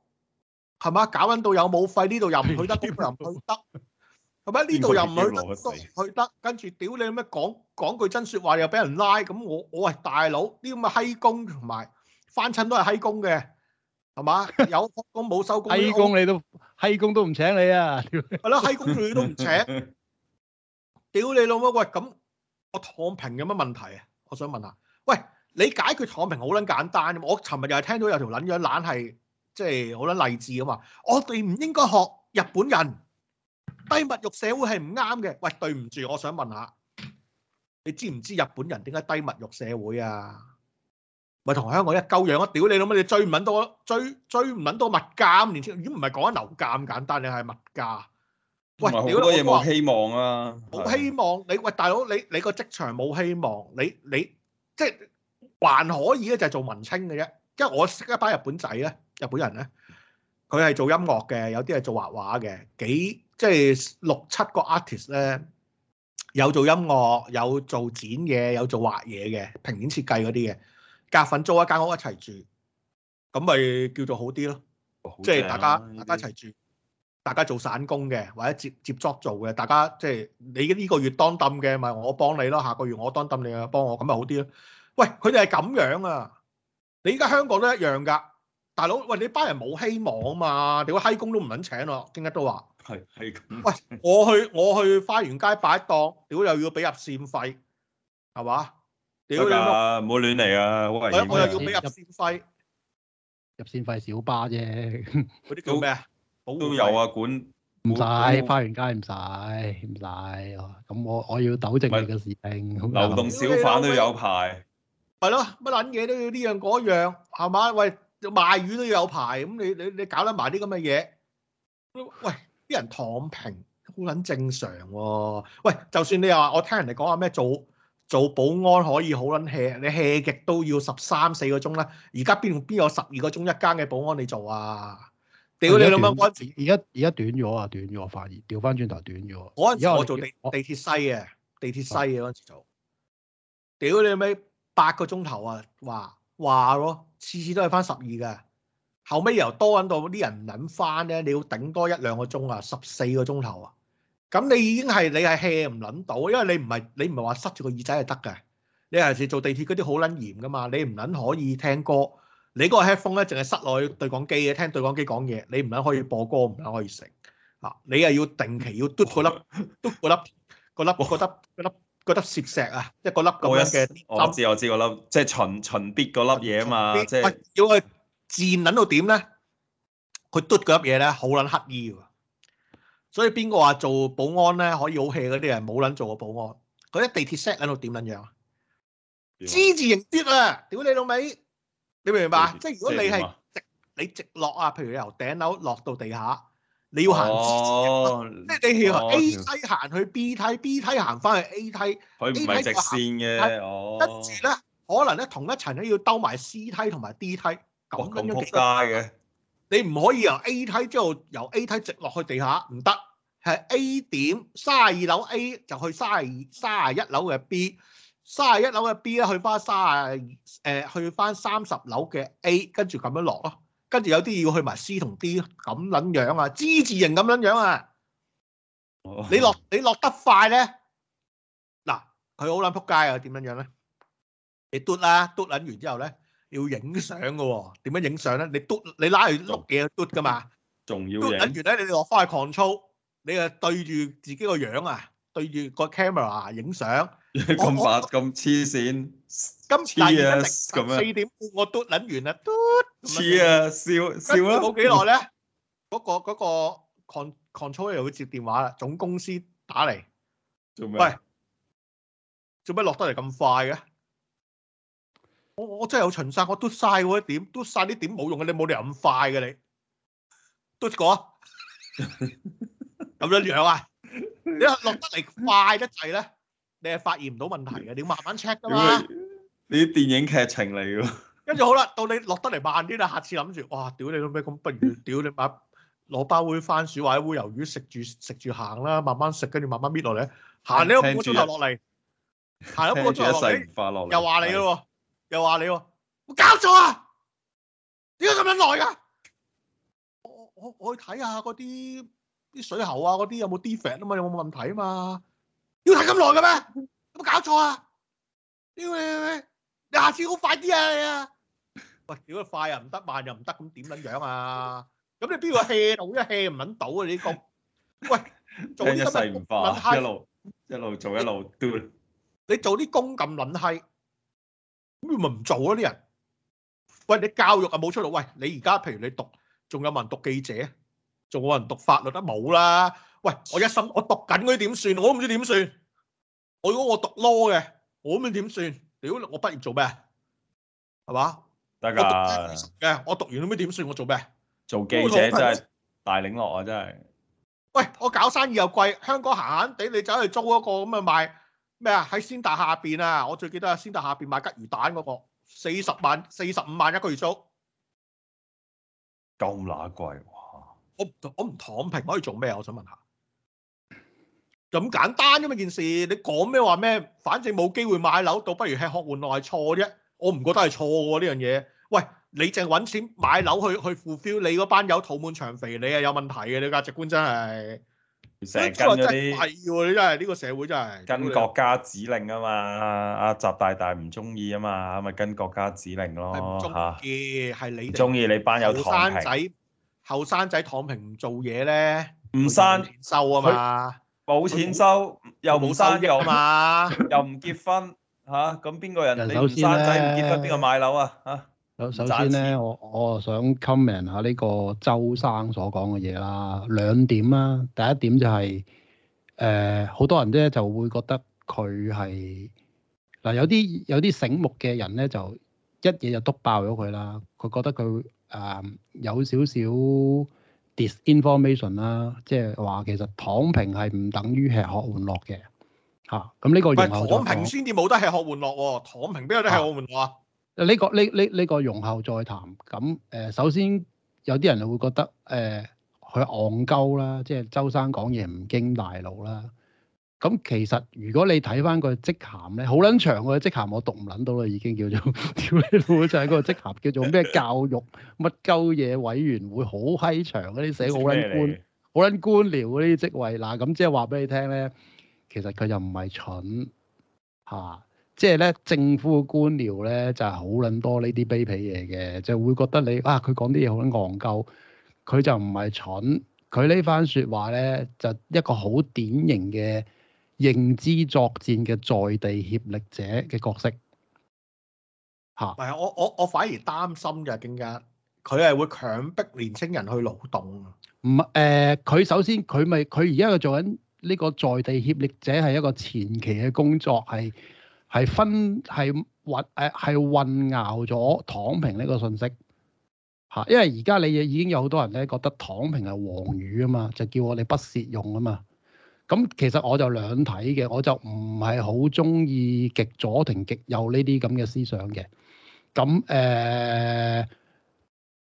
係嘛？搞緊到有冇肺呢度又唔去得，邊度又唔去得？係咪呢度又唔去得？去得跟住屌你咩？講講句真説話又俾人拉咁，我我係大佬，啲咁嘅閪工同埋。翻親都係閪工嘅，係嘛？有開工冇收工，閪工你都閪工都唔請你啊！係咯，閪工仲要都唔請，屌你老母！喂，咁我躺平有乜問題啊？我想問下，喂，你解決躺平好撚簡單。我尋日又係聽到有條撚樣攬係，即係好撚勵志啊嘛！我哋唔應該學日本人低物慾社會係唔啱嘅。喂，對唔住，我想問下，你知唔知日本人點解低物慾社會啊？咪同香港一鳩樣啊！屌你老母，你追唔到我，追追唔到我物價。年青如果唔係講緊樓價咁簡單，你係物價。有多喂，屌你老冇希望啊！冇是的 希望。你喂大佬，你你個職場冇希望。你你即係還可以咧，就係做文青嘅啫。因為我識一班日本仔咧，日本人咧，佢係做音樂嘅，有啲係做畫畫嘅，幾即係六七個 artist 咧，有做音樂，有做剪嘢，有做畫嘢嘅平面設計嗰啲嘅。夾份租一間屋一齊住，咁咪叫做好啲咯，即係、哦啊、大家些大家一齊住，大家做散工嘅或者接接觸做嘅，大家即係、就是、你呢個月當掟嘅，咪我幫你咯，下個月我當掟你啊幫我，咁咪好啲咯。喂，佢哋係咁樣啊！你而家香港都一樣㗎，大佬，喂，你班人冇希望啊嘛，屌閪工都唔撚請我，荊吉都話係係咁。喂，我去我去花園街擺檔，屌又要俾入線費，係嘛？屌呀，唔好亂嚟啊，我又要俾入線費，入線費小巴啫。嗰啲叫咩啊？都有啊，管唔使，花園街唔使，唔使。咁我我要糾正你嘅事情。流動小販都要有牌，係咯，乜撚嘢都要呢樣嗰樣，係嘛？喂，賣魚都要有牌，咁你你你搞得埋啲咁嘅嘢，喂，啲人躺平，好撚正常喎。喂，就算你話我聽人哋講話咩做。做保安可以好撚 hea，你 hea 極都要十三四個鐘啦。而家邊邊有十二個鐘一間嘅保安你做啊？屌你老母！而家而家短咗啊，短咗反而調翻轉頭短咗。嗰陣時我做地我地鐵西啊，我地鐵西啊，嗰陣時做。屌你咪八個鐘頭啊，話話咯，次次都係翻十二㗎。後尾又多揾到啲人諗翻咧，你要頂多一兩個鐘啊，十四個鐘頭啊。咁你已經係你係 hea 唔撚到，因為你唔係你唔係話塞住個耳仔係得嘅。你有時做地鐵嗰啲好撚嚴噶嘛，你唔撚可以聽歌。你嗰個 headphone 咧，淨係塞落對講機嘅，聽對講機講嘢。你唔撚可以播歌，唔撚可以食啊。你又要定期要篤個粒篤個粒個粒個粒個粒舌石啊，一個粒咁樣嘅。我知我知個粒，即係循循啲嗰粒嘢啊嘛，即係。要佢戰撚到點咧，佢篤嗰粒嘢咧好撚乞衣嘅。所以邊個話做保安咧可以好 hea 嗰啲人冇撚做過保安，佢喺地鐵 set 喺度點撚樣啊？之字型啲啊！屌你老味，你明唔明白？即係如果你係直，你直落啊，譬如你由頂樓落到地下，你要行之字形，哦、即係你 A 梯行去 B 梯，哦，B 梯行翻去 A 梯，佢唔係直線嘅。哦，跟住咧，可能咧同一層咧要兜埋 C 梯同埋 D 梯，咁撲街嘅。你唔可以由 A 梯之後由 A 梯直落去地下，唔得。係 A 點三二樓 A 就去三廿二三廿一樓嘅 B，三廿一樓嘅 B 咧去翻三廿誒去翻三十樓嘅 A，跟住咁樣落咯。跟住有啲要去埋 C 同 D，咁撚樣，這樣，G 樣啊，之字形咁撚樣啊。你落你落得快咧，嗱佢好撚仆街啊，點樣樣咧？你嘟啦、啊，嘟撚完之後咧。要影相嘅喎，點樣影相咧？你嘟，你拉住碌嘢嘟噶嘛？仲要嘢。嘟撚完咧，你落翻去 control，你啊對住自己個樣啊，對住個 camera 影相。咁白咁黐線。今次啊！咁樣。四點半我嘟撚完啦，嘟。似啊！笑笑咗。冇幾耐咧，嗰個嗰個 control 又會接電話啦，總公司打嚟。做咩？喂，做咩落得嚟咁快嘅？我我真係有巡晒，我都嘥嗰一點，都嘥啲點冇用嘅，你冇理由咁快嘅你，都講啊，咁樣樣啊，你落得嚟快得滯咧，你係發現唔到問題嘅，你要慢慢 check 噶嘛。呢啲電影劇情嚟嘅。跟住好啦，到你落得嚟慢啲啦，下次諗住，哇，屌你到咩咁，不如，屌你買攞包，芋番薯或者烏魷魚，食住食住行啦，慢慢食，跟住慢慢搣落嚟，行一個鐘頭落嚟，行一個鐘頭落嚟，又話你咯。又話你喎，我搞錯啊！點解咁樣耐噶？我我我我去睇下嗰啲啲水喉啊，嗰啲有冇 defect 啊嘛？有冇問題啊嘛？要睇咁耐嘅咩？有冇搞錯啊？屌你！你下次好快啲啊你啊！喂，屌佢快又唔得，慢又唔得，咁點捻樣啊？咁你邊個氣到啫？一氣唔捻到啊？你啲工喂，做一世唔化一路一路做一路 do，你做啲工咁卵閪？咁咪唔做啊啲人？喂，你教育又冇出路。喂，你而家譬如你讀，仲有冇人讀記者，仲有冇人讀法律啊？冇啦。喂，我一心我讀緊嗰啲點算？我都唔知點算。我如果我讀 law 嘅，我咁樣點算？你估，我畢業做咩啊？係嘛？大家。我讀二十嘅，我讀完咁樣點算？我做咩？做記者真係大領落啊！真係。喂，我搞生意又貴，香港閒閒地，你走去租一個咁啊賣？咩啊？喺先達下邊啊！我最記得啊，先達下邊買吉魚蛋嗰個四十萬、四十五萬一個月租，咁乸貴哇！我我唔躺平可以做咩啊？我想問下，咁簡單啫嘛件事，你講咩話咩？反正冇機會買樓，倒不如吃喝玩樂係錯啫。我唔覺得係錯喎呢樣嘢。喂，你淨係揾錢買樓去去 fulfill，你嗰班友肚滿腸肥，你係有問題嘅。你價值觀真係～成日跟嗰啲係喎，你真係呢個社會真係跟國家指令啊嘛，阿習大大唔中意啊嘛，咪跟國家指令咯。中意係你中意你班有後生仔，後生仔躺平唔做嘢咧，唔生唔收啊嘛，冇錢收又冇生嘅嘛，又唔結婚嚇，咁邊個人你生仔唔結婚邊個買樓啊嚇？首先咧，我我想 comment 下呢個周生所講嘅嘢啦，兩點啦、啊。第一點就係、是、誒，好、呃、多人咧就會覺得佢係嗱，有啲有啲醒目嘅人咧、呃，就一嘢就篤爆咗佢啦。佢覺得佢誒有少少 disinformation 啦，即係話其實躺平係唔等於吃喝玩樂嘅嚇。咁、啊、呢、啊這個唔係躺平先至冇得吃喝玩樂喎，躺平邊有得吃喝玩樂啊？呢、這個呢呢呢個容後再談。咁誒、呃，首先有啲人會覺得誒佢戇鳩啦，即係周生講嘢唔經大腦啦。咁其實如果你睇翻個職銜咧，好撚長嘅職銜，我讀唔撚到啦，已經叫做屌你老母，就係個職銜叫做咩教育乜鳩嘢委員會，好閪長嗰啲寫，好撚官好撚 官僚嗰啲職位。嗱，咁即係話俾你聽咧，其實佢又唔係蠢吓。啊即係咧，政府嘅官僚咧就係好撚多呢啲卑鄙嘢嘅，就會覺得你啊，佢講啲嘢好撚戇鳩，佢就唔係蠢，佢呢番説話咧就一個好典型嘅認知作戰嘅在地協力者嘅角色。嚇、啊！唔係我我我反而擔心嘅，更加佢係會強迫年青人去勞動。唔誒，佢、呃、首先佢咪佢而家嘅做緊呢個在地協力者係一個前期嘅工作係。係分係混誒係混淆咗躺平呢個信息嚇，因為而家你已經有好多人咧覺得躺平係黃語啊嘛，就叫我哋不屑用啊嘛。咁其實我就兩睇嘅，我就唔係好中意極左同極右呢啲咁嘅思想嘅。咁誒、呃，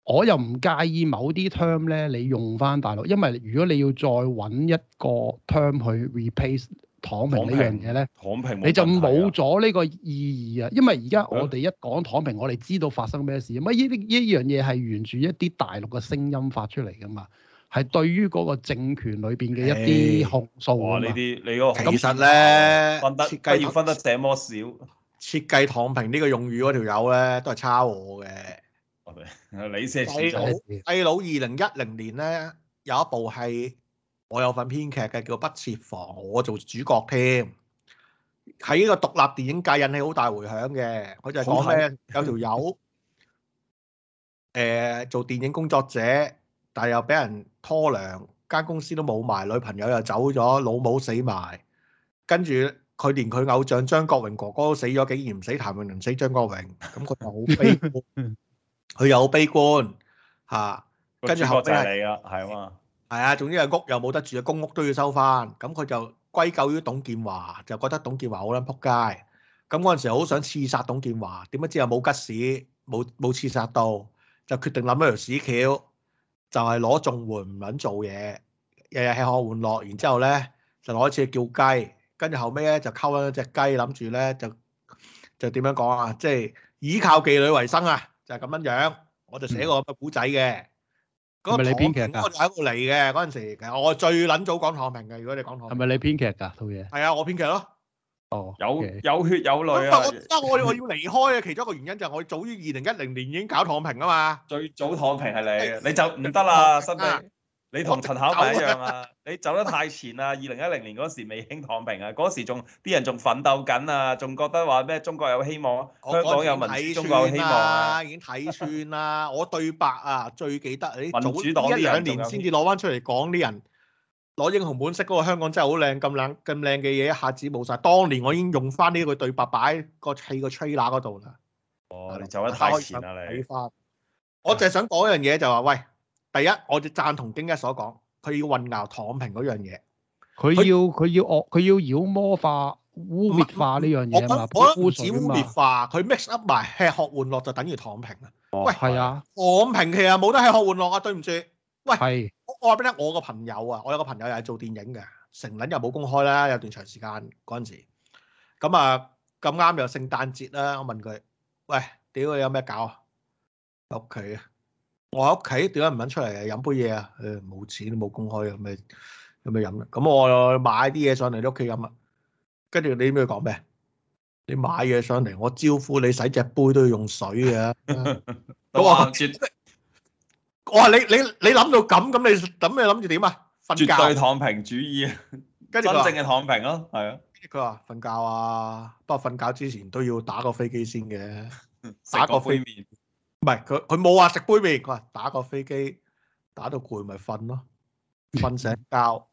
我又唔介意某啲 term 咧，你用翻大陸，因為如果你要再揾一個 term 去 replace。躺平呢樣嘢咧，躺平你就冇咗呢個意義啊！因為而家我哋一講躺平，欸、我哋知道發生咩事。乜呢呢呢樣嘢係沿住一啲大陸嘅聲音發出嚟噶嘛？係對於嗰個政權裏邊嘅一啲控訴啊！呢啲、欸、你嗰其實咧分得設計要分得這麼少，設計躺平呢個用語嗰條友咧都係差我嘅。我們 你先係大佬，大佬二零一零年咧有一部係。我有份編劇嘅叫不設防，我做主角添，喺呢個獨立電影界引起好大回響嘅。佢就係講咩？有條友誒、做電影工作者，但係又俾人拖糧，間公司都冇埋，女朋友又走咗，老母死埋，跟住佢連佢偶像張國榮哥哥都死咗，竟然唔死譚詠麟，死張國榮，咁佢又好悲，佢又好悲觀吓。個主角就係你啦，係啊嘛。係啊，總之啊屋又冇得住啊，公屋都要收翻，咁佢就歸咎於董建華，就覺得董建華好撚仆街，咁嗰陣時好想刺殺董建華，點不知啊冇吉士，冇冇刺殺到，就決定諗一條屎橋，就係攞綜援唔撚做嘢，日日吃喝玩樂，然之後咧就攞一次叫雞，跟住後尾咧就溝咗隻雞，諗住咧就就點樣講啊，即係依靠妓女為生啊，就係咁樣樣，我就寫個古仔嘅。嗰個係你編劇㗎，我喺度嚟嘅嗰陣時，我最撚早講躺平嘅。如果你講躺，係咪你編劇㗎套嘢？係啊，我編劇咯。哦，有有血有淚啊！我得我我要離開啊，其中一個原因就係我早於二零一零年已經搞躺平啊嘛。最早躺平係你，你就唔得啦，幸比。你同陳巧文一樣啊！你走得太前啦，二零一零年嗰時未興躺平啊，嗰時仲啲人仲奮鬥緊啊，仲覺得話咩中國有希望啊，香港有民主，中國有希望啊，已經睇穿啦。我對白啊，最記得你早一兩年先至攞翻出嚟講，啲人攞英雄本色嗰個，香港真係好靚，咁靚咁靚嘅嘢一下子冇晒。當年我已經用翻呢個對白擺個戲個 trailer 嗰度啦。哦，你走得太前啦你。我淨係想講一樣嘢，就話喂。第一，我就贊同京一所講，佢要混淆躺平嗰樣嘢，佢要佢要惡，佢要妖魔化、污蔑化呢樣嘢。我覺得只污蔑化，佢 mix up 埋吃喝玩樂就等於躺平、哦、喂啊！喂，係啊，躺平其實冇得吃喝玩樂啊，對唔住。喂，是我話俾你聽，我，我，我，朋我個朋友啊，我有個朋友又係做電影嘅，成日又冇公開啦，有段長時間嗰陣時，咁啊咁啱又聖誕節啦，我問佢，喂，屌佢有咩搞啊？屋企啊！我喺屋企，點解唔肯出嚟飲杯嘢啊？誒，冇錢，冇工開啊，咁咪咁咪飲，咁我買啲嘢上嚟你屋企飲啊。跟住你咩講咩？你買嘢上嚟，我招呼你洗隻杯都要用水嘅。我行我話你你你諗到咁，咁你諗咩諗住點啊？絕對躺平主義，跟住真正嘅躺平咯，係啊。佢話瞓覺啊，不過瞓覺之前都要打個飛機先嘅，打個杯麵。唔係佢，佢冇話食杯麪。佢話打個飛機，打到攰咪瞓咯，瞓醒覺。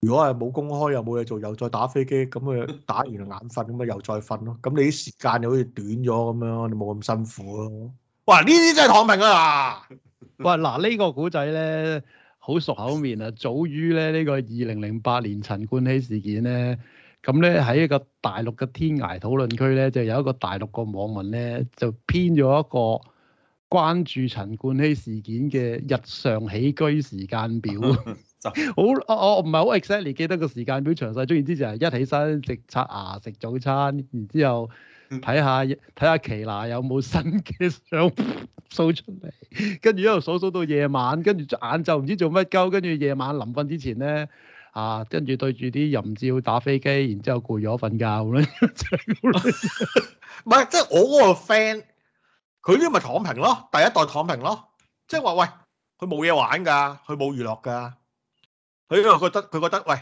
如果係冇工開又冇嘢做，又再打飛機，咁佢打完眼瞓，咁咪又再瞓咯。咁你啲時間就好似短咗咁樣，你冇咁辛苦咯。哇！呢啲真係躺平啊！ 哇！嗱，呢個古仔咧好熟口面啊，早於咧呢個二零零八年陳冠希事件咧。咁咧喺一個大陸嘅天涯討論區咧，就有一個大陸嘅網民咧，就編咗一個關注陳冠希事件嘅日常起居時間表。 好，我我唔係好 exactly 記得個時間表詳細。總言之就係一起身，直刷牙食早餐，然之後睇下睇下奇娜有冇新嘅相掃出嚟，跟住一路掃掃到夜晚，跟住就晏晝唔知做乜鳩，跟住夜晚臨瞓之前咧。啊，跟住對住啲淫照打飛機，然之後攰咗瞓覺咧，唔係即係我嗰個 friend，佢呢咪躺平咯，第一代躺平咯，即係話喂，佢冇嘢玩㗎，佢冇娛樂㗎，佢又覺得佢覺得喂，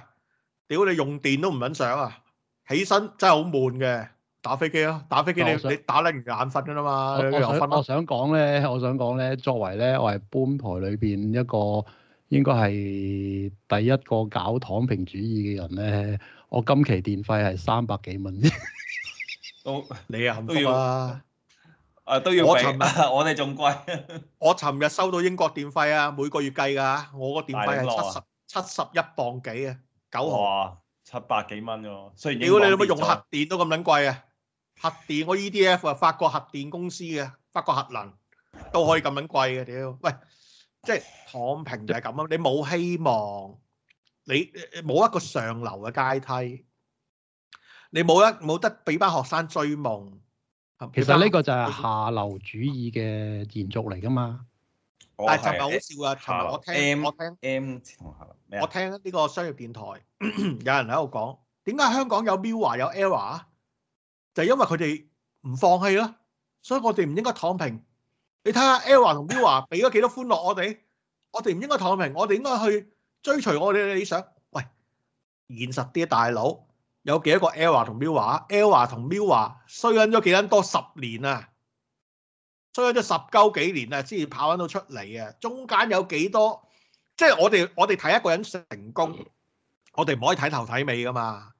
屌你用電都唔肯上啊，起身真係好悶嘅，打飛機咯，打飛機你你打甩完眼瞓㗎啦嘛，又瞓咯。我想講咧，我想講咧，作為咧，我係搬台裏邊一個，應該係第一個搞躺平主義嘅人咧。我今期電費係三百幾蚊。你啊、都你啊，都要啊。啊，都要 我尋日更 我哋仲貴。我尋日收到英國電費啊，每個月計㗎。我個電費係七十七十一磅幾啊，九毫。哇、哦，七百幾蚊喎。雖然屌你老母用核電都咁撚貴啊！核電我 EDF 啊，法國核電公司嘅，法國核能都可以咁撚貴嘅。屌，喂！即係躺平就係咁咯，你冇希望，你冇一個上流嘅階梯，你冇一冇得俾班學生追夢。其實呢個就係下流主義嘅延續嚟噶嘛。但係尋日好笑啊！尋日我聽我聽 M 同學咩啊？我聽呢個商業電台有人喺度講，點解香港有 MIRROR 有 ERROR？就因為佢哋唔放棄囉，所以我哋唔應該躺平。你睇下 ERROR 同 MIRROR 俾咗幾多歡樂我哋？我哋唔應該躺平，我哋應該去追隨我哋嘅理想。喂，現實啲啊，大佬！有幾多個 ERROR 同 MIRROR？ERROR 同 MIRROR 衰緊咗幾多多十年啊？衰緊咗十鳩幾年啊？先至跑翻到出嚟啊！中間有幾多？即係我哋我哋睇一個人成功，我哋唔可以睇頭睇尾噶嘛。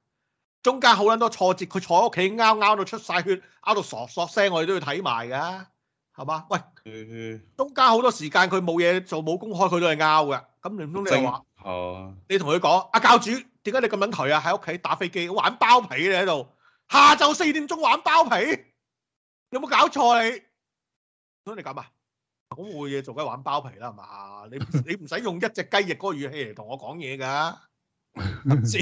中間好撚多挫折，佢坐喺屋企拗拗到出晒血，拗到傻傻聲，我哋都要睇埋噶。係嘛？喂，中間好多時間，佢冇嘢做，冇公開，佢都係拗㗎。咁你唔通你話？哦，你同佢講，阿教主，點解你咁撚頹啊？喺屋企打飛機玩包皮你喺度，下晝四點鐘玩包皮，有冇搞錯你？咁你咁啊？咁冇嘢做，梗係玩包皮啦，係嘛？你你唔使用一隻雞翼嗰個語氣嚟同我講嘢噶？唔知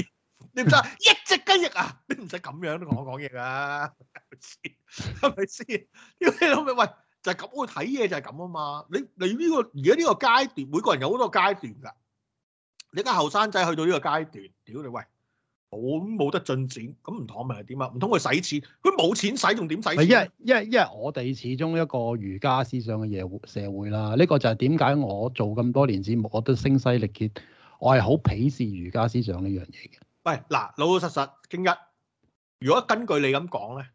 你唔使一隻雞翼啊？你唔使咁樣同我講嘢噶？係咪先？你老味喂？就係咁，我睇嘢就係咁啊嘛！你你呢個而家呢個階段，每個人有好多階段㗎。你而家後生仔去到呢個階段，屌你喂，好冇得進展，咁唔妥咪係點啊？唔通佢使錢，佢冇錢使，仲點使？因為因為因為我哋始終一個儒家思想嘅社會社會啦，呢個就係點解我做咁多年節目，我都聲嘶力竭，我係好鄙視儒家思想呢樣嘢嘅。喂，嗱，老老實實，京一，如果根據你咁講咧？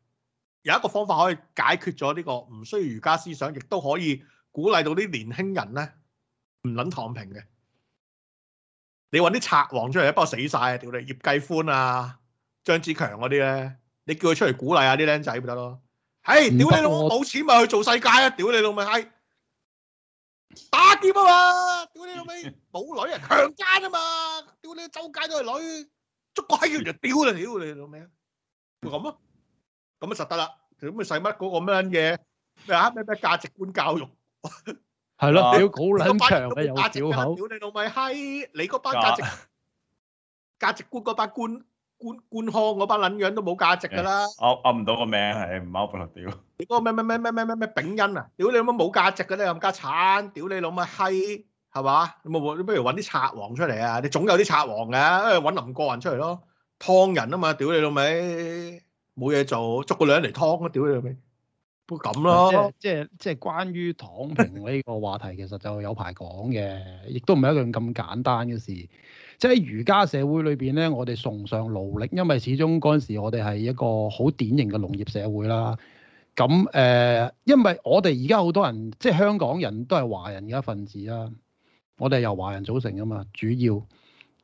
有一個方法可以解決咗呢個唔需要儒家思想，亦都可以鼓勵到啲年輕人咧，唔捻躺平嘅。你搵啲賊王出嚟，不過死晒，屌你葉繼歡啊、張子強嗰啲咧，你叫佢出嚟鼓勵下啲僆仔咪得咯。嘿，屌、嗯、你老母冇我 錢咪去做世界啊！屌你老味閪，打劫啊嘛！屌你老味，冇女人強姦啊嘛！屌你周街都係女，捉個閪完就屌啦！屌你老味啊，咪咁咯。咁啊實得啦！咁啊使乜嗰個咩嘢？咩啊？咩咩價值觀教育？係咯，屌好卵長嘅屌你老米閪！你嗰班價值 價值觀嗰班官官官腔嗰班撚樣都冇價值㗎啦！我噏唔到個名係唔 o f 屌！你嗰個咩咩咩咩咩咩咩炳恩啊？屌你老母冇價值㗎咧，冚家鏟！屌你老母閪係嘛？冇冇，不如揾啲賊王出嚟啊！你總有啲賊王㗎，揾林過雲出嚟咯，劏人啊嘛！屌你老味。名字名字名字冇嘢做，捉個女人嚟劏啊！屌你老味，都咁咯。即係即係即係關於躺平呢個話題，其實就有排講嘅，亦都唔係一樣咁簡單嘅事。即係喺儒家社會裏邊咧，我哋崇尚勞力，因為始終嗰陣時我哋係一個好典型嘅農業社會啦。咁誒、呃，因為我哋而家好多人，即係香港人都係華人嘅一份子啦。我哋係由華人組成啊嘛，主要。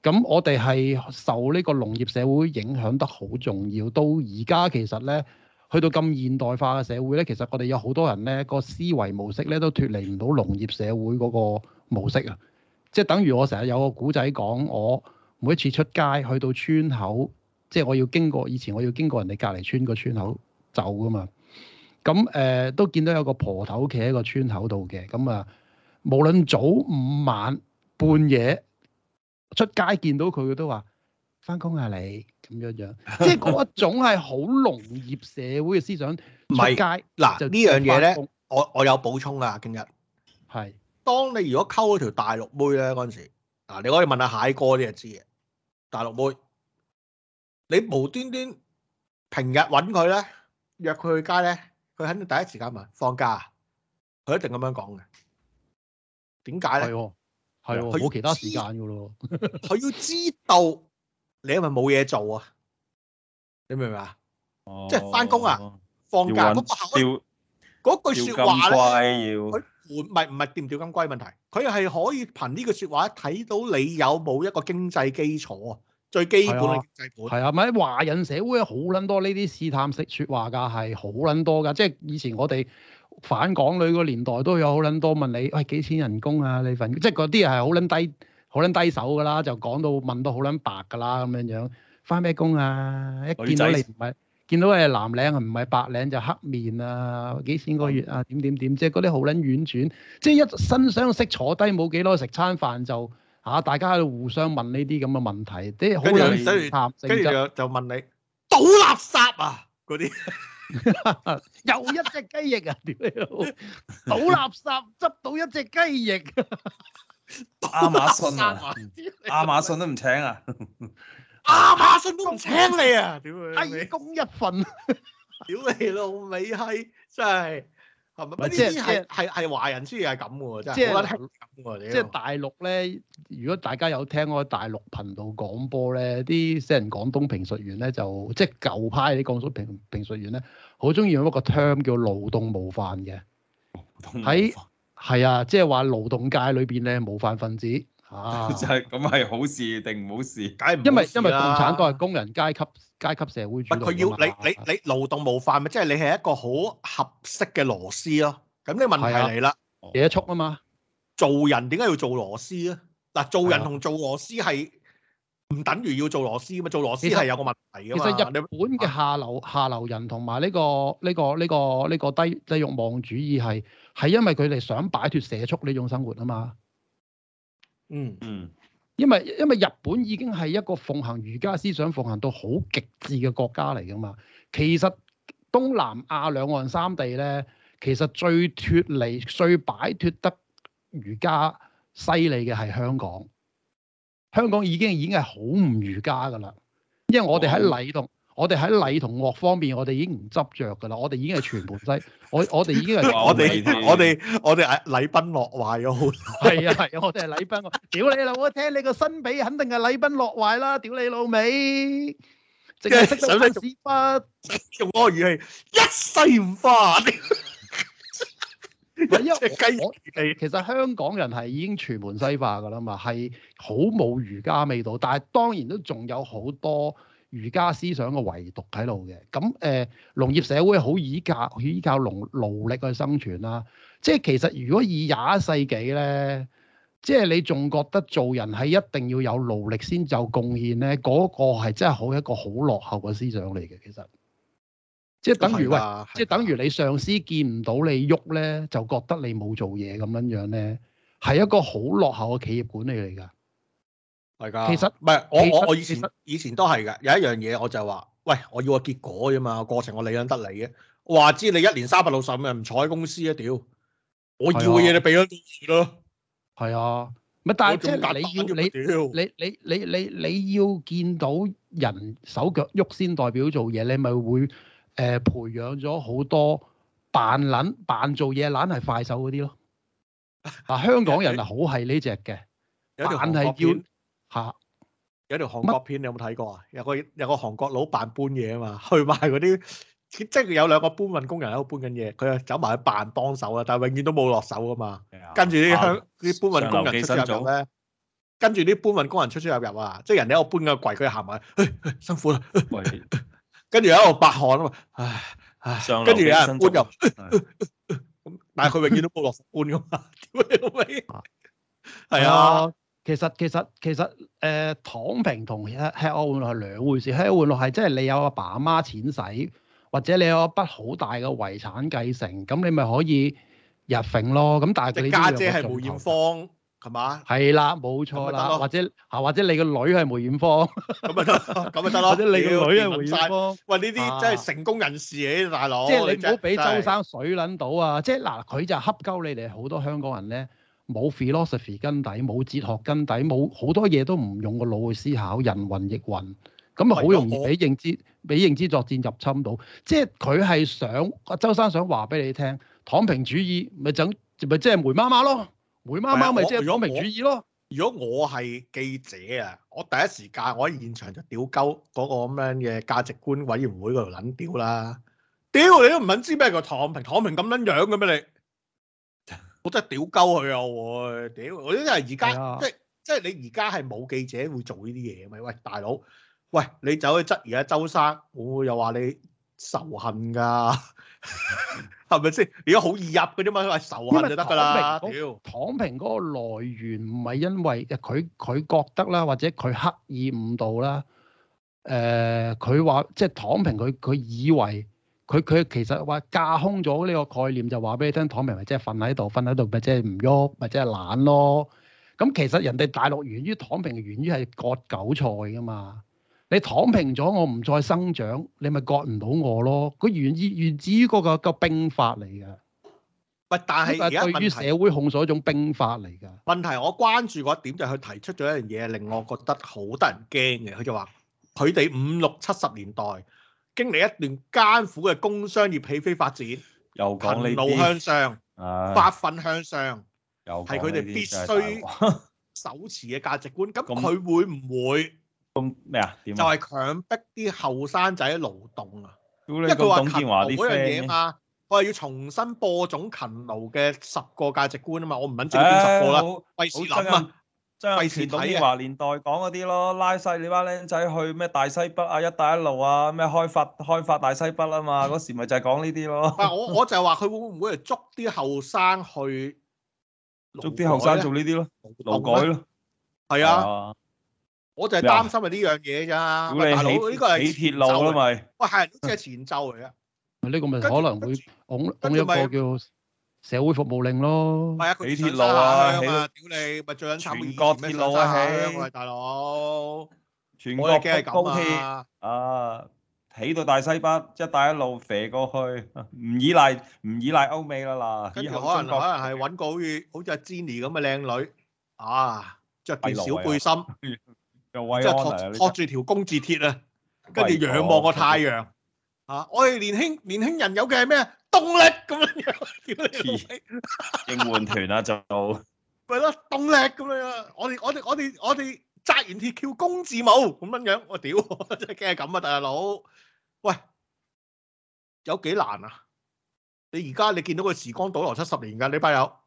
咁我哋係受呢個農業社會影響得好重要。到而家其實咧，去到咁現代化嘅社會咧，其實我哋有好多人咧，個思維模式咧都脫離唔到農業社會嗰個模式啊。即係等於我成日有個古仔講，我每一次出街去到村口，即係我要經過以前我要經過人哋隔離村個村口走㗎嘛。咁誒、呃、都見到有個婆頭企喺個村口度嘅。咁啊，無論早午晚半夜。嗯出街見到佢，佢都話翻工啊你咁樣樣，即係嗰一種係好農業社會嘅思想。唔係街嗱就呢樣嘢咧，我我有補充啊，京一。係，當你如果溝咗條大陸妹咧嗰陣時，嗱你可以問下蟹哥啲就知嘅。大陸妹，你無端端平日揾佢咧，約佢去街咧，佢肯定第一時間問放假啊，佢一定咁樣講嘅。點解咧？係，佢冇其他時間㗎咯。佢要知道你係咪冇嘢做啊？ 你明唔明啊？即係返工啊，放假嗰玩、嗰個口嗰跳句説話咧，佢換唔係唔係調唔調咁貴問題，佢係可以憑呢句説話睇到你有冇一個經濟基礎啊，最基本嘅經濟本。係啊，咪華人社會好撚多呢啲試探式説話㗎，係好撚多㗎。即係以前我哋。反港女個年代都有好撚多問你，喂、哎、幾錢人工啊？你份即係嗰啲人係好撚低，好撚低手噶啦，就講到問到好撚白噶啦咁樣樣，翻咩工啊？一見到你唔係生見到你係藍領啊，唔係白領就黑面啊，幾錢個月啊？點點點，即係嗰啲好撚婉轉，即係一身相識坐低冇幾耐食餐飯就嚇、啊，大家喺度互相問呢啲咁嘅問題，即係好撚水談。跟住就就問你倒垃圾啊？嗰啲。 又一隻雞翼啊！屌你老母，倒垃圾執到一隻雞翼，亞馬遜啊，亞馬遜都唔請啊，亞馬遜都唔請你啊！屌你老尾閪，係真係。係咪？唔係，即係係係華人主義係咁嘅喎，即係即係大陸咧。如果大家有聽開大陸頻道廣播咧，啲死人廣東評述員咧，就即係舊派啲廣東評評述員咧，好中意用一個 term 叫勞動模範嘅。喺係啊，即係話勞動界裏邊咧，模範分子。就係咁係好事定唔好事？解唔、啊、因為因為共產黨係工人階級階級社會主，主係佢要你你你勞動模範咪，即係你係一個好合適嘅螺絲咯。咁呢個問題嚟啦，社畜啊嘛做做，做人點解要做螺絲咧？嗱，做人同做螺絲係唔等於要做螺絲嘅嘛？做螺絲係有個問題嘅其，其實日本嘅下流、啊、下流人同埋呢個呢、這個呢、這個呢、這個低低慾望主義係係因為佢哋想擺脫社畜呢種生活啊嘛。嗯嗯，嗯因為因為日本已經係一個奉行儒家思想奉行到好極致嘅國家嚟噶嘛，其實東南亞兩岸三地咧，其實最脫離、最擺脫得儒家犀利嘅係香港，香港已經已經係好唔儒家噶啦，因為我哋喺禮動。哦我哋喺禮同樂方面，我哋已經唔執着噶啦，我哋已經係全盤西，我我哋已經係我哋我哋我哋禮崩樂壞咗好多，係 啊，啊我哋係禮崩樂，屌你老母！聽你個身比肯定係禮崩樂壞啦，屌你老味，淨係識得打屎忽，想想用開語氣一世唔化。 因為其實香港人係已經全盤西化噶啦嘛，係好冇儒家味道，但係當然都仲有好多。儒家思想嘅唯獨喺度嘅，咁誒、呃、農業社會好依靠依靠農勞力去生存啦、啊。即係其實，如果以廿一世紀咧，即係你仲覺得做人係一定要有勞力先就貢獻咧，嗰、那個係真係好一個好落後嘅思想嚟嘅。其實，即係等於、啊、喂，啊、即係等於你上司見唔到你喐咧，就覺得你冇做嘢咁樣樣咧，係一個好落後嘅企業管理嚟㗎。其實唔係是實我我我以前實以前都係嘅。有一樣嘢我就話，喂，我要個結果啫嘛，過程我理得得你嘅。話知你一年三百六十五日唔坐喺公司一屌！我要嘅嘢你俾咯，係咯。係啊，唔、啊、但係即係你要你你你你你你，你要見到人手腳喐先代表做嘢，你咪會誒培養咗好多扮撚扮做嘢撚係快手嗰啲咯。啊，香港人啊好係呢隻嘅。 有條但係要。吓，有條韓國片你有冇睇過啊？有，韓麼有，有，有個有個韓國佬扮搬嘢啊嘛，去賣嗰啲，即係有兩個搬運工人喺度搬緊嘢，佢走埋去扮幫手，手啊，但係永遠都冇落手啊嘛。跟住啲香啲搬運工人其出，出入入咧，跟住啲搬運工人出出入入啊，即係人哋喺度搬個櫃，佢行埋，去、哎哎，辛苦啦。跟住喺度白汗啊嘛，唉，跟住有人搬入，但係佢永遠都冇落搬噶嘛，係啊。其實其實其實誒，躺平同吃喝玩樂係兩回事。吃喝玩樂，係即係你有阿爸阿媽錢使，或者你有筆好大嘅遺產繼承，咁你咪可以入揈咯。咁但係你家姐係梅艷芳係嘛？係啦，冇錯啦。或者嚇，或者你個女係梅艷芳，咁咪得？咁咪得咯？或者你個女係梅艷芳。喂，呢啲真係成功人士嘅大佬。即係你唔好俾周生水撚到啊！即係嗱，佢就恰鳩你哋好多香港人咧。冇 philosophy 根底，冇哲學根底，冇好多嘢都唔用個腦去思考人云云的，人雲亦雲，咁啊好容易俾認知俾認知作戰入侵到。即係佢係想啊，周生想話俾你聽，躺平主義咪整的，咪即係梅媽媽咯，梅媽媽咪即係躺平主義咯。如果我係記者啊，我第一時間我喺現場就屌鳩嗰個咁樣嘅價值觀委員會嗰度撚屌啦！屌你都唔肯知咩叫躺平，躺平咁撚樣嘅咩你？我真係屌鳩佢啊！屌！我因為而家是、啊、即係即係你而家係冇記者會做呢啲嘢咪？喂，大佬，喂，你走去質疑下周生，我又話你仇恨㗎，係咪先？如果好易入嘅啫嘛，話仇恨就得㗎啦。屌躺平嗰個來源唔係因為佢佢覺得啦，或者佢刻意誤導啦。誒、呃，佢話即係躺平，佢佢以為。佢佢其實話架空咗呢個概念，就話俾你聽，躺平咪即係瞓喺度，瞓喺度咪即係唔喐，咪即係懶咯。咁其實人哋大陸源於躺平，源於係割韭菜㗎嘛。你躺平咗，我唔再生長，你咪割唔到我咯。佢源，源自源於嗰、嗰個、嗰個兵法嚟㗎。唔但係對於社會控訴一種兵法嚟㗎。問題我關注嗰一點就係佢提出咗一樣嘢，令我覺得好得人驚嘅。佢就話佢哋五六七十年代。經歷一段艱苦嘅工商業起飛發展，又勤勞向上，發、啊、奮向上，係佢哋必須手持嘅價值觀。咁佢 會唔會咁咩啊？點就係強迫啲後生仔勞動啊！即係佢話勤勞嗰樣嘢嘛，我係要重新播種勤勞嘅十個價值觀啊嘛！我唔肯證據十個、啊嗯嗯、事啦，費事諗啊！即係以前董建華年代講嗰啲咯，拉曬你班僆仔去咩大西北啊、一帶一路啊，咩開發開發大西北啊嘛，嗰時咪就係講呢啲咯。唔係，我我就話佢會唔會嚟捉啲後生去捉啲後生做呢啲咯，勞改咯，係啊，我就係擔心係呢樣嘢咋。大佬呢個係前奏啦，咪喂係，只係前奏嚟啊。呢個咪可能會擁擁一個叫。社會服務令咯，起鐵路啊！屌你，咪係全國鐵路啊？喂，大佬，全國嘅高鐵啊！啊，起到大西北，一帶一路飛過去，唔依賴唔依賴歐美啦嗱，跟住可能可能係揾個好似好似阿 Jenny 咁嘅靚女，啊，著件小背心，即係拖住條工字鐵啊，跟住仰望個太陽。啊！我哋年輕年輕人有嘅係咩啊？動力咁樣樣，應援 團啦、啊，就係咯動力咁樣樣。我哋我哋我哋我哋扎完鐵橋弓字舞咁樣樣。我屌，真係驚係咁啊！大佬，喂，有幾難啊？你而家你見到個時光倒流七十年㗎？你班友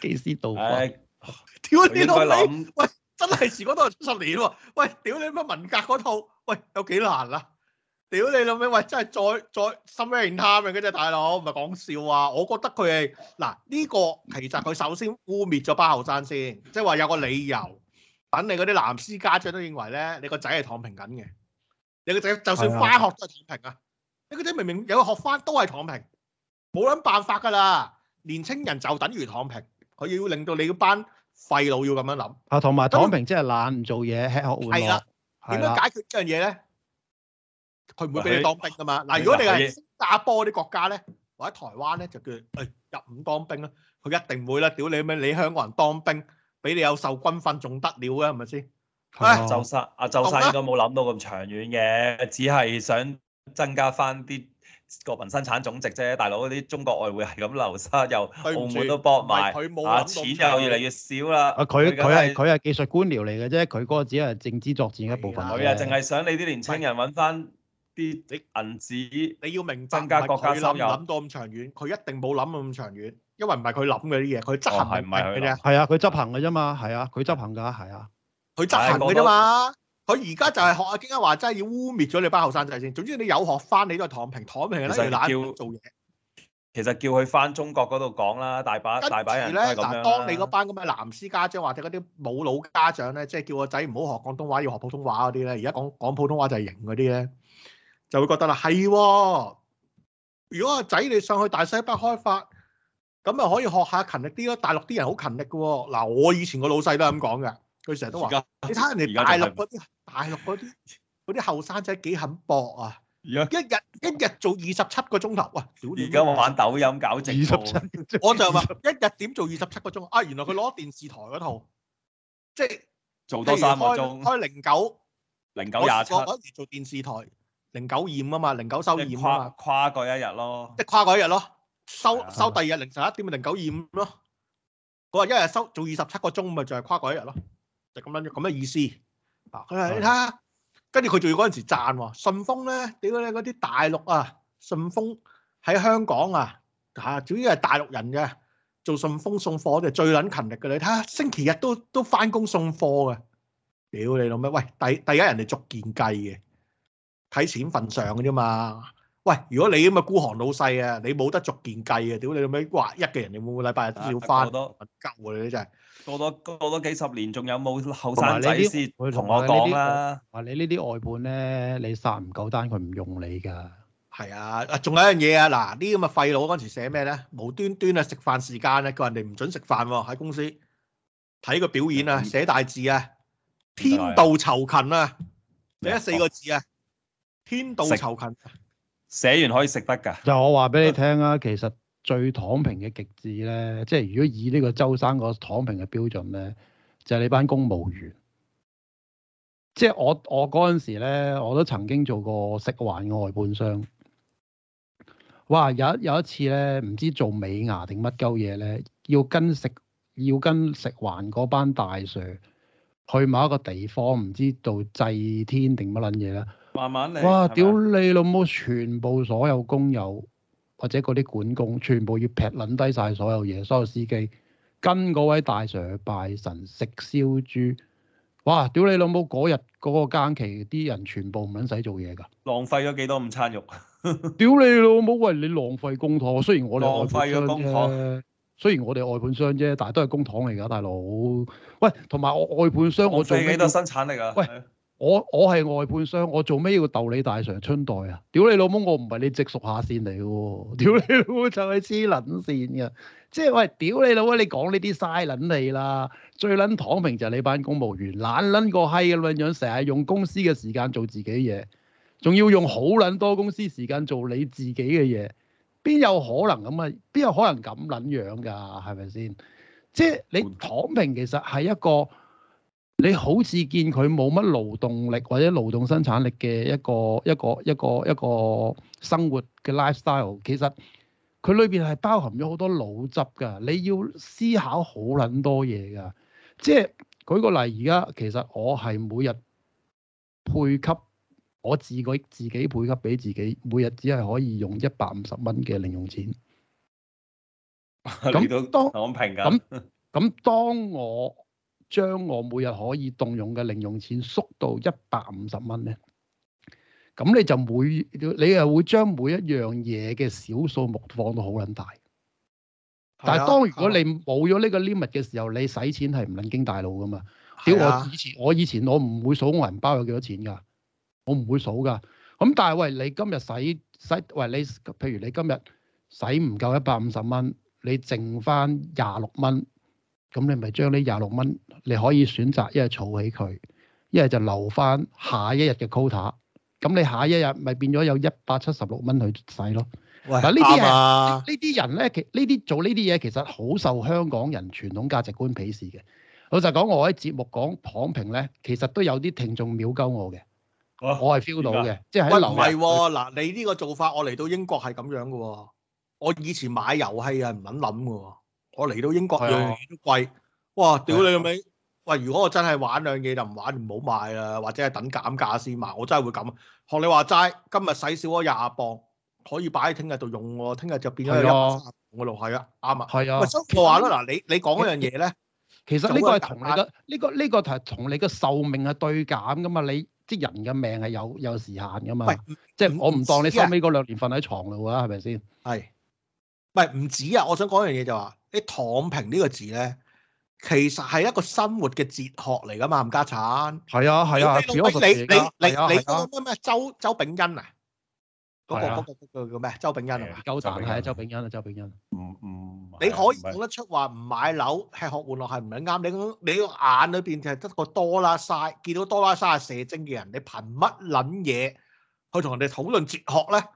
幾時倒？ 哎、屌你都，喂，真係時光倒流七十年喎！喂，屌你乜文革嗰套？喂，有幾難啦、啊？屌你老味，喂！真係再再什麼 i n c 隻大佬，唔係講笑啊！我覺得佢係嗱，呢個，其實佢首先污蔑咗班後生先，即係話有個理由，等你嗰啲男師家長都認為咧，你個仔係躺平緊嘅，你個仔就算翻學都係躺平啊！的你個仔明明有學翻都係躺平，冇諗辦法噶啦。年青人就等於躺平，佢要令到你班廢佬要咁樣諗啊。同埋躺平即係懶，唔做嘢，吃喝玩樂。係啦都，點樣解決樣呢樣嘢咧？呢呢佢唔會俾你當兵㗎嘛！嗱，如果你係新加坡嗰啲國家咧，或者台灣咧，就叫誒入伍當兵啦。佢一定會啦，屌你咩？你香港人當兵，俾你有受軍訓仲得了啊？係咪先？阿周生，阿周生應該冇諗到咁長遠嘅，只係想增加翻啲國民生產總值啫。大佬嗰啲中國外匯係咁流失，又澳門都博埋，啊錢又越嚟越少啦。啊佢佢係佢係技術官僚嚟嘅啫，佢嗰個只係政治作戰一部分。佢啊，淨係想你啲年青人揾翻。啲你銀紙你要明，增加國家心有諗到咁長遠，佢一定冇諗到咁長遠，因為唔係佢諗嘅啲嘢，佢執行嘅啫。係、哦、啊，佢執行嘅啫嘛。係啊，佢執行㗎係啊，佢、啊啊、執行嘅啫嘛。佢而家就係學阿京啊話，真係要污蔑咗你班後生仔先。總之你有學翻，你都係躺平躺平嘅。叫你而懶做嘢。其實叫佢翻中國嗰度講啦，大把大把人都係、啊、當你嗰班咁嘅藍絲家長或者嗰啲冇腦家長咧，即係叫個仔唔好學廣東話，要學普通話嗰啲咧，而家講講普通話就係型嗰啲咧。就會覺得啦，係。如果個仔你上去大西北開發，咁咪可以學下勤力啲咯。大陸啲人好勤力嘅。嗱，我以前個老細都係咁講嘅，佢成日都話，而家你睇人哋大陸嗰啲，大陸嗰啲嗰啲後生仔幾肯搏啊而家一！一日一日做二十七個鐘頭，哇、啊！而家我玩抖音搞直播二十七。27，我就問：一日點做二十七個鐘？啊，原來佢攞電視台嗰套，即係做多三個鐘。開零九。零九廿七。做電視台。零九二五啊嘛，零九收二五啊嘛，跨跨過一日咯，即係跨過一日咯，收的收第二日凌晨一點零九二五咯，嗰日一日收做二十七個鐘咪就係、是、跨過一日咯，就咁樣咁嘅意思啊！佢話你睇，下，跟住佢仲要嗰陣時讚喎，順豐咧，屌你嗰啲大陸啊，順豐喺香港啊吓、啊，主要係大陸人嘅做順豐送貨就最捻勤力嘅，你睇下，星期日都都翻工送貨嘅，屌你老咩？喂，第第一人哋逐件計嘅。睇錢份上嘅啫嘛！喂，如果你咁嘅孤寒老細啊，你冇得逐件計啊！屌你老味，哇一嘅人，你每個禮拜日都要翻，過多夠嘅啦真係。過多過多幾十年，仲有冇後生仔先同我講啦？話你呢啲外判咧，你殺唔夠單，佢唔用你噶。係啊，啊仲有一樣嘢啊！嗱，呢啲咁嘅廢佬嗰陣時寫咩咧？無端端啊食飯時間咧叫人哋唔准食飯喎，喺公司睇個表演啊，寫大字啊，天道酬勤啊，俾咗四個字啊！天道酬勤，寫完可以食得㗎。就我話俾你聽啦， 其實最躺平嘅極致咧，即係如果以呢個周生個躺平嘅標準咧，就係你班公務員。即係我我嗰陣時咧，我都曾經做過食環嘅外判商。哇！有有一次咧，唔知做美牙定乜鳩嘢咧，要跟食要跟食環嗰班大 Sir 去某一個地方，唔知做祭天定乜撚嘢啦。慢慢嚟。哇！吧屌你老母，全部所有工友或者嗰啲管工，全部要劈撚低晒所有嘢，所有司機跟嗰位大 Sir 去拜神食燒豬。哇！屌你老母，嗰日嗰個假期啲人全部唔撚使做嘢㗎。浪費咗幾多午餐肉？ 屌你老母，喂你浪費公帑。雖然我哋外判商啫，雖然我哋外判商啫，但係都係公帑嚟㗎，大佬。喂，同埋我外判商，我做屘。你生產力啊？ 喂。我我係外判商，我做咩要逗你大常春袋啊？屌你老母，我唔係你直屬下線嚟嘅喎！屌你老母，就係黐撚線嘅，即係喂屌你老母，你講呢啲嘥撚你啦！最撚躺平就係你班公務員，懶撚個閪咁樣樣，成日用公司嘅時間做自己嘢，仲要用好撚多公司時間做你自己嘅嘢，邊有可能咁啊？邊有可能咁撚樣㗎？係咪先？即係你躺平其實係一個。你好似見佢冇乜勞動力或者勞動生產力嘅一個一個一個一個生活嘅 lifestyle，其實佢裏邊係包含咗好多腦汁噶，你要思考好撚多嘢噶。即係舉個例，而家其實我係每日配給我自己自己配給俾自己，每日只係可以用一百五十蚊嘅零用錢。咁 當咁咁 當我。將我每日可以動用嘅零用錢縮到一百五十蚊咧，咁你就每你又會將每一樣嘢嘅小數目放到好撚大。但係當如果你冇咗呢個 limit 嘅時候，你使錢係唔撚經大腦噶嘛？屌、啊！我以前我以前我唔會數我銀包有幾多錢噶，我唔會數噶。咁但係喂，你今日使使喂你譬如你今日使唔夠一百五十蚊，你剩翻廿六蚊。咁你咪將呢廿六蚊，你可以選擇一係儲起佢，一係就留翻下,下一日嘅 quota。咁你下一日咪變咗有一百七十六蚊去使咯。喂，嗱呢啲係呢啲人咧，其呢啲做呢啲嘢其實好受香港人傳統價值觀鄙視嘅。老實講，我喺節目講躺平咧，其實都有啲聽眾秒鳩我嘅，哇我係 feel 到嘅，即係喺諗。嗱、啊、他你呢個做法，我嚟到英國係咁樣噶。我以前買遊戲啊唔肯諗噶。我嚟到英國樣嘢都貴，哇！屌你個樣，喂！如果我真係玩兩嘢就唔玩，唔好買啦，或者係等減價先買，我真係會咁。學你話齋，今日使少咗廿磅，可以擺喺聽日度用喎，聽日就變咗一磅。我路係啊，啱啊，係啊。喂，收個話啦，嗱，你你講嗰樣嘢咧，其實呢個係同你嘅呢個呢個同係同你嘅壽命係對減噶嘛？你即係人嘅命係有有時限噶嘛？唔即係我唔當你收尾嗰兩年瞓喺牀度啦，係咪先？係。唔係唔止啊！我想講一樣嘢就話，你躺平呢個字咧，其實係一個生活嘅哲學嚟噶嘛，冚家產。係啊，係啊，如果你你你你咩咩周周炳恩啊，嗰個嗰個嗰個叫咩？周炳恩係嘛？周產係啊，周炳恩啊，周炳恩。唔唔，你可以講得出話唔買樓吃喝玩樂係唔啱。你咁你個眼裏邊就係得個多啦曬，見到多啦曬射精嘅人，你憑乜撚嘢去同人哋討論哲學咧？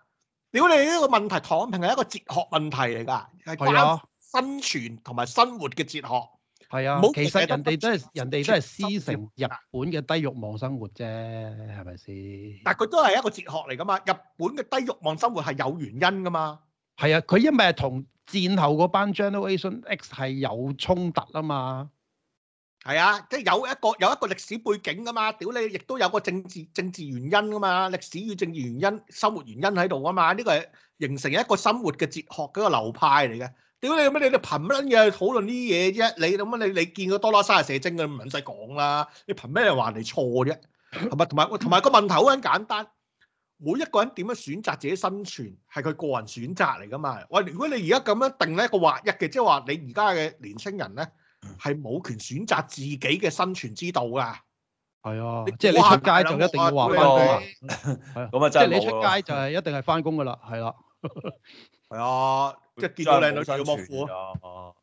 屌你呢個問題，躺平係一個哲學問題嚟㗎，係啊，生存同埋生活嘅哲學。係啊，冇其實人哋真係人哋即係思成日本嘅低欲望生活啫，係咪先？但係佢都係一個哲學嚟㗎嘛，日本嘅低欲望生活係有原因㗎嘛。係啊，佢因為同戰後嗰班 Generation X 係有衝突啊嘛。係啊，即係有一個有一個歷史背景噶嘛，屌你，亦都有個政治政治原因噶嘛，歷史與政治原因、生活原因喺度噶嘛，呢個係形成一個生活嘅哲學嗰個流派嚟嘅。屌你，咁你哋憑乜嘢去討論呢啲嘢啫？你咁樣你你見過多拉沙嘅社精嘅，唔使講啦。你憑咩話嚟錯啫？同埋同埋同埋個問題好簡單，每一個人點樣選擇自己生存係佢個人選擇嚟噶嘛。喂，如果你而家咁樣定咧個劃一嘅，即係話你而家嘅年青人咧。係冇權選擇自己嘅生存之道噶，係啊，猜即係你出街就一定要話翻工，咁 啊真係即係你出街就一定係翻工噶啦，係啦，係啊，即係見到靚女就要剝褲啊，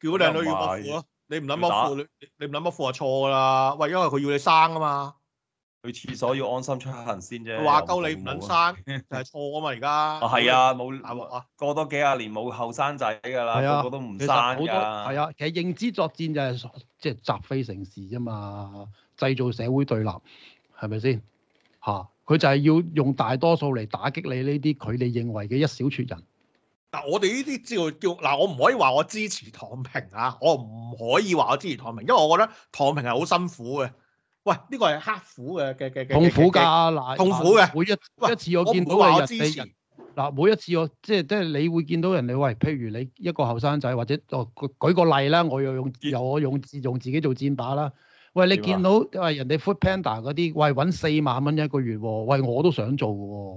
見到靚女要剝褲啊，你唔諗剝褲，你唔諗剝褲係錯噶啦，喂，因為佢要你生啊嘛。去廁所要安心出行先啫。話夠你唔肯生，就係 錯啊嘛！而家 啊，啊，冇啊，過多幾廿年冇後生仔㗎啦，嗰、啊、個，個都唔生㗎。係啊，其實認知作戰就係即係習非成是啫嘛，製造社會對立，係咪先？嚇、啊、佢就係要用大多數嚟打擊你呢啲佢哋認為嘅一小撮人。嗱，我哋呢啲叫叫嗱，我唔可以話我支持躺平啊，我唔可以話我支持躺平，因為我覺得躺平係好辛苦嘅。喂，呢、這個係刻苦嘅嘅嘅，痛苦噶嗱，啦痛苦嘅。每一一次我見到嗱，每一次我即係即係你會見到人哋，喂，譬如你一個後生仔或者哦舉個例啦，我又用又我用自用自己做箭靶啦。喂，你見到人喂人哋 foodpanda 嗰啲，喂搵四萬蚊一個月，喂我都想做喎。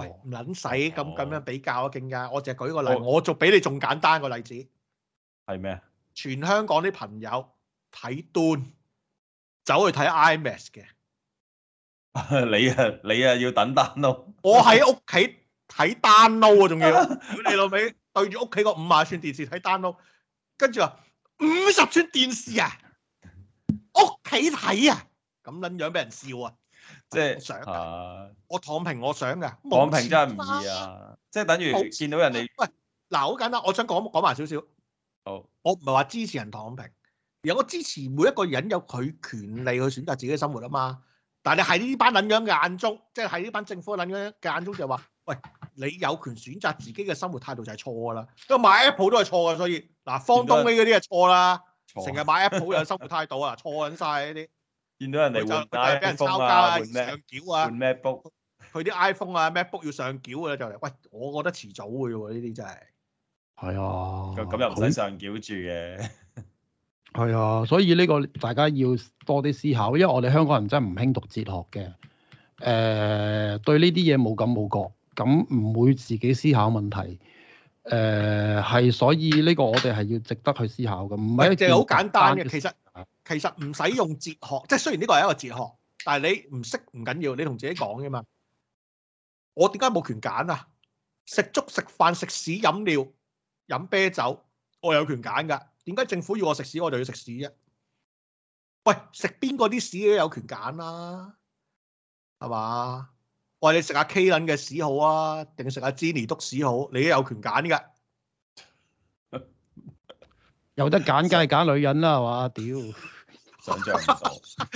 唔捻使咁咁樣比較啊，勁㗎、哦！我淨係舉個例，我仲比你仲簡單個例子，係咩、哦、全香港啲朋友睇端。走去睇 imax 嘅，你啊你啊要等單 low，我喺屋企睇單 low 啊，仲要你老味對住屋企個五廿寸電視睇單 low，跟住話五十寸電視啊，屋企睇啊，咁捻樣俾人笑啊，即係我躺平，我想噶，躺平，啊啊、真係唔易啊，好即係等於見到人哋喂嗱，好簡單，我想講講埋少少，點點好，我唔係話支持人躺平。有我支持每一個人有佢權利去選擇自己嘅生活啊嘛，但係你喺呢班咁樣嘅眼中，即係喺呢班政府咁樣嘅眼中就話，喂，你有權選擇自己嘅生活態度就係錯噶啦，都買 Apple 都係錯噶，所以嗱，方東呢嗰啲係錯啦，成日買 Apple 有生活態度啊，錯緊曬呢啲。見到人哋換 iPhone 啊，換咩 book？佢啲 iPhone 啊，MacBook 要上繳啊，就嚟喂，我覺得遲早嘅呢啲真係。係啊。咁又唔使上繳住嘅。係啊，所以呢個大家要多啲思考，因為我哋香港人真係唔興讀哲學嘅，誒、呃，對呢啲嘢，冇感冇覺，咁唔會自己思考問題，誒、呃，係，所以呢個我哋係要值得去思考嘅，唔係好簡單嘅，其實其實唔使用，用哲學，即係雖然呢個係一個哲學，但係你唔識唔緊要，你同自己講嘅嘛，我點解冇權揀啊？食粥食飯食屎飲料飲啤酒，我有權揀噶。點解政府要我食屎，我就要食屎啫？喂，食邊個啲屎都有權揀啦、啊，係嘛？喂，你食下 K 撚嘅屎好啊，定食下 Jenny 篤屎好？你都有權揀㗎、啊，有 得揀梗係揀女人啦，係嘛？屌、啊，想像唔到，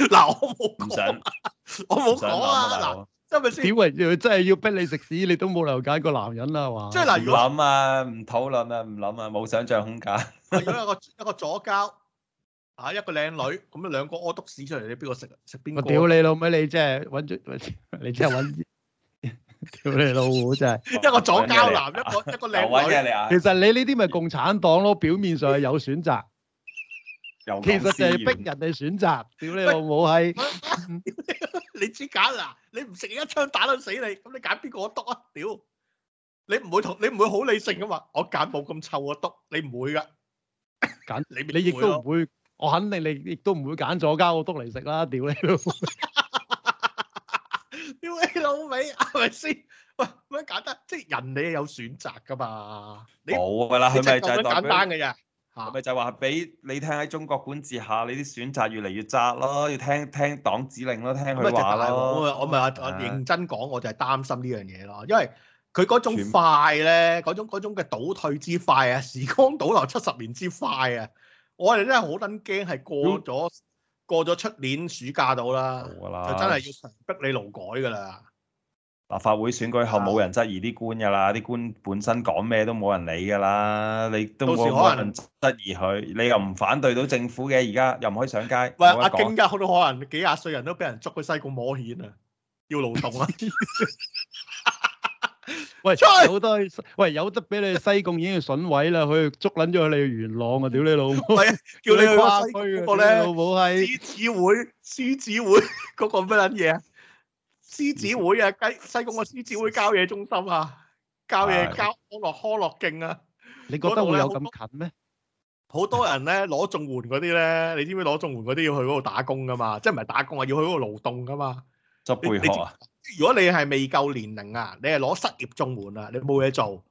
嗱，我冇唔想， 我冇講啊。點為要真係要逼你食屎，你都冇留解個男人啦，係嘛？即係嗱，如果諗啊，唔討論啊，唔諗啊，冇想像空間。 如果有一個一個左膠啊，一個靚女，咁啊兩個屙督屎出嚟，你邊個食啊？食邊個？我屌你老母！你真係揾住。你真係揾屌你老母！真係一個左膠男，一個一個靚女。其實你呢啲咪共產黨咯？表面上係有選擇。 其實就係逼人哋選擇，屌你老母閪！唔屌你，你知揀嗱？你唔食，一槍打到死你，咁你揀邊個篤啊？屌，你唔會同，你唔會好理性噶嘛？我揀冇咁臭嘅篤，你唔會噶？揀你你亦都唔會，我肯定你亦都唔會揀左交個篤嚟食啦！屌你老屌老尾，係咪先？喂，咁簡單，即係人哋有選擇噶嘛？冇噶啦，係咪就係簡單嘅啫。咪、啊、就係話俾你聽喺中國管治下，你啲選擇越嚟越窄咯，要聽聽黨指令咯，聽佢話咯。我我唔係話認真講，我就係擔心呢樣嘢咯，因為佢嗰種快咧，嗰種嗰種嘅倒退之快啊，時光倒流七十年之快啊，我哋真係好撚驚，係、嗯、過咗過咗出年暑假到啦，嗯嗯、就真係要逼你勞改噶啦。立法會選舉後冇人質疑啲官噶啦，啲官本身講咩都冇人理噶啦，你都冇可能質疑佢，你又唔反對到政府嘅，而家又唔可以上街。喂，阿警家好多可能，幾廿歲人都俾人捉去西貢摸蜆啊，要勞動啊啲。喂，出好多，喂有得俾你西貢已經要損毀啦，佢捉捻咗去你元朗啊，屌你老母！叫你去西貢，你老母喺獅子會，獅子會嗰個咩捻嘢啊？獅子會啊，雞西貢嘅獅子會郊野中心啊，郊野郊康樂康樂徑啊，你覺得會有咁近咩？好多人咧攞綜援嗰啲咧，你知唔知攞綜援嗰啲要去嗰度打工噶嘛？即係唔係打工啊？要去嗰度勞動噶嘛？執貝殼啊！如果你係未夠年齡啊，你係攞失業綜援啊，你冇嘢做，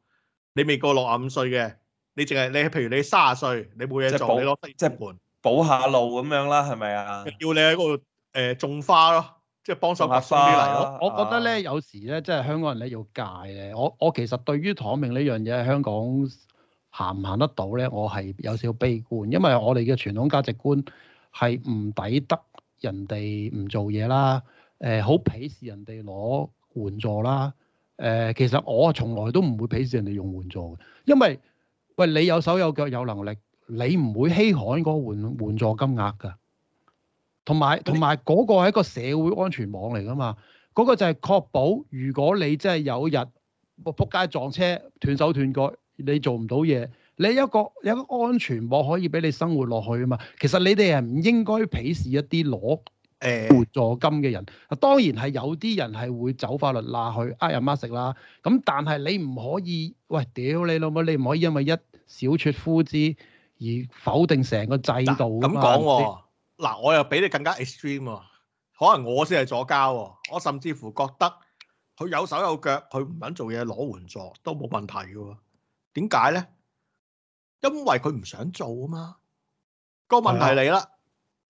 你未過六十五歲嘅，你淨係你譬如你三啊歲，你冇嘢做，你攞失業綜援補下路咁樣啦，係咪啊？要你喺嗰度誒種花咯～即係幫手夾沙，嗯、我覺得咧，啊、有時咧，即係香港人咧要戒嘅。我我其實對於躺平呢樣嘢，香港行唔行得到咧？我係有少少悲觀，因為我哋嘅傳統價值觀係唔抵得人哋唔做嘢啦。誒、呃，好鄙視人哋攞援助啦。誒、呃，其實我從來都唔會鄙視人哋用援助嘅，因為喂，你有手有腳有能力，你唔會稀罕嗰個援援助金額㗎。同埋同埋嗰個係一個社會安全網嚟噶嘛，嗰、嗰個就係確保如果你真係有日仆仆街撞車斷手斷腳，你做唔到嘢，你有一個有一個安全網可以俾你生活落去啊嘛。其實你哋係唔應該鄙視一啲攞誒援助金嘅人。欸、當然係有啲人係會走法律罅去呃人媽食啦。咁但係你唔可以喂，屌你老母，你唔可以因為一小撮夫之而否定成個制度啊嘛。嗱，我又比你更加 extreme、啊、可能我先係左膠喎、啊，我甚至乎覺得佢有手有腳，佢唔肯做嘢攞援助都冇問題嘅喎、啊，點解咧？因為佢唔想做啊嘛。個問題嚟啦，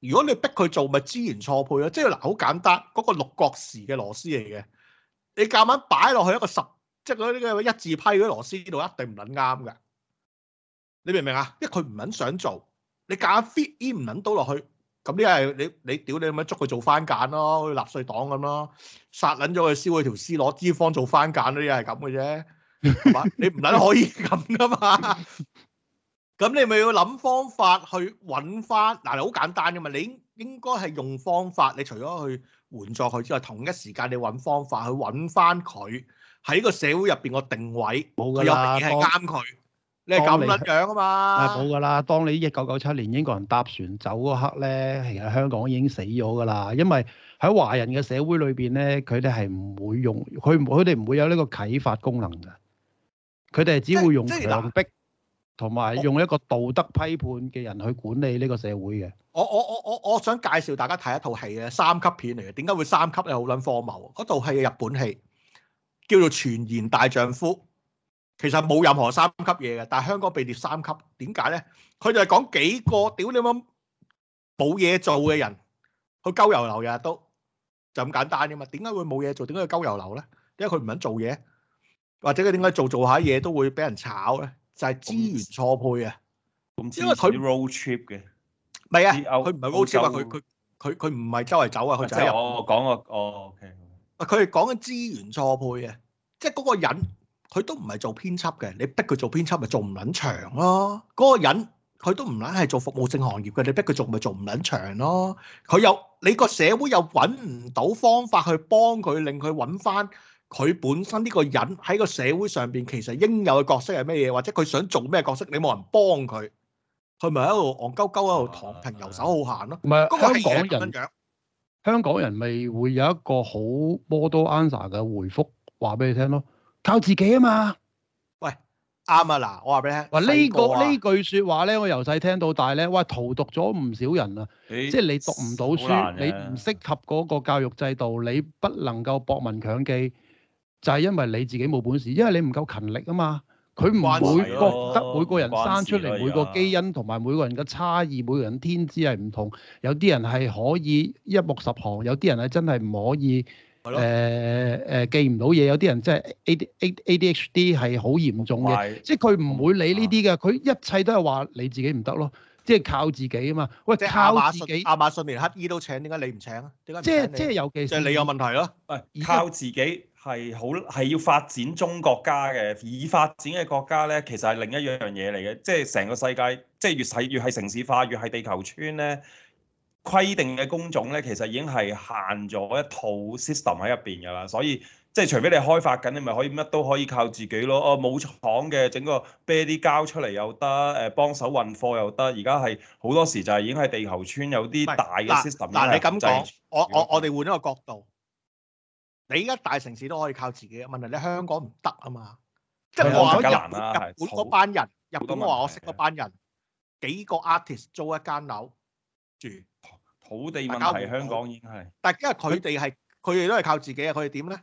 的如果你逼佢做，咪資源錯配咯、啊。即係嗱，好簡單，嗰、嗰個六角時嘅螺絲嚟嘅，你夾硬擺落去一個十，即係啲一字批嗰啲螺絲度，一定唔撚啱嘅。你明唔明啊？因為佢唔撚想做，你夾硬,硬 fit in 唔撚到落去。咁呢係你你，屌，你咁樣捉佢做番梘咯，納粹黨咁咯，殺撚咗佢燒佢條屍攞脂肪做番梘，呢啲係咁嘅啫，這這 你唔撚可以咁噶嘛？咁你咪要諗方法去揾翻，嗱，你好簡單噶嘛，你應應該係用方法，你除咗去援助佢之外，同一時間你揾方法去揾翻佢喺個社會入邊個定位，冇㗎啦，監佢。你係教人乜樣啊嘛？係冇噶啦。當你一九九七年英國人搭船走嗰刻咧，其實香港已經死咗噶啦。因為喺華人嘅社會裏邊咧，佢哋係唔會用，佢佢哋唔會有呢個啟發功能嘅。佢哋只會用強逼，同埋用一個道德批判嘅人去管理呢個社會嘅。我我我我我想介紹大家睇一套戲嘅，三級片嚟嘅。點解會三級咧？好撚荒謬啊！嗰套戲係日本戲，叫做《傳言大丈夫》。其實冇任何三級嘢嘅，但係香港被列三級，點解咧？佢就係講幾個屌你冇冇嘢做嘅人去鳩油流，日日都就咁簡單啫嘛。點解會冇嘢做？點解去鳩油流咧？因為佢唔肯做嘢，或者佢點解做做下嘢都會俾人炒咧？就係資源錯配啊！因為佢 road trip 嘅，唔係啊，佢唔係 road trip 啊，佢佢佢佢唔係周圍走啊，佢就係哦講個 OK 啊，佢係講緊資源錯配啊，即係嗰個人。佢都唔係做編輯嘅，你逼佢做編輯咪做唔撚長咯。嗰個人佢都唔撚係做服務性行業嘅，你逼佢做咪做唔撚長咯。佢又你個社會又揾唔到方法去幫佢，令佢揾翻佢本身呢個人喺個社會上邊其實應有嘅角色係咩嘢？或者佢想做咩角色，你冇人幫佢，佢咪喺度戇鳩鳩喺度躺平游手好閒咯、啊。唔係、啊啊、香港人，香港人咪會有一個好 more than answer 嘅回覆話俾你聽咯。嗯靠自己嘛、這個、啊嘛！喂，啱啊嗱，我話俾你聽，哇呢個呢句說話咧，我由細聽到大咧，哇荼毒咗唔少人啊，誒即係你讀唔到書，你唔適合嗰個教育制度，你不能夠博聞強記，就係、是、因為你自己冇本事，因為你唔夠勤力啊嘛。佢唔會覺得每個係得每個人生出嚟，每個基因同埋每個人嘅差，差異，每個人天資係唔同。有啲人係可以一目十行，有啲人係真係唔可以。誒誒、呃呃、記唔到嘢，有啲人即係 A D A D H D 係好嚴重嘅，壞即係佢唔會理呢啲嘅，佢一切都係話你自己唔得咯，即係靠自己啊嘛。或者靠自己，亞馬遜連黑衣都請，點解你唔請啊？點解？即係即係尤其係你有問題咯。喂，靠自己係好係要發展中國家嘅，已發展嘅國家咧，其實係另一樣嘢嚟嘅，即係成個世界，即係越細越係城市化，越係地球村咧。規定嘅工種咧，其實已經係限咗一套 system 喺入邊㗎啦。所以即係除非你開發緊，你咪可以乜都可以靠自己咯。哦，冇廠嘅整個啤啲膠出嚟又得，誒幫手運貨又得。而家係好多時就係已經係地球村有啲大嘅 system。但係咁講，我我我哋換一個角度，你而家大城市都可以靠自己，問題你香港唔得啊嘛。即、就、係、是、我話日本嗰班、啊、人，入咁草我話我識嗰班人，幾個 artist 租一間樓住。土地問題，香港已經係，但因為佢哋係，佢哋都係靠自己啊！佢哋點咧？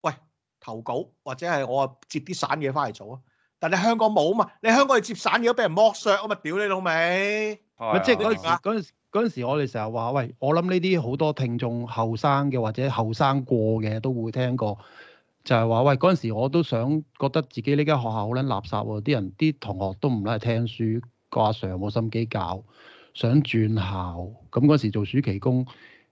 喂，投稿或者係我啊接啲散嘢翻嚟做啊！但係你香港冇啊嘛，你香港去接散嘢都俾人剝削啊嘛！屌你老味！即係嗰時嗰陣嗰陣時我哋成日話喂，我諗呢啲好多聽眾後生嘅或者後生過嘅都會聽過，就係話喂，嗰陣時我都想覺得自己呢間學校好撚垃圾喎，啲人啲同學都唔攞係聽書，個阿 Sir 又冇心機教。想轉校咁嗰時做暑期工，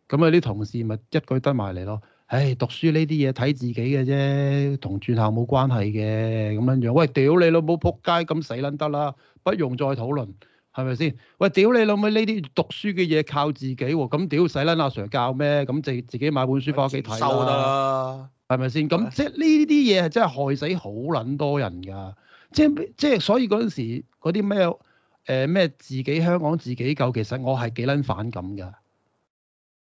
咁啊啲同事咪一句得埋嚟咯。唉、哎，讀書呢啲嘢睇自己嘅啫，同轉校冇關係嘅咁樣樣。喂，屌你老母撲街咁死撚得啦，不用再討論，係咪先？喂，屌你老母呢啲讀書嘅嘢靠自己喎，咁屌死撚阿 Sir 教咩？咁、啊、自、啊、自己買本書翻屋企睇收啦、啊，係咪先？咁即係呢啲嘢係真係害死好撚多人㗎，即係即係所以嗰陣時嗰啲咩？誒咩？呃、自己香港自己救，其實我係幾撚反感㗎。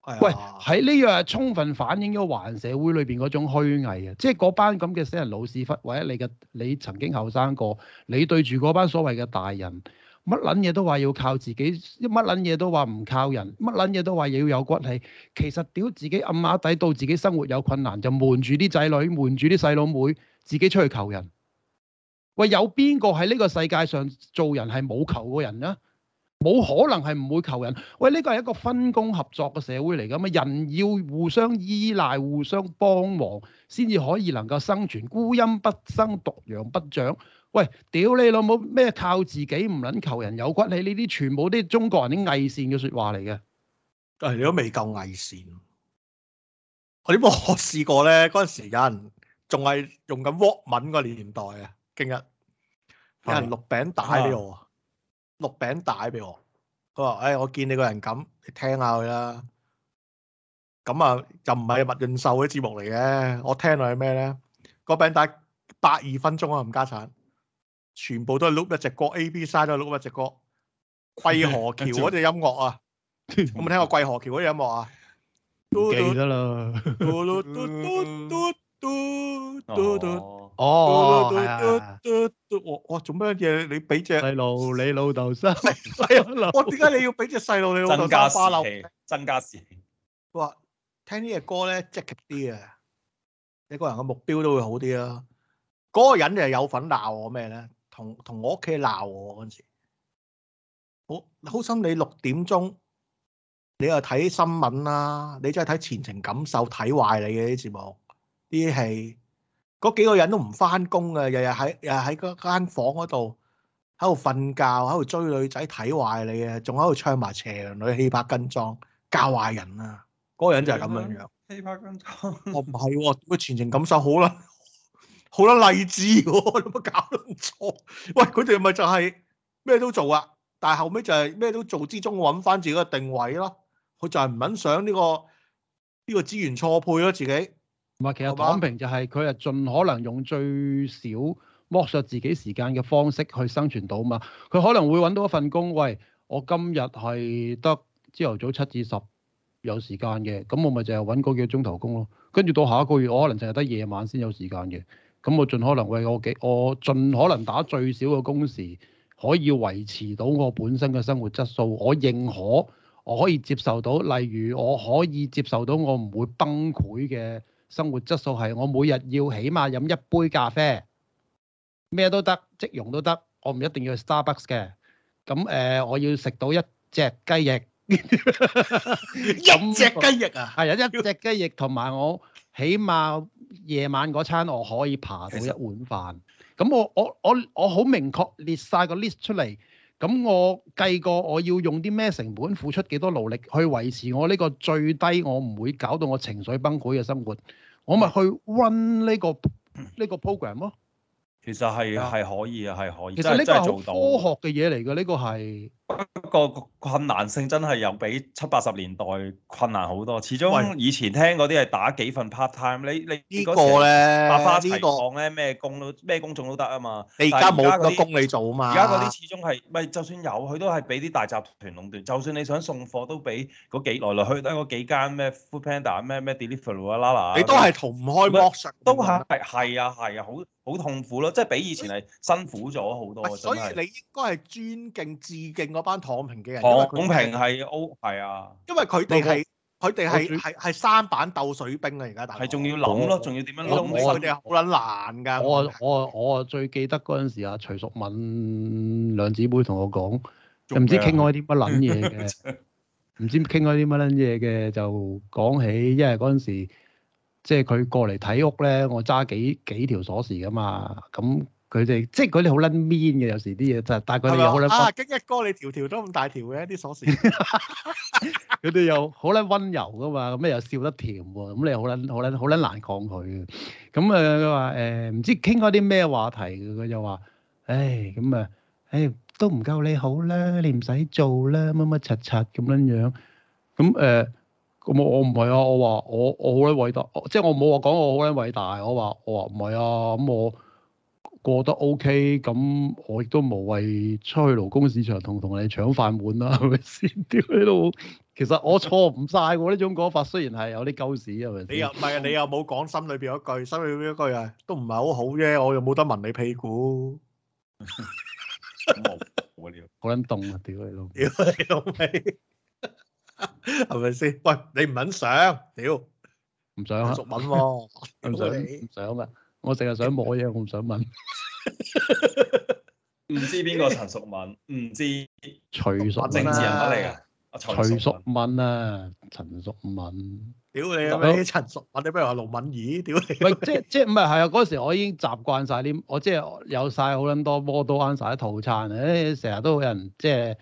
哎、呀喂，喺呢樣係充分反映咗華人社會裏邊嗰種虛偽啊！即係嗰班咁嘅死人老屎忽，或者你嘅你曾經後生過，你對住嗰班所謂嘅大人，乜撚嘢都話要靠自己，乜撚嘢都話唔靠人，乜撚嘢都話要有骨氣。其實屌自己暗馬底，到自己生活有困難就瞞住啲仔女，瞞住啲細佬妹，自己出去求人。喂，有邊個喺呢個世界上做人係冇求過人啊？冇可能係唔會求人。喂，呢個係一個分工合作嘅社會嚟㗎嘛，人要互相依賴、互相幫忙先至可以能夠生存。孤陰不生，獨陽不長。喂，屌你老母咩？靠自己唔撚求，求人有骨氣呢啲，全部啲中國人啲偽善嘅説話嚟嘅。但係你都未夠偽善。我點解我試過咧？嗰陣時間仲係用緊 Walkman 個年代啊！今日有人錄餅帶俾我，錄餅帶俾我。佢話，誒，我見你個人咁，你聽下佢啦。咁啊，就唔係麥潤秀啲節目嚟嘅。我聽落係咩咧？個餅帶百二分鐘啊，冚家鏟，全部都係錄一隻歌，A、B side 都係錄一隻歌。桂河橋嗰隻音樂啊，有冇聽過桂河橋嗰隻音樂啊？都記得啦。嘟嘟嘟嘟嘟嘟。哦，都都都都，哇哇，做乜嘢？你俾隻細路，你老豆生，細路。我點解你要俾隻細路你老豆生霸氣？增加士氣。佢話，聽呢隻歌咧，積極啲嘅，你個人嘅目標都會好啲啦。嗰個人又有份鬧我咩咧？同同我屋企鬧我嗰陣時，好好心你六點鐘，你又睇新聞啦，你真係睇前情感受睇壞你嘅啲節目，啲係。嗰幾個人都唔翻工呀，日日喺日日喺嗰間房嗰度喺度瞓覺，喺度追女仔睇壞你啊，仲喺度唱埋斜女氣魄跟裝教壞人啊！嗰、那個人就係咁樣樣。氣魄跟裝？我唔係喎，佢、哦、全程感受好啦，好啦勵志喎，你乜、哦、搞錯？喂，佢哋咪就係咩都做啊，但係後尾就係咩都做之中揾翻自己嘅定位咯。佢就係唔肯想呢、這個呢、這個資源錯配咯自己。唔係，其實躺平就係佢係盡可能用最少剝削自己時間嘅方式去生存到嘛。佢可能會揾到一份工，喂，我今日係得朝頭早七至十有時間嘅，咁我咪就係揾嗰幾個鐘頭工咯。跟住到下一個月，我可能淨係得夜晚先有時間嘅，咁我盡可能喂，我幾，我盡可能打最少嘅工時，可以維持到我本身嘅生活質素，我認可，我可以接受到，例如我可以接受到我唔會崩潰嘅。生活質素係我每日要起碼飲一杯咖啡，咩都得，即溶都得，我唔一定要去 Starbucks 嘅。咁誒、呃，我要食到一隻雞翼， 一隻雞翼啊！係啊， 一隻雞翼同埋我起碼夜晚嗰餐我可以爬到一碗飯。咁 我我我我好明確列晒個 list 出嚟。咁我計過我要用啲咩成本付出幾多努力去維持我呢個最低，我唔會搞到我情緒崩潰嘅生活，我咪去 run 呢個呢個 program 咯。其實係係可以啊，係可以，可以其實呢個係科學嘅嘢嚟嘅，呢個係。個困難性真係又比七八十年代困難好多，始終以前聽嗰啲係打幾份 part time，你你呢個咧？百花齊放咧，咩工都咩工種都得啊嘛。你而家冇個工你做啊嘛。而家嗰啲始終係，咪就算有，佢都係俾啲大集團壟斷。就算你想送貨，都俾嗰幾來來去去得嗰幾間咩 Food Panda，咩咩 Deliveroo 啦啦。你都係逃唔開剝削，都係係啊係啊，好好痛苦咯，即係比以前係辛苦咗好多。所以你應該係尊敬致敬。嗰班躺平嘅人，躺平係 O 係啊，因為佢哋係佢哋係係係三板鬥水兵啊！而家但係仲要諗咯，仲、嗯、要點樣諗？仲要佢哋好撚難㗎。我我我最記得嗰陣時，阿徐淑敏兩姊妹同我講，又唔知傾開啲乜撚嘢嘅，唔 知傾開啲乜撚嘢嘅，就講起，因為嗰陣時即係佢過嚟睇屋咧，我揸幾幾條鎖匙㗎嘛，咁。佢哋即係佢哋好撚 mean 嘅，有時啲嘢就係佢哋好撚啊！京一哥你條條都咁大條嘅一啲鎖匙，佢 哋 又好撚溫柔噶嘛，咁你又笑得甜喎，咁你又好撚好撚好撚難抗拒嘅。咁、嗯、啊，佢話誒唔知傾開啲咩話題，佢又話：，唉，咁、嗯、啊，唉、欸、都唔夠你好啦，你唔使做啦，乜乜柒柒咁樣樣。咁、嗯、誒，咁、呃、我唔係啊，我話我我好撚偉大，即係我冇話講我好撚偉大，我話我話唔係啊，咁我。過得 OK，咁我亦都無謂出去勞工市場同同你搶飯碗啦，係咪先？屌你都，其實我錯唔晒喎。呢種講法雖然係有啲鳩屎，係咪先？你又唔係你又冇講心裏邊一句，心裏邊一句啊，都唔係好好啫。我又冇得聞你屁股。好撚凍啊！屌你老屌你老味，係咪先？喂，你唔肯上屌，唔想上啊？熟文喎，唔想唔想㗎。我成日想摸嘢，我唔想問。唔 知邊個陳淑敏？唔知徐淑敏啊？徐淑熊敏啊，陳淑敏。屌你啊！咩陳淑敏？你不如話盧敏儀。屌你、啊！咪即即唔係係啊？嗰、就是就是、時我已經習慣晒，啲，我即係有晒好撚多 model answer 嘅套餐。誒，成日都有人即係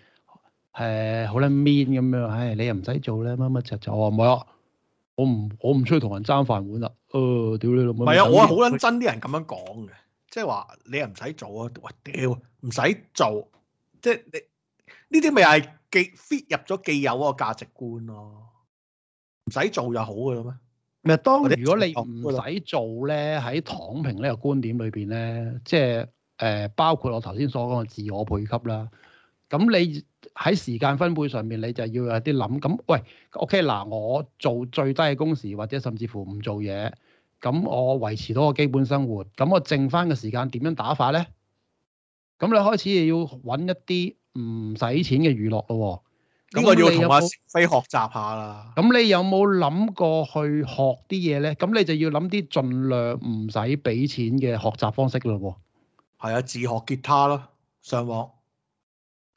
誒好撚 mean 咁樣。唉、就是呃哎，你又唔使做咧，乜乜柒柒。我唔係啊。我唔，我唔出去同人爭飯碗啦。誒、呃，屌你老母！唔係啊，我好捻憎啲人咁樣講嘅，即係話你又唔使做啊？哇，屌，唔使做，即係你呢啲咪係既 fit 入咗既有嗰個價值觀咯？唔使做就好嘅咩？咩？當如果你唔使做咧，喺躺平呢個觀點裏邊咧，即係誒，包括我頭先所講嘅自我配給啦，咁你。喺時間分配上面，你就要有啲諗咁。喂，OK 嗱，我做最低嘅工時，或者甚至乎唔做嘢，咁我維持到個基本生活，咁我剩翻嘅時間點樣打法咧？咁你開始要揾一啲唔使錢嘅娛樂咯喎。咁我要同阿飛學習下啦？咁你有冇諗過去學啲嘢咧？咁你就要諗啲盡量唔使俾錢嘅學習方式咯喎。係、嗯、啊，自學吉他咯，上網。.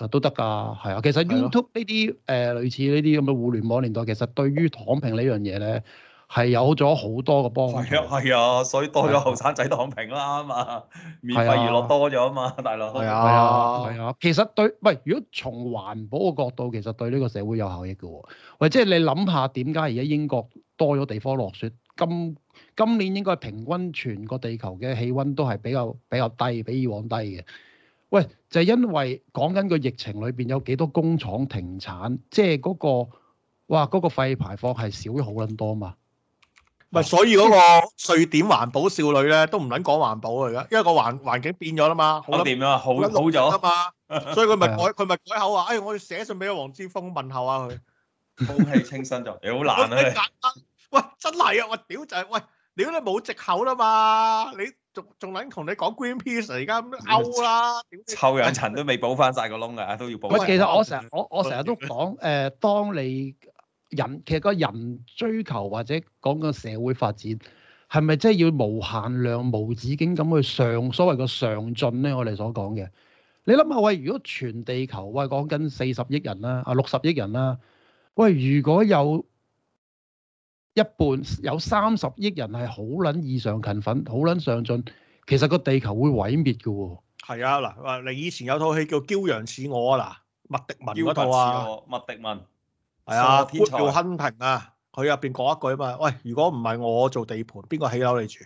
都得㗎，係啊。其實 YouTube 呢啲誒、啊呃、類似呢啲咁嘅互聯網年代，其實對於躺平呢樣嘢咧係有咗好多嘅幫助。係啊，啊，所以多咗後生仔躺平啦嘛，啊、免費娛樂多咗嘛，大佬，係啊，係啊，啊，啊，其實對，唔係如果從環保嘅角度，其實對呢個社會有效益㗎喎。或、就、者、是、你諗下，點解而家英國多咗地方落雪？今今年應該平均全個地球嘅氣温都係比較比較低，比以往低嘅。喂，就係因為講緊個疫情裏邊有幾多工廠停產，即係嗰個哇，嗰個廢排放係少咗好撚多嘛。咪所以嗰個瑞典環保少女咧都唔撚講環保嚟噶，因為個環環境變咗啦嘛。咁點啊？好好咗啊嘛。所以佢咪改佢咪改口話，哎，我要寫信俾黃之鋒問候下佢。空氣清新就你好難啊。你簡單，喂，真係啊！我屌就係，喂，屌你冇藉口啦嘛，你。仲仲諗，同你講 Greenpeace，而家咁歐啦、啊，臭氧層都未補翻晒個窿噶，都要補。喂，其實我成日我我成日都講，誒、呃，當你人其實個人追求或者講個社會發展，係咪真係要無限量、無止境咁去上所謂嘅上進咧？我哋所講嘅，你諗下喂，如果全地球喂講緊四十億人啦，啊六十億人啦，喂，如果有一半有三十億人係好捻異常勤奮，好捻上進，其實個地球會毀滅嘅。係啊，嗱，你以前有套戲叫《驕陽似我》啊，嗱，麥迪文嗰套啊，麥迪文係啊，天才亨平啊，佢入邊講一句啊嘛，喂，如果唔係我做地盤，邊個起樓你住？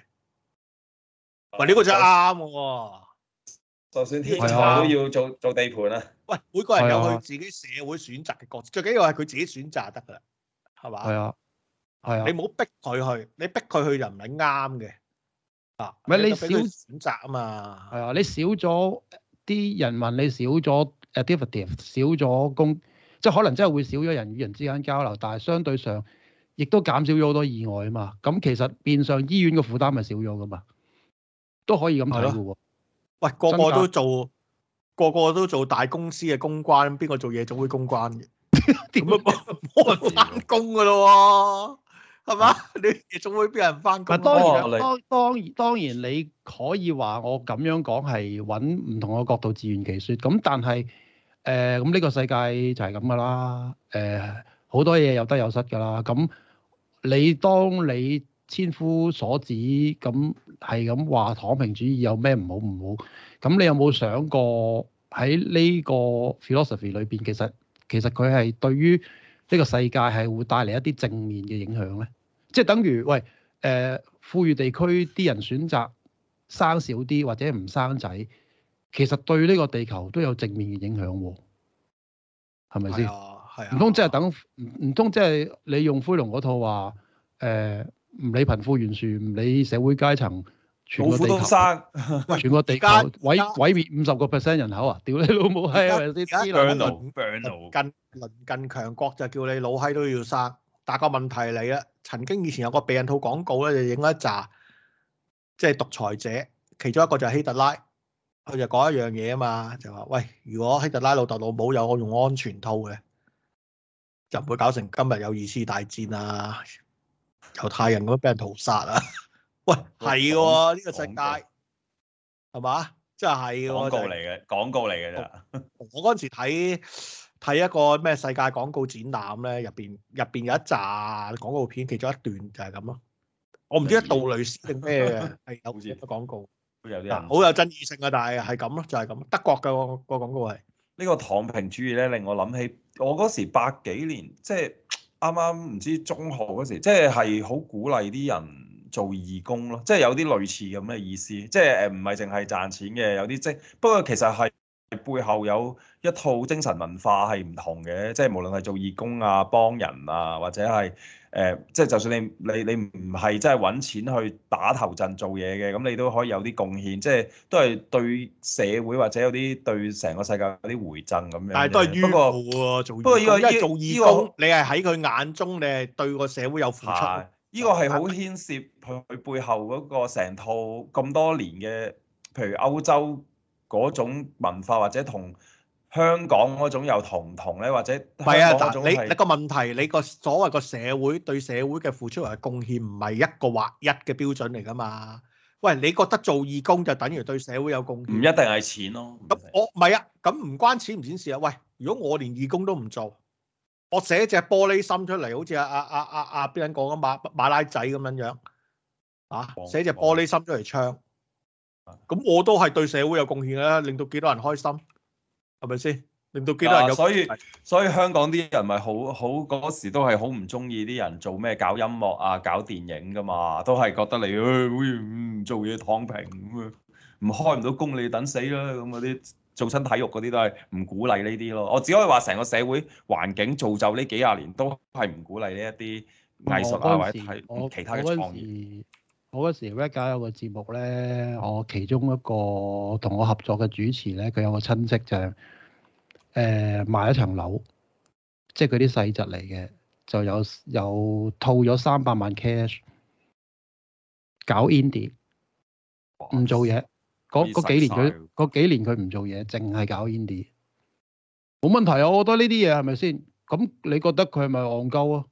喂，呢、這個就係啱嘅， 就算天才的都要做做地盤啊！喂，每個人有佢自己社會選擇嘅角色，最緊要係佢自己選擇得噶啦，係嘛？係啊。係啊， 你唔好逼佢去，你逼佢去就唔係啱嘅啊！咪你少選擇啊嘛，係啊，你少咗啲人問你，少咗 advertising 少咗工，即係可能真係會少咗人與人之間交流，但係相對上亦都減少咗好多意外啊嘛。咁其實變相醫院嘅負擔咪少咗噶嘛，都可以咁睇噶喎。喂，個個，假個個都做，個個都做大公司嘅公關，邊個做嘢總會公關嘅，點啊幫幫翻工噶咯喎！ 係嘛？你仲會俾人返工。但當然，哦、當你當然當然，你可以話我咁樣講係揾唔同嘅角度自圓其説。咁但係誒，咁、呃、呢個世界就係咁噶啦。誒、呃，好多嘢有得有失噶啦。咁你當你千夫所指，咁係咁話躺平主義有咩唔好唔好？咁你有冇想過喺呢個 philosophy 裏邊，其實其實佢係對於？呢個世界係會帶嚟一啲正面嘅影響咧，即係等於喂誒、呃、富裕地區啲人選擇生少啲或者唔生仔，其實對呢個地球都有正面嘅影響喎、啊，係咪先？唔通即係等唔通即係你用灰龍嗰套話誒，呃、唔理貧富懸殊，唔理社會階層。老虎都生，喂！全個地球毀毀滅五十個 percent 人口啊！屌你老母閪啊！而家強奴，強 近鄰近，近強國就叫你老閪都要生。但個問題嚟啦，曾經以前有個避孕套廣告咧，就影一紮，即係獨裁者，其中一個就係希特拉，佢就講一樣嘢啊嘛，就話：喂，如果希特拉老豆老母有我用安全套嘅，就唔會搞成今日有二次大戰啊，猶太人都俾人屠殺啊！ 喂，係喎，呢個世界，係嘛告？即係喎，廣告嚟嘅，廣、就是、告嚟嘅啫。我嗰陣時睇睇一個咩世界廣告展覽咧，入邊入邊有一集廣告片，其中一段就係咁咯。我唔知係杜蕾斯定咩嘅，係 有啲廣告，有啲好有爭議性啊！但係係咁咯，就係、是、咁、就是。德國嘅個個廣告係呢個躺平主義咧，令我諗起我嗰時八幾年，即係啱啱唔知中學嗰時，即係係好鼓勵啲人。做義工咯，即係有啲類似咁嘅意思，即係誒唔係淨係賺錢嘅，有啲即，不過其實係背後有一套精神文化係唔同嘅，即係無論係做義工啊、幫人啊，或者係誒、呃，即係就算你你你唔係真係揾錢去打頭陣做嘢嘅，咁你都可以有啲貢獻，即係都係對社會或者有啲對成個世界有啲回贈咁樣。但係都係於㗋喎、啊，不過做義工，這個、因為做義工、這個、你係喺佢眼中你係對個社會有付出。呢個係好牽涉佢背後嗰個成套咁多年嘅，譬如歐洲嗰種文化，或者同香港嗰種又同唔同咧？或者係啊，嗱，你你個問題，你個所謂個社會對社會嘅付出同埋貢獻唔係一個劃一嘅標準嚟㗎嘛？喂，你覺得做義工就等於對社會有貢獻？唔一定係錢咯。咁我唔係啊，咁唔關錢唔錢事啊。喂，如果我連義工都唔做？我寫隻玻璃心出嚟，好似阿阿阿阿阿邊人講緊馬馬拉仔咁樣樣啊，寫隻玻璃心出嚟唱，咁我都係對社會有貢獻啦，令到幾多人開心，係咪先？令到幾多人有貢獻？所以所以香港啲人咪好好嗰時都係好唔中意啲人做咩搞音樂啊，搞電影噶嘛，都係覺得你誒好似唔做嘢躺平咁樣，唔開唔到工你等死啦咁嗰啲。做親體育嗰啲都係唔鼓勵呢啲咯，我只可以話成個社會環境造就呢幾廿年都係唔鼓勵呢一啲藝術啊或者係其他嘅創意。我嗰時，我嗰時 Red 咖有個節目咧，我其中一個同我合作嘅主持咧，佢有個親戚就係、是、誒、呃、賣一層樓，即係佢啲細侄嚟嘅，就有有套咗三百萬 cash 搞 indie，唔做嘢。嗰幾年佢嗰幾年佢唔做嘢，淨係搞 indie，冇問題啊！我覺得呢啲嘢係咪先？咁你覺得佢係咪戇鳩啊？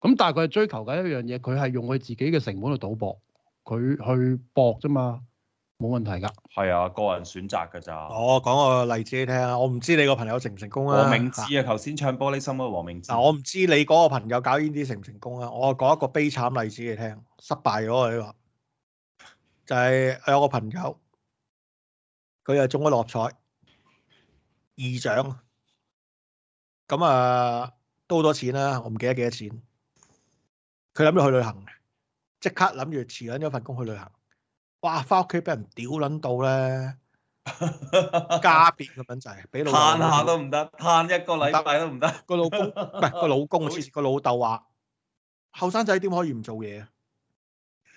咁但係佢係追求緊一樣嘢，佢係用佢自己嘅成本去賭博，佢去搏啫嘛，冇問題㗎。係啊，個人選擇㗎咋。我講個例子你聽啊，我唔知你個朋友成唔成功啊。黃明志啊，頭先唱玻璃心嘅、啊、黃明志、啊。我唔知你嗰個朋友搞 indie 成唔成功啊？我講一個悲慘例子你聽，失敗咗啊呢就係我有個朋友，佢又中咗六合彩二獎，咁啊都好多錢啦，我唔記得幾多錢。佢諗住去旅行，即刻諗住辭緊咗份工去旅行。哇！翻屋企俾人屌撚到咧，家變咁樣就係。唸下都唔得，唸一個禮拜都唔得。個老公唔係個老公， 好似意個老豆話：後生仔點可以唔做嘢啊？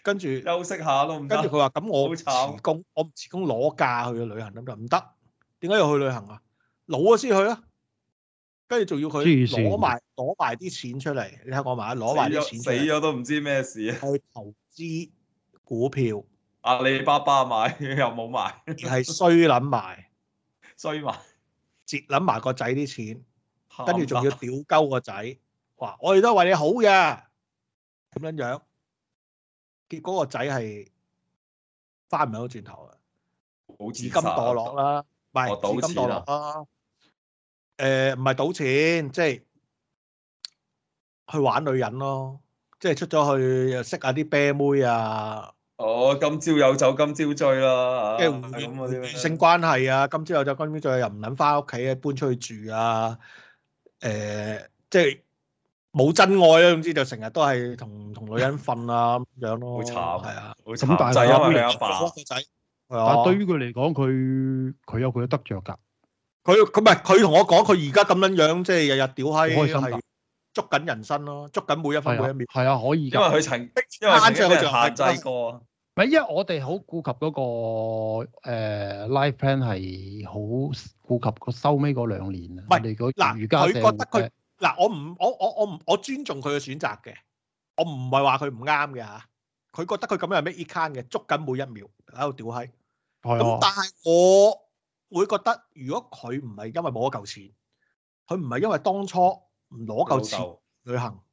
跟住休息下咯，跟住佢話：咁我辭工，我辭工攞假去個旅行咁就唔得，點解要去旅行去啊？老咗先去啦。跟住仲要佢攞埋攞埋啲錢出嚟，你睇我買，攞埋啲錢出嚟。死咗都唔知咩事啊！去投資股票，阿里巴巴買又冇買，係衰諗埋，衰埋嗎，折諗埋個仔啲錢，跟住仲要屌鳩個仔。話我哋都係為你好嘅，咁樣樣？結果個仔係翻唔到轉頭啊！自甘墮落啦，唔係自甘墮落啦。誒，唔係賭錢，即係去玩女人咯。即係出咗去又識下啲啤妹啊！哦，今朝有酒今朝醉啦，即係性關係啊！今朝有酒今朝醉又唔撚翻屋企啊，搬出去住啊！誒，即係。冇真愛啦，總之就成日都係同同女人瞓啊咁樣咯。好慘係啊，咁但係仔因為你阿爸個仔，係啊，對於佢嚟講，佢佢有佢嘅得着噶。佢佢唔係佢同我講，佢而家咁樣樣，即係日日屌閪，係捉緊人生咯，捉緊每一分每一秒，係啊，可以嘅。因為佢曾因為限制佢下載過。唔係，因為我哋好顧及嗰個誒 life plan 係好顧及個收尾嗰兩年啊。唔係你嗰嗱，佢覺得佢。嗱，我唔，我我我唔，我尊重佢嘅選擇嘅。我唔係話佢唔啱嘅嚇。佢覺得佢咁樣有咩意 can 嘅，捉緊每一秒喺度屌閪。咁但係我會覺得，如果佢唔係因為冇一嚿錢，佢唔係因為當初唔攞一嚿錢旅行，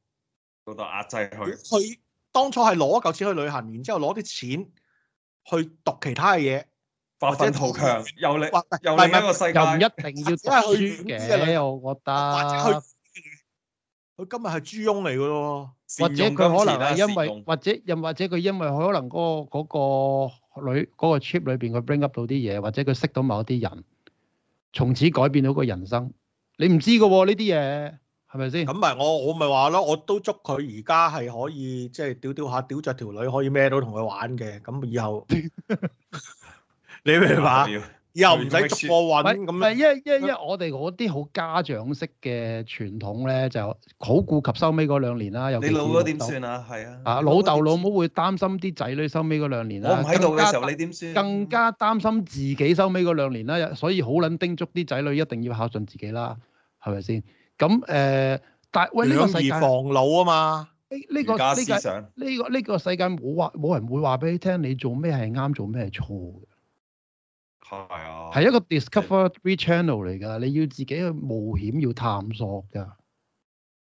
嗰度壓制佢。佢當初係攞一嚿錢去旅行，然之後攞啲錢去讀其他嘅嘢，奮發圖強，又嚟又嚟另一個世界，唔一定要嘅。我覺得。佢今日係豬翁嚟噶咯，或者佢可能係因為，或者又或者佢因為佢可能嗰個嗰個裏嗰個 chip 裏邊佢 bring up 到啲嘢，或者佢識到某一啲人，從此改變到個人生，你唔知噶呢啲嘢，係咪先？咁咪我我咪話咯，我都祝佢而家係可以即係屌屌下屌著條女可以咩都同佢玩嘅，咁以後你明白？又唔使逐個揾咁，唔係一一一，我哋嗰啲好家長式嘅傳統咧，就好顧及收尾嗰兩年啦。你老咗點算啊？係啊，啊老豆老母會擔心啲仔女收尾嗰兩年啦。唔喺度嘅時候，加你點算？更加擔心自己收尾嗰兩年啦，所以好撚叮囑啲仔女一定要孝準自己啦，係咪先？咁誒、呃，但喂呢如果 個世界防老啊嘛。呢、哎這個呢、這個呢、這個呢、這個這個這個這個世界冇話冇人會話俾你聽、這個這個，你做咩係啱，做咩係錯嘅。係啊，係一個 Discovery Channel 嚟噶，你要自己去冒險，要探索噶。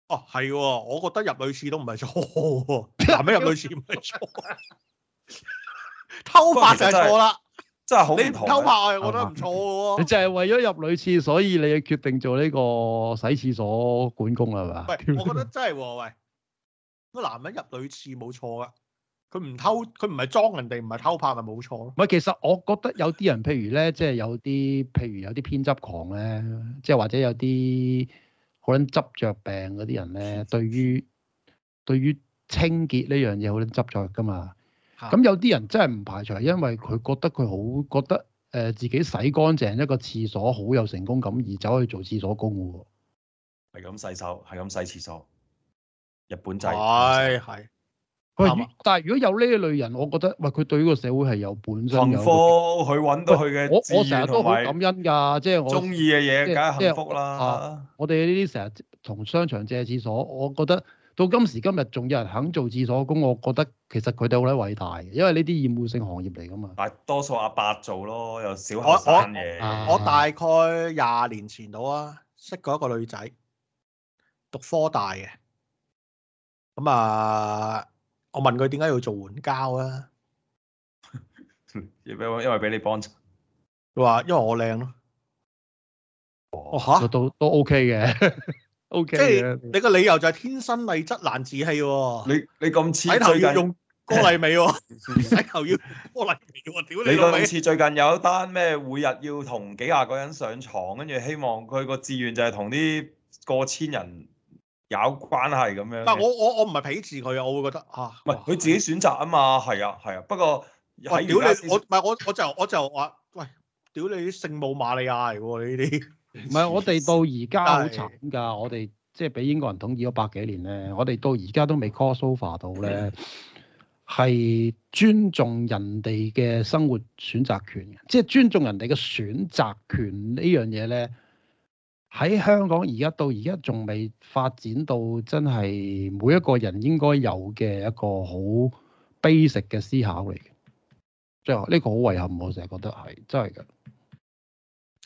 哦、啊，係，我覺得入女廁都唔係錯，男人入女廁唔係錯？ 偷拍就係錯啦，真係好唔偷拍我，我覺得唔錯喎、啊，你就係為咗入女廁，所以你決定做呢個洗廁所管工啦，係嘛？唔，我覺得真係，喂，個男人入女廁冇錯噶。佢唔偷，佢唔係裝人哋，唔係偷拍咪冇錯咯。唔係，其實我覺得有啲人，譬如咧，即係有啲，譬如有啲偏執狂咧，即係或者有啲好撚執着病嗰啲人咧，對於對於清潔呢樣嘢好撚執着㗎嘛。咁、啊、有啲人真係唔排除，因為佢覺得佢好覺得誒自己洗乾淨一個廁所好有成功感，而走去做廁所工嘅喎。係咁洗手，係、就、咁、是、洗廁所，日本仔是 對。係係。但係如果有呢一類人，我覺得喂佢對呢個社會係有本身科佢搵到佢嘅。我我成日都好感恩噶，即係我中意嘅嘢梗係幸福啦。啊啊、我哋呢啲成日同商場借廁所，我覺得到今時今日仲有人肯做廁所工，我覺得其實佢哋好鬼偉大嘅，因為呢啲厭惡性行業嚟噶嘛。大多數阿伯做咯，有少行嘢。我大概廿年前到啊，識過一個女仔，讀科大嘅，咁、嗯、啊。我問佢點解要做援交啊？要俾我，因為俾你幫襯。佢話：因為我靚咯。哦嚇哈，都都 OK 嘅。OK 即係你個理由就係天生麗質難自棄喎、哦。你你咁似最近，最要用過麗美喎、哦。睇頭要過麗你老味。你個似最近有一單咩？每日要同幾廿個人上床，跟住希望佢個志願就係同啲過千人。有關係咁樣，但係我我我唔係鄙視佢啊，我會覺得啊，係佢自己選擇啊嘛，係啊係啊，啊，不過屌你我，唔係我我就我就話，喂，屌你啲聖母瑪利亞嚟噶喎呢啲，唔係我哋到而家好慘噶，我哋是即係俾英國人統治咗百幾年咧，我哋到而家都未 call sofa 到咧，係尊重人哋嘅生活選擇權嘅，即係尊重人哋嘅選擇權呢樣嘢咧。喺香港而家到而家仲未發展到真係每一個人應該有嘅一個好 basic 嘅思考嚟嘅，即係呢個好遺憾，我成日覺得係真係㗎。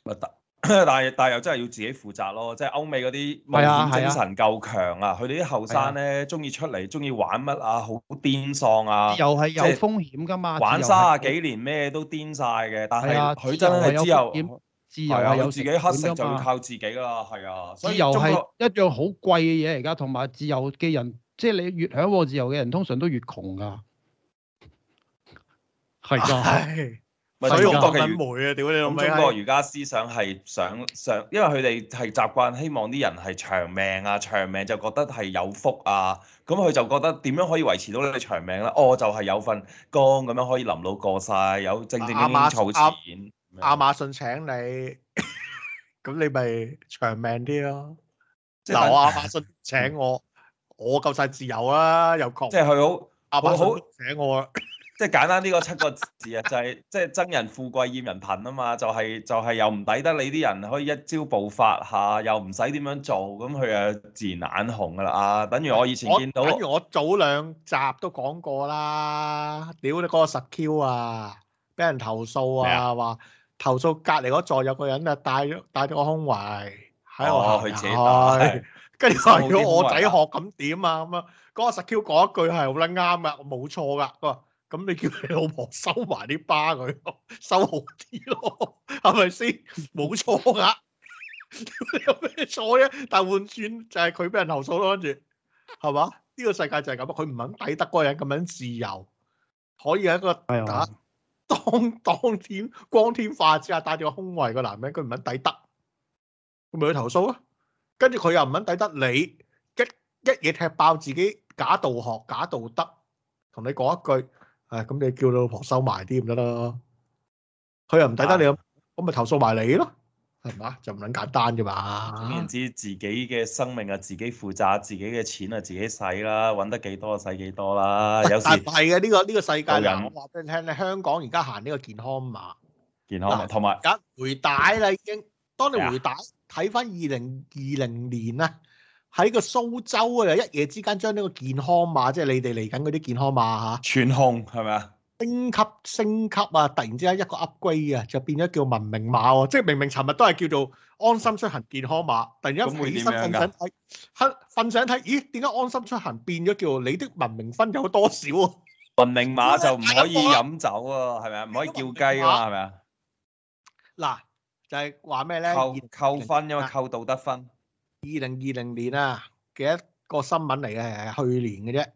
核突？但係但係又真係要自己負責咯。即係歐美嗰啲冒險精神夠強啊！佢哋啲後生咧，中意出嚟，中意玩乜啊，好、啊啊、癲喪啊！又係有風險㗎嘛？是玩三啊幾年咩都癲晒嘅，啊、但係佢真係之後有。自由係有自己黑色就靠自己啦，係啊！自由係一樣好貴嘅嘢而家，同埋自由嘅人，即係你越享受自由嘅人，通常都越窮噶。係㗎。係。咪所以我中國嘅愚昧啊！屌你老味。中國儒家思想係想想，因為佢哋係習慣希望啲人係長命啊，長命就覺得係有福啊，咁佢就覺得點樣可以維持到你哋長命咧、啊？哦，就係、是、有份工咁樣可以臨老過晒，有正正經經儲錢。啊啊阿馬信請你，咁 你咪長命啲咯。我阿 馬信請我，我夠晒自由啦，又窮。即係佢好，阿馬信請我。即係簡單啲個七個字啊，就係即係憎人富貴厭人貧啊嘛。就係、是、就係、是、又唔抵得你啲人可以一朝暴發嚇，又唔使點樣做，咁佢啊自然眼紅噶啦。啊，等於我以前見到，等於我早兩集都講過啦。屌你嗰個十 Q 啊，俾人投訴啊，話、啊。投訴隔籬嗰座有個人啊，帶咗帶咗個胸圍喺學校去扯，跟住話要我仔學咁點啊咁啊！嗰個 secure 講一句係好得啱噶，冇錯噶。佢話咁你叫你老婆收埋啲巴佢，收好啲咯，係咪先？冇錯噶，有咩錯呀？但係換轉就係佢俾人投訴咯，跟住係嘛？呢個世界就係咁，佢唔肯抵得嗰個人咁樣自由，可以喺個打。哎當當天光天化日之下，戴住個胸圍個男人，佢唔肯抵得，咪去投訴咯。跟住佢又唔肯抵得你，一一嘢，踢爆自己假道學、假道德，同你講一句，誒、哎、咁你叫你老婆收埋啲咪得啦。佢又唔抵得你咁，的我咪投訴埋你咯。嘛，就唔撚簡單嘅嘛。總言之，自己嘅生命啊，自己負責；自己嘅錢啊，自己使啦。揾得幾多，使幾多啦。嗯、有時係嘅，呢個呢個世界人，演我話俾你聽，你香港而家行呢個健康碼，健康碼同埋回帶啦已經。的當你回帶睇翻二零二零年咧，喺個蘇州啊，一夜之間將呢個健康碼，即係你哋嚟緊嗰啲健康碼嚇，全控係咪啊？升級升級啊！突然之間一個 upgrade 啊，就變咗叫文明碼喎，即係明明尋日都係叫做安心出行健康碼，突然間起身瞓醒睇，瞓醒睇，咦？點解安心出行變咗叫你啲文明分有多少啊？文明碼就唔可以飲酒啊，係咪啊？唔可以叫雞啊嘛，係咪啊？嗱，就係話咩咧？扣扣分，因為扣道德分。二零二零年啊嘅一個新聞嚟嘅，係去年嘅啫。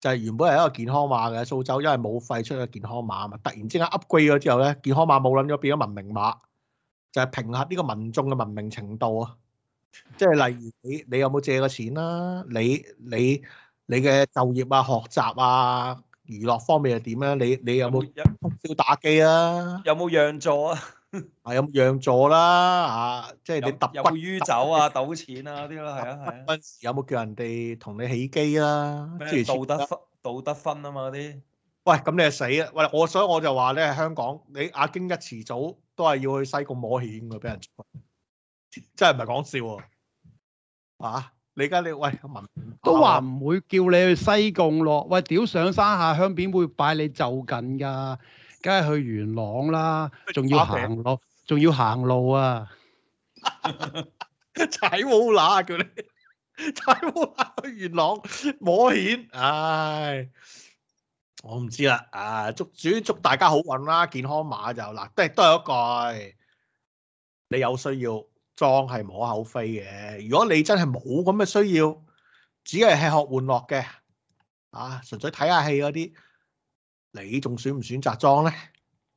就係原本係一個健康碼嘅蘇州，因為冇廢出個健康碼啊嘛，突然之間 upgrade 咗之後咧，健康碼冇諗咗變咗文明碼，就係評核呢個民眾嘅文明程度啊！即係例如你你有冇借過錢啦、啊？你你你嘅就業啊、學習啊、娛樂方面係點啊？你你有冇通宵打機啊？有冇讓座啊？啊 有冇讓座啦啊，即係你揼骨、揼酒啊、賭錢啊嗰啲咯，係啊係啊。有冇叫人哋同你起機啦、啊？即道德道德分啊嘛嗰啲。喂，咁你就死啊！喂，我所以我就話你喺香港你阿京一遲早都係要去西貢摸險噶，俾人捉。真係唔係講笑喎、啊，啊？你而家你喂文都話唔會叫你去西貢咯。喂，屌上山下鄉邊會擺你就近噶？梗係去元朗啦，仲要行路，仲要行路啊！ 踩烏乸叫你踩烏乸去元朗摸顯，唉、哎！我唔知啦，啊！祝主祝，祝大家好運啦，健康碼就嗱，都係都係嗰句，你有需要裝係無可厚非嘅。如果你真係冇咁嘅需要，只係吃喝玩樂嘅，啊，純粹睇下戲嗰啲。你仲選唔選擇裝呢？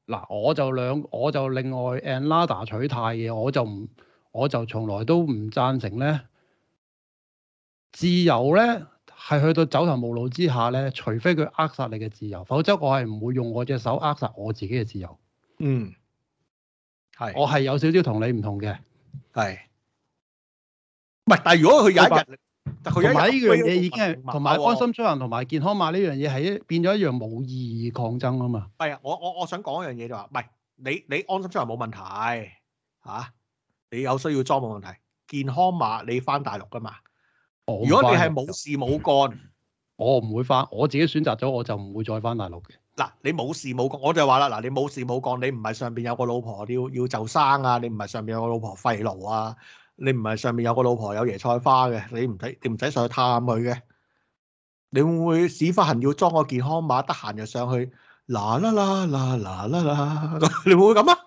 嗱，我就兩，我就另外 and 拉達取態嘅，我就唔，我就從來都唔贊成呢。自由呢，係去到走投無路之下呢，除非佢扼殺你嘅自由，否則我係唔會用我隻手扼殺我自己嘅自由。嗯，係，我係有少少同你唔同嘅，係，唔係，但係如果佢有一日。但佢同睇呢樣嘢已經係，同埋安心出行同埋健康碼呢樣嘢係一變咗一樣冇意義抗爭啊嘛！係啊，我我我想講一樣嘢就話、是，唔係你你安心出行冇問題嚇、啊，你有需要裝冇問題。健康碼你翻大陸噶嘛，如果你係冇事冇幹、嗯，我唔會翻，我自己選擇咗我就唔會再翻大陸嘅。嗱，你冇事冇幹，我就話啦，嗱，你冇事冇幹，你唔係上邊有個老婆你要要就生啊，你唔係上邊有個老婆廢奴啊。你唔係上面有個老婆有椰菜花嘅，你唔使唔使上去探佢嘅，你會唔會屎忽痕要裝個健康碼？得閒就上去啦啦啦啦啦啦啦，你會唔會咁啊？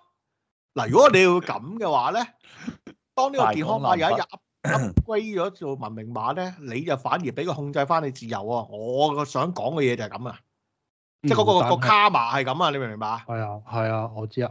嗱，如果你會咁嘅話咧，當呢個健康碼有一日歸咗做文明碼咧，你就反而俾佢控制翻你自由啊！我個想講嘅嘢就係咁啊，即係嗰個個卡碼係咁啊，你明唔明白？係啊，係啊，我知啊，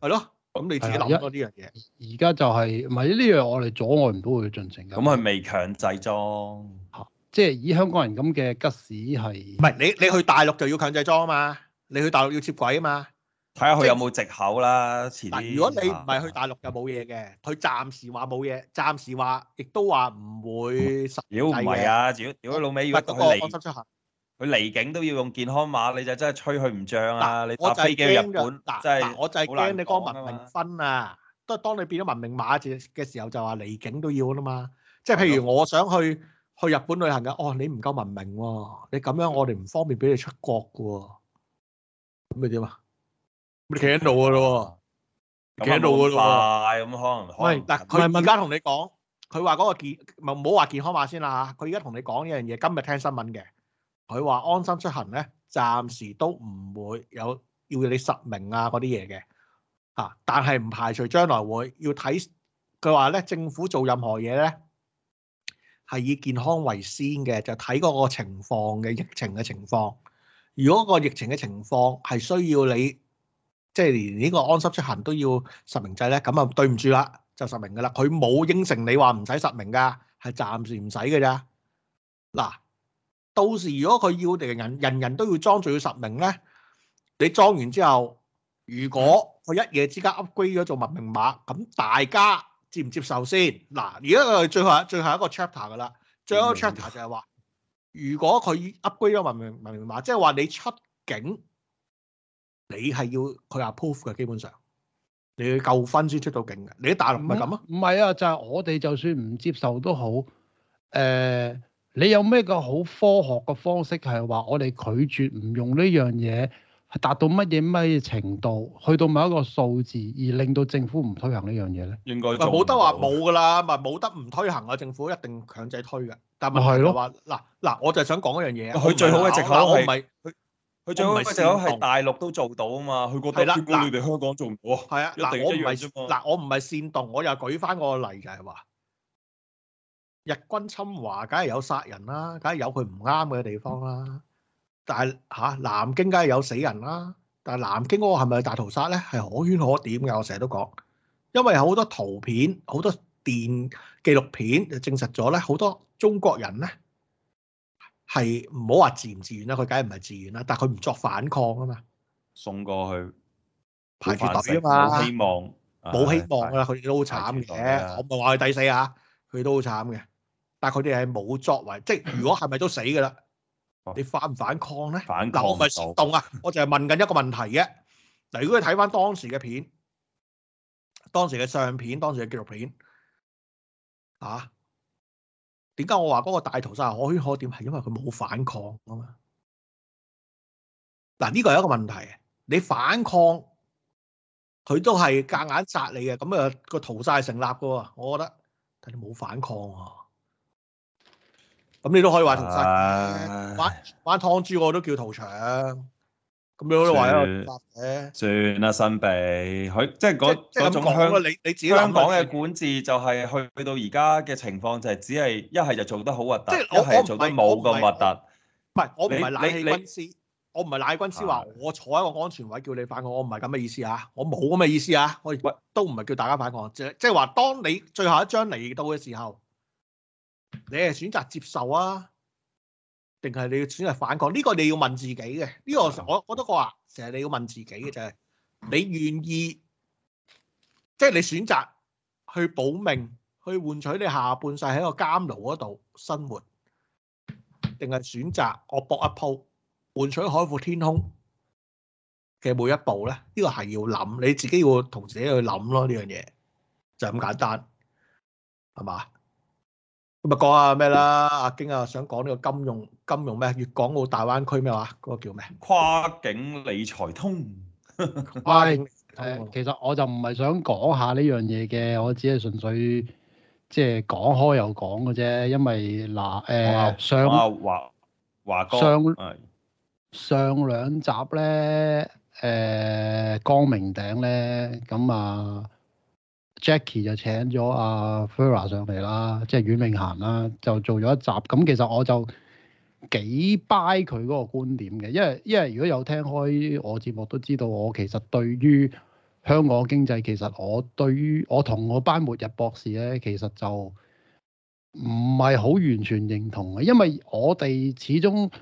係咯。咁、嗯、你自己諗多呢樣嘢，而家就係唔係呢樣我哋阻礙唔到佢進程。咁佢未強制裝，樣即係以香港人咁嘅吉士係。唔係你你去大陸就要強制裝啊嘛，你去大陸要接軌啊嘛。睇下佢有冇藉口啦，遲啲。如果你唔係去大陸又冇嘢嘅，佢暫時話冇嘢，暫時話亦都話唔會實際。如果唔係啊，如果老尾如果嚟。佢離境都要用健康碼，你就真係吹佢唔漲啊！你搭飛機去日本，真係我就係驚你嗰個文明分啊！都係當你變咗文明碼嘅時候，就話離境都要啦嘛。即係譬如我想去去日本旅行嘅，哦，你唔夠文明喎，你咁樣我哋唔方便俾你出國嘅喎，咁咪點啊？咪企喺度嘅咯喎，企喺度嘅咯喎，咁可能唔係，但係佢而家同你講，佢話嗰個健唔係唔好話健康碼先啦嚇。佢而家同你講呢樣嘢，今日聽新聞嘅。佢話安心出行呢，暫時都唔會有要你實名啊嗰啲嘢嘅。啊，但係唔排除將來會要睇。佢話呢，政府做任何嘢呢，係以健康為先嘅，就睇嗰個情況嘅疫情嘅情況。如果個疫情嘅情況係需要你，即係連呢個安心出行都要實名制呢，咁啊對唔住啦，就實名噶啦。佢冇應承你話唔使實名噶，係暫時唔使噶咋。嗱。到時如果佢要嘅，人人人都要裝，仲要實名咧，你裝完之後，如果佢一夜之間 upgrade 咗做文明碼，咁大家接唔接受先？嗱，而家佢最後最後一個 chapter 噶啦，最後一個 chapter 就係話，如果佢 upgrade 咗文明文明碼，即係話你出境，你係要佢 approve 嘅，基本上你要夠分先出到境嘅。你喺大陸唔係咁啊？唔係啊，就係、是、我哋就算唔接受都好，誒、呃。你有咩個好科學嘅方式係話我哋拒絕唔用呢樣嘢，係達到乜嘢乜嘢程度，去到某一個數字而令到政府唔推行呢樣嘢咧？應該冇得話冇㗎啦，咪冇得唔推行啊！政府一定強制推㗎。但問題係話嗱嗱，我就係想講一樣嘢。佢最好嘅藉口係佢最好嘅藉口係大陸都做到啊嘛，佢講：係天，你哋香港做唔到？係啊。嗱我唔係煽動，我又舉翻個例就係話。日軍侵華、啊，梗係有殺人啦，梗係有佢唔啱嘅地方啦、啊。但係吓、啊、南京梗係有死人啦、啊，但係南京嗰個係咪大屠殺咧？係可圈可點嘅。我成日都講，因為好多圖片、好多電紀錄片就證實咗咧，好多中國人咧係唔好話自唔自願啦，佢梗係唔係自願啦，但係佢唔作反抗啊嘛。送過去，排住隊啊嘛，冇希望，冇希望噶啦。佢都好慘嘅，我唔係話佢抵死啊，佢都好慘嘅。但佢哋係冇作為，即係如果係咪都死嘅啦？你反唔反抗咧？反抗 我唔係煽動啊，我就係問緊一個問題嘅。嗱，如果你睇翻當時嘅片、當時嘅相片、當時嘅紀錄片，啊，點解我話嗰個大屠殺可圈可點？係因為佢冇反抗啊嘛。嗱，呢個係一個問題。你反抗，佢都係夾硬殺你嘅。咁啊，個屠殺係成立嘅喎。我覺得，但係你冇反抗啊。咁你都可以話屠殺，玩玩劏豬，我都叫屠場。咁你都可以話一算啦，新幣，去即係嗰嗰種香港嘅管治就係去去到而家嘅情況，就係只係一係就做得好核突，我係做得冇咁核突。唔係我唔係冷氣軍師，我唔係冷軍師話我坐喺個安全位叫你反抗，我唔係咁嘅意思嚇，我冇咁嘅意思嚇，我都唔係叫大家反抗，即即係話當你最後一張嚟到嘅時候。你係選擇接受啊，定係你要選擇反抗？呢個你要問自己嘅。呢個我我都話成日你要問自己嘅就係，你願意即係你選擇去保命，去換取你下半世喺個監牢嗰度生活，定係選擇我搏一鋪，換取海闊天空嘅每一步咧？呢個係要諗，你自己要同自己去諗咯。呢樣嘢就咁簡單，係嘛？咁啊，講下咩啦？阿京啊，想講呢個金融金融咩？粵港澳大灣區咩話？嗰、那個叫咩？跨境理財通。係、 哎，係、呃，其實我就唔係想講下呢樣嘢嘅，我只係純粹即係講開又講嘅啫。因為嗱，誒、呃，上華華、啊、哥，上上兩集咧，誒、呃，光明頂咧，咁、嗯、啊。Jackie 就請咗阿、啊、Ferrara 上嚟啦，即係阮明賢啦，就做咗一集。咁其實我就幾 buy 佢嗰個觀點嘅，因為因為如果有聽開我節目都知道，我其實對於香港經濟，其實我對於我同我班末日博士咧，其實就唔係好完全認同嘅，因為我哋始終誒、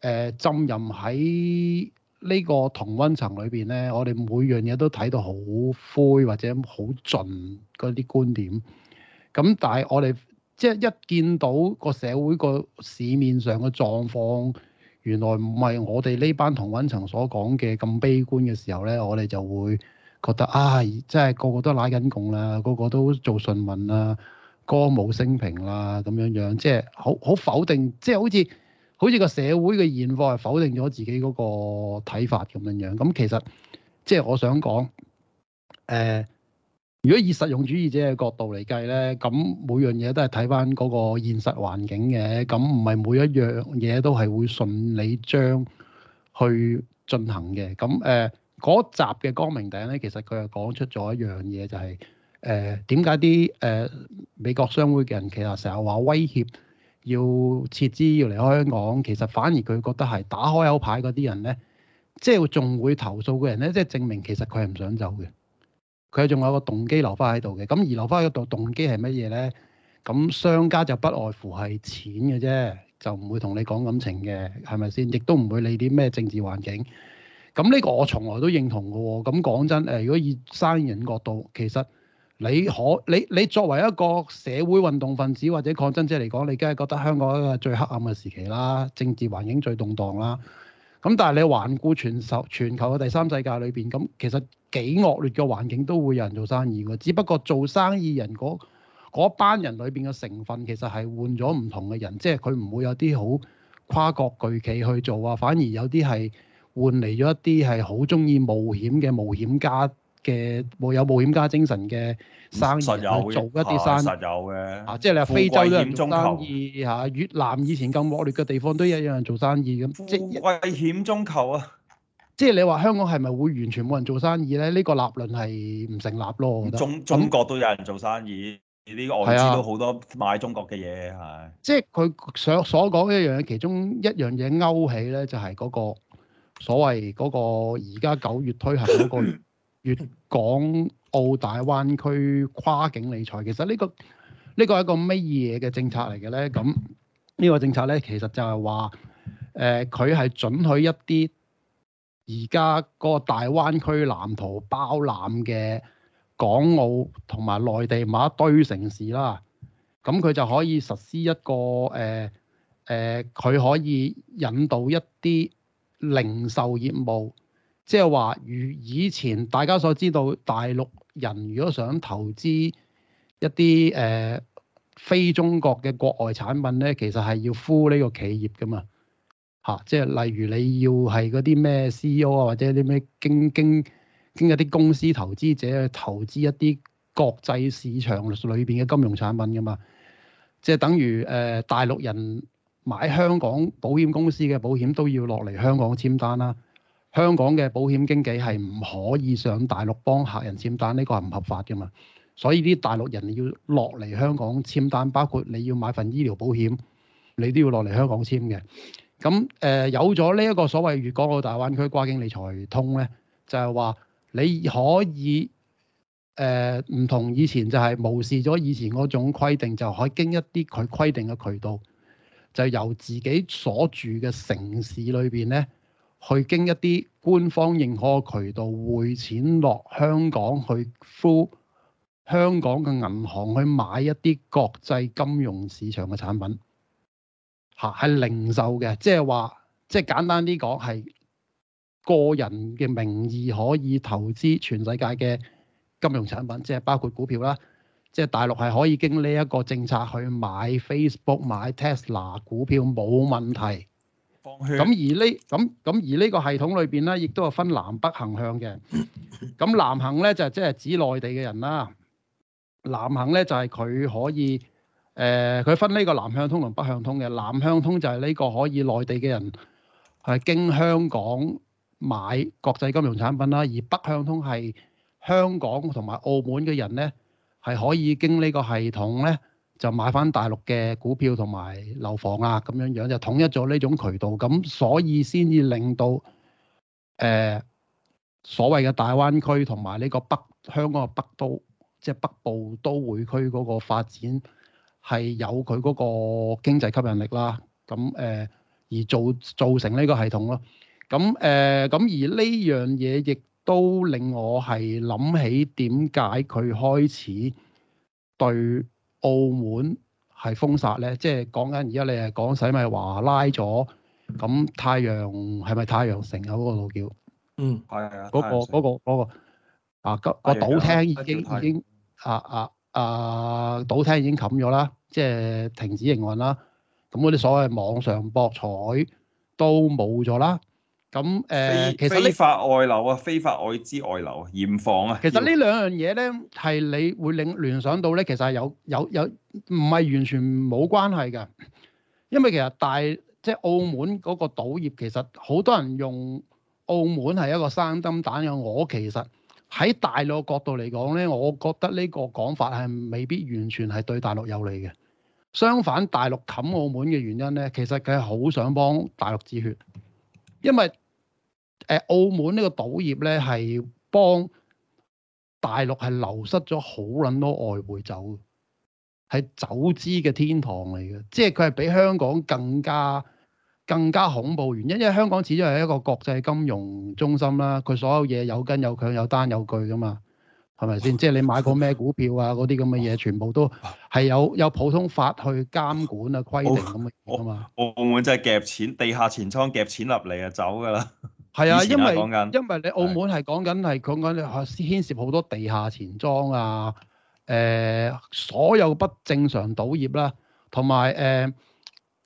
呃、浸淫喺呢個同温層裏邊咧，我哋每樣嘢都睇到好灰或者好盡嗰啲觀點。咁但係我哋即係一見到個社會個市面上嘅狀況，原來唔係我哋呢班同温層所講嘅咁悲觀嘅時候咧，我哋就會覺得啊，即係個個都拉緊共啦，個個都做順民啦，歌舞升平啦，咁樣樣，即係好好否定，即係好似。好似個社會嘅現況係否定咗自己嗰個睇法咁樣樣，咁其實即係、就是、我想講，誒、呃，如果以實用主義者嘅角度嚟計咧，咁每樣嘢都係睇翻嗰個現實環境嘅，咁唔係每一樣嘢都係會順理章去進行嘅。咁誒，嗰、呃、集嘅《光明第一光明頂》咧，其實佢又講出咗一樣嘢、就是，就係誒點解啲誒美國商會嘅人其實成日話威脅。要撤資要離開香港，其實反而佢覺得係打開口牌嗰啲人咧，即係仲會投訴嘅人咧，即係證明其實佢係唔想走嘅，佢仲有個動機留翻喺度嘅。咁而留翻喺度動機係乜嘢咧？咁商家就不外乎係錢嘅啫，就唔會同你講感情嘅，係咪先？亦都唔會理啲咩政治環境。咁呢個我從來都認同嘅喎、哦。咁講真，誒，如果以生意人角度，其實你可你你作為一個社會運動分子或者抗爭者嚟講，你梗係覺得香港一個最黑暗嘅時期啦，政治環境最動盪啦。咁但係你環顧全球全球嘅第三世界裏邊，咁其實幾惡劣嘅環境都會有人做生意嘅。只不過做生意人嗰班人裏邊嘅成分其實，係換咗唔同嘅人，即係佢唔會有啲好跨國巨企去做啊，反而有啲係換嚟咗一啲係好中意冒險嘅冒險家。嘅冇有冒險家精神嘅生意去做一啲生意，實有嘅嚇、啊啊，即係你話非洲都有人做生意嚇、啊，越南以前咁惡劣嘅地方都一樣人做生意咁，即係危險中求啊！即係你話香港係咪會完全冇人做生意咧？呢、這個立論係唔成立咯。中中國都有人做生意，呢啲外資都好多買中國嘅嘢係。啊啊、即係佢上所講一樣嘢，其中一樣嘢勾起咧，就係、是、嗰個所謂嗰個而家九月推行嗰個 粵港澳大灣區跨境理財，其實呢個呢個係一個乜嘢嘅政策嚟嘅呢？咁呢個政策呢，其實就係話，誒佢係准許一啲而家個大灣區藍圖包攬嘅港澳同埋內地某一堆城市啦，咁佢就可以實施一個誒誒，佢可以引導一啲零售業務。即係話，如以前大家所知道，大陸人如果想投資一啲誒、呃、非中國嘅國外產品咧，其實係要呼呢個企業噶嘛嚇，即、啊、係、就是、例如你要係嗰啲咩 CEO 啊，或者啲咩經經經一啲公司投資者去投資一啲國際市場裏邊嘅金融產品噶嘛，即係等於誒大陸人買香港保險公司嘅保險都要落嚟香港簽單啦、啊。香港嘅保險經紀係唔可以上大陸幫客人簽單，呢、這個係唔合法㗎嘛。所以啲大陸人要落嚟香港簽單，包括你要買份醫療保險，你都要落嚟香港簽嘅。咁誒、呃、有咗呢一個所謂粵港澳大灣區跨境理財通咧，就係、是、話你可以誒唔、呃、同以前就係無視咗以前嗰種規定，就可以經一啲佢規定嘅渠道，就由自己所住嘅城市裏邊咧。去經一啲官方認可嘅渠道匯錢落香港，去呼香港嘅銀行去買一啲國際金融市場嘅產品，嚇係零售嘅，即係話即係簡單啲講係個人嘅名義可以投資全世界嘅金融產品，即係包括股票啦，即係大陸係可以經呢一個政策去買 Facebook、買 Tesla 股票，冇問題。咁而呢咁咁而呢個系統裏邊咧，亦都係分南北行向嘅。咁南行咧就即、係、係指內地嘅人啦。南行咧就係、係、佢可以誒，佢、呃、分呢個南向通同北向通嘅。南向通就係呢個可以內地嘅人係經香港買國際金融產品啦。而北向通係香港同埋澳門嘅人咧，係可以經呢個系統咧。就買翻大陸嘅股票同埋樓房啊，咁樣樣就統一咗呢種渠道，咁所以先至令到誒、呃、所謂嘅大灣區同埋呢個北香港嘅北都，即係北部都會區嗰個發展係有佢嗰個經濟吸引力啦。咁誒、呃、而造造成呢個系統咯。咁誒咁而呢樣嘢亦都令我係諗起點解佢開始對。澳門係封殺咧，即係講緊而家你係講使咪話拉咗，咁太陽係咪太陽城嗰個路叫？嗯，係、嗰個、啊，嗰、嗰個嗰個嗰個啊，嗰個賭廳已經已經啊啊啊賭廳已經冚咗啦，即係停止營運啦，咁嗰啲所謂網上博彩都冇咗啦。咁誒、嗯，其實非，非法外流啊，非法外資外流啊，嚴防啊。其實呢兩樣嘢咧，係你會令聯想到咧，其實係有有有唔係完全冇關係嘅。因為其實大即係澳門嗰個賭業，其實好多人用澳門係一個生金蛋嘅。我其實喺大陸角度嚟講咧，我覺得呢個講法係未必完全係對大陸有利嘅。相反，大陸冚澳門嘅原因咧，其實佢係好想幫大陸止血，因為。澳門呢個賭業呢，係幫大陸係流失咗好撚多外匯走，係走資嘅天堂嚟嘅，即係佢係比香港更加更加恐怖。原因因為香港始終係一個國際金融中心啦，佢所有嘢有根有強有單有據噶嘛，係咪先？哦、即係你買過咩股票啊嗰啲咁嘅嘢，全部都係有有普通法去監管，啊規定咁嘅啊嘛、哦哦。澳門真係夾錢地下錢倉夾錢入嚟啊走㗎啦～係啊，因為因為你澳門係講緊係講緊你牽涉好多地下錢莊啊，誒、呃、所有不正常賭業啦、啊，同埋誒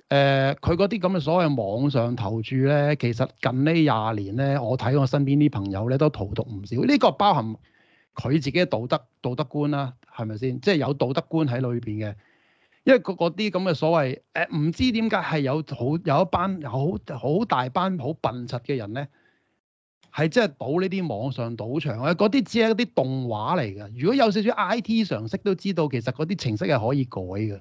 誒佢嗰啲咁嘅所謂網上投注咧，其實近呢廿年咧，我睇我身邊啲朋友咧都逃毒唔少。呢、這個包含佢自己嘅道德道德觀啦、啊，係咪先？即、就、係、是、有道德觀喺裏邊嘅。因為嗰啲咁嘅所謂，誒、呃、唔知點解係有好有一班好好大班好笨柒嘅人咧，係即係賭呢啲網上賭場啊！嗰、呃、啲只係嗰啲動畫嚟嘅，如果有少少 I T 常識都知道，其實嗰啲程式係可以改嘅，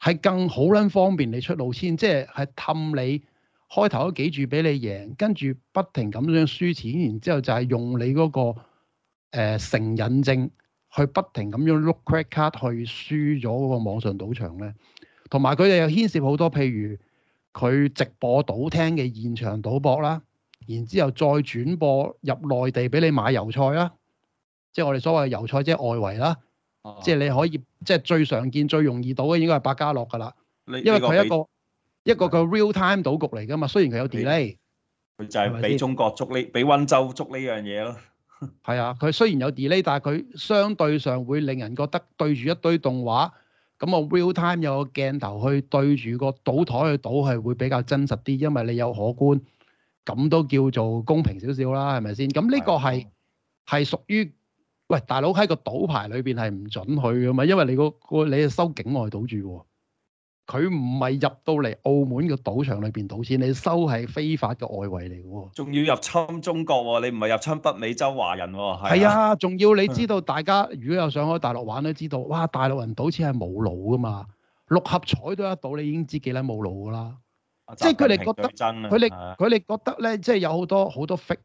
係更好撚方便你出路先，即係係氹你開頭嗰幾注俾你贏，跟住不停咁樣輸錢，然之後就係用你嗰、嗰個誒、呃、成癮症。佢不停咁樣碌 credit card 去輸咗嗰個網上賭場咧，同埋佢哋又牽涉好多，譬如佢直播賭廳嘅現場賭博啦，然之後再轉播入內地俾你買油菜啦，即係我哋所謂油菜，即係外圍啦，啊啊即係你可以即係最常見最容易賭嘅應該係百家樂噶啦，這個 因為佢一個，個一個個 real time 賭局嚟噶嘛，雖然佢有 delay，佢就係俾中國捉呢，俾溫州捉呢樣嘢咯。係啊，佢雖然有 delay，但係佢相對上會令人覺得對住一堆動畫，咁啊 real time 有個鏡頭去對住個賭枱去賭係會比較真實啲，因為你有可觀，咁都叫做公平少少啦，係咪先？咁呢個係係屬於喂，大佬喺個賭牌裏邊係唔準去嘅嘛，因為你個你係收境外賭注喎。佢唔係入到嚟澳門嘅賭場裏邊賭錢，你收係非法嘅外圍嚟嘅喎，仲要入侵中國喎、哦！你唔係入侵北美洲華人喎、哦？係啊，仲、啊、要你知道大家 如果有想開大陸玩都知道，哇！大陸人賭錢係冇腦噶嘛，六合彩都一賭，你已經知幾撚冇腦噶啦！近即係佢哋覺得，佢哋佢哋覺得咧，即係有好多好多 fake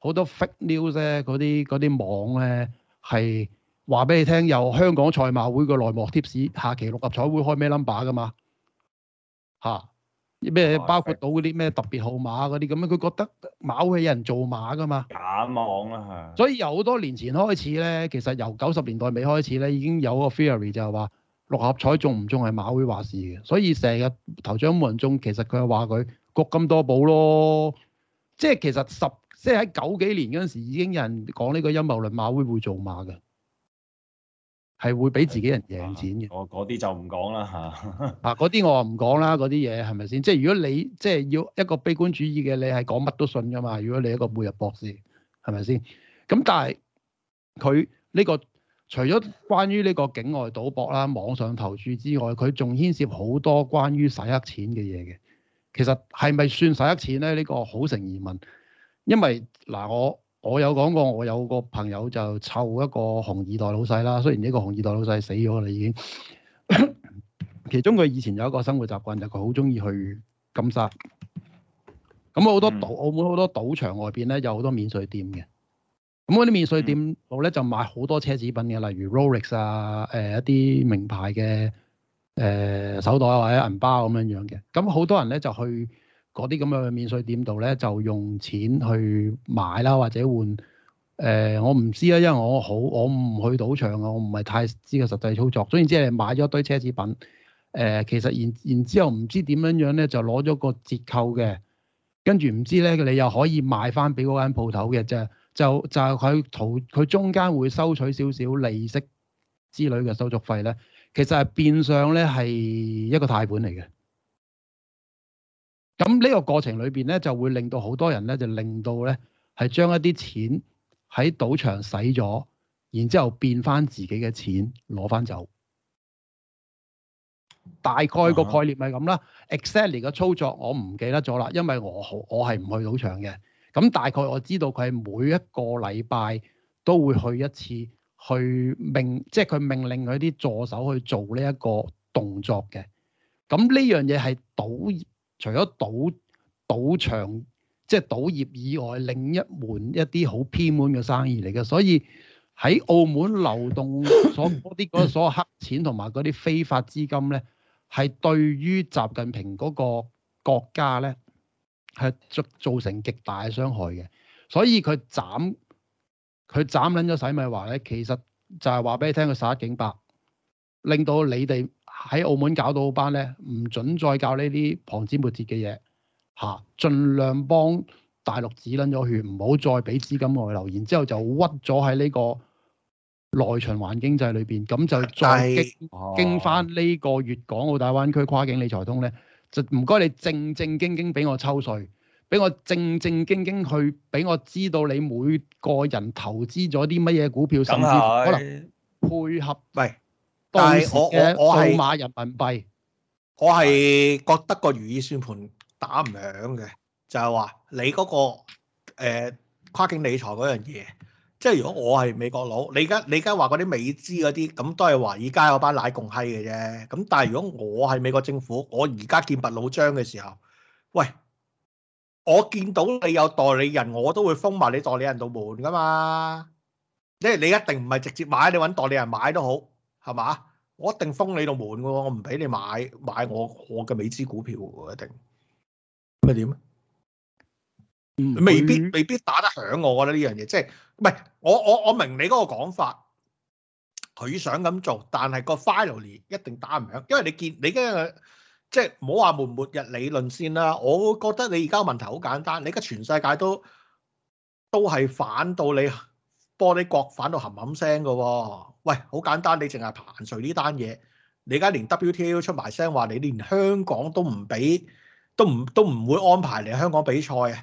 好多 fake news 啫、啊，嗰啲嗰啲網咧係話俾你聽，有香港賽馬會嘅內幕貼士，下期六合彩會開咩 number 噶嘛？吓，咩包括到啲咩特別號碼嗰啲咁樣，佢覺得馬會有人做馬噶嘛？假啊！所以由好多年前開始咧，其實由九十年代尾開始咧，已經有個 theory 就係話六合彩中唔中係馬會話事嘅，所以成日頭獎冇人中，其實佢係話佢焗咁多寶咯，即係其實十即係喺九幾年嗰陣時已經有人講呢個陰謀論，馬會會做馬嘅。係會俾自己人贏錢嘅，啊 啊、我嗰啲就唔講啦吓。嗱，嗰啲我唔講啦，嗰啲嘢係咪先？即係如果你即係要一個悲觀主義嘅，你係講乜都信噶嘛？如果你一個每日博士，係咪先？咁但係佢呢個除咗關於呢個境外賭博啦、啊、網上投注之外，佢仲牽涉好多關於洗黑錢嘅嘢嘅。其實係咪算洗黑錢咧？呢、這個好成疑問，因為嗱我。我有講過，我有個朋友就湊一個紅二代老細啦。雖然呢個紅二代老細死咗啦，已經。 其中佢以前有一個生活習慣，就佢好中意去金沙。咁好多賭澳門好多賭場外邊咧，有好多免稅店嘅。咁嗰啲免稅店度咧，就賣好多奢侈品嘅，例如 Rolex 啊，誒、呃、一啲名牌嘅誒、呃、手袋或者銀包咁樣樣嘅。咁好多人咧就去。嗰啲咁樣嘅免稅店度咧，就用錢去買啦，或者換誒、呃，我唔知啊，因為我好，我唔去賭場啊，我唔係太知個實際操作。總然之係買咗堆奢侈品，誒、呃，其實然然之後唔知點樣樣咧，就攞咗個折扣嘅，跟住唔知咧，你又可以賣翻俾嗰間鋪頭嘅啫，就就係佢圖佢中間會收取少少利息之類嘅收續費咧，其實係變相咧係一個貸款嚟嘅。咁呢個過程裏邊咧，就會令到好多人咧，就令到咧係將一啲錢喺賭場使咗，然之後變翻自己嘅錢攞翻走。大概個概，概念係咁啦。啊、哈 exactly 嘅操作我唔記得咗啦，因為我好我係唔去賭場嘅。咁大概我知道佢係每一個禮拜都會去一次，去命即係佢命令佢啲助手去做呢一個動作嘅。咁呢樣嘢係賭。除咗賭賭場即係賭業以外，另一門一啲好偏門嘅生意嚟嘅，所以喺澳門流動所嗰啲嗰所黑錢同埋嗰啲非法資金咧，係對於習近平嗰個國家咧係造成極大嘅傷害嘅，所以佢斬佢斬撚咗洗米華咧，其實就係話俾你聽，佢耍一警百，令到你哋。喺澳門搞到班咧，唔准再搞呢啲旁枝末節嘅嘢吓，盡量幫大陸止撚咗血，唔好再俾資金外流，然之後就屈咗喺呢個內循環經濟裏邊，咁就再經、就係、經翻呢個粵港澳大灣區跨境理財通咧，就唔該你正正經經俾我抽稅，俾我正正經經去俾我知道你每個人投資咗啲乜嘢股票，甚至可能配合喂。但係我我我係買人民幣，我係覺得個如意算盤打唔響嘅、那個，就係話你嗰個跨境理財嗰樣嘢，即係如果我係美國佬，你而家你而家話嗰啲美資嗰啲，咁都係華爾街嗰班奶共閪嘅啫。咁但係如果我係美國政府，我而家劍拔弩張嘅時候，喂，我見到你有代理人，我都會封埋你代理人度門噶嘛。即係你一定唔係直接買，你揾代理人買都好。係嘛？我一定封你度門嘅，我唔俾你買買我我嘅美資股票嘅一定。咁咪點？未必未必打得響，我覺得呢樣嘢，即係唔係我我我明你嗰個講法，佢想咁做，但係個 finally 一定打唔響。因為你見你嘅即係唔好話末末日理論先啦，我覺得你而家個問題好簡單，你而家全世界都都係反到你玻璃國反到冚冚聲嘅。喂，好簡單，你淨係彭帥呢單嘢，你而家連 WTA 都出埋聲話，你連香港都唔俾，都唔都唔會安排嚟香港比賽啊！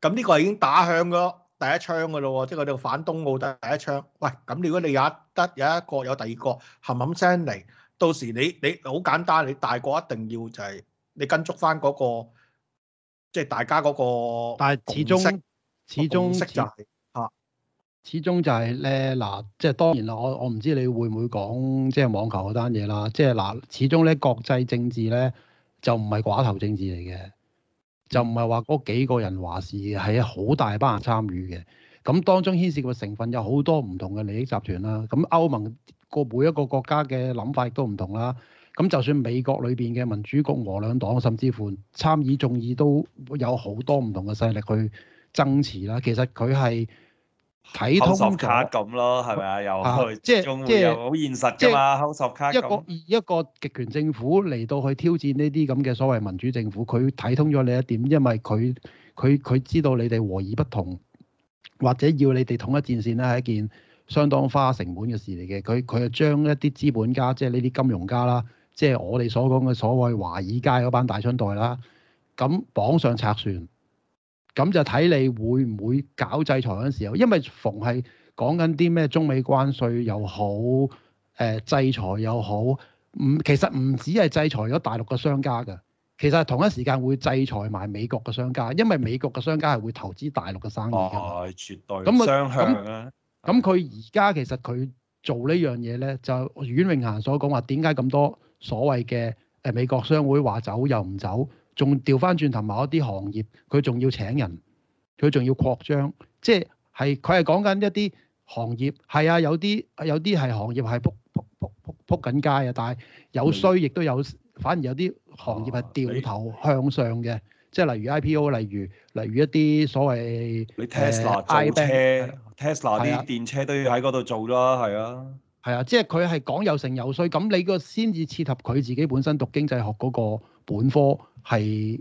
咁呢個係已經打響咗第一槍嘅咯喎，即係我哋反冬奧第一槍。喂，咁如果你有一得有一個有第二個冚冚聲嚟，到時你你好簡單，你大個一定要就係你跟足翻嗰個，即係大家嗰個，但係始終始終。始終就係咧，嗱，即係當然啦。我我唔知你會唔會講即係網球嗰單嘢啦。即係嗱，始終咧國際政治咧就唔係寡頭政治嚟嘅，就唔係話嗰幾個人話事，係好大班人參與嘅。咁當中牽涉嘅成分有好多唔同嘅利益集團啦。咁歐盟個每一個國家嘅諗法亦都唔同啦。咁就算美國裏邊嘅民主共和兩黨，甚至乎參議眾議都有好多唔同嘅勢力去爭持啦。其實佢係。睇通卡咁咯，係咪好啊？就是、又即係即係好現實噶嘛，就是、一,一個一個極權政府嚟到去挑戰呢啲咁嘅所謂民主政府，佢睇通咗你一點，因為佢佢佢知道你哋和而不同，或者要你哋統一戰線咧係一件相當花成本嘅事嚟嘅。佢佢就將一啲資本家，即係呢啲金融家啦，即係我哋所講嘅所謂華爾街嗰班大商代啦，咁綁上拆船。咁就睇你會唔會搞制裁嗰陣時候，因為逢係講緊啲咩中美關稅又好，誒、呃、制裁又好，唔其實唔止係制裁咗大陸嘅商家㗎，其實,其實同一時間會制裁埋美國嘅商家，因為美國嘅商家係會投資大陸嘅生意㗎嘛。哦，絕對。咁啊，咁咁佢而家其實佢做呢樣嘢咧，的就阮永賢所講話，點解咁多所謂嘅誒、呃、美國商會話走又唔走？仲調翻轉頭某一啲行業，佢仲要請人，佢仲要擴張，即係係佢係講緊一啲行業，係啊，有啲有啲係行業係撲撲撲撲撲緊街啊，但係有衰亦都有，反而有啲行業係掉頭、啊、向上嘅，即係例如 IPO，例如例如一啲所謂你、呃、Tesla 造車，Tesla 啲電車都要喺嗰度做啦，係啊。係啊，即係佢係講有成有衰，咁你個先至切合佢自己本身讀經濟學嗰個本科係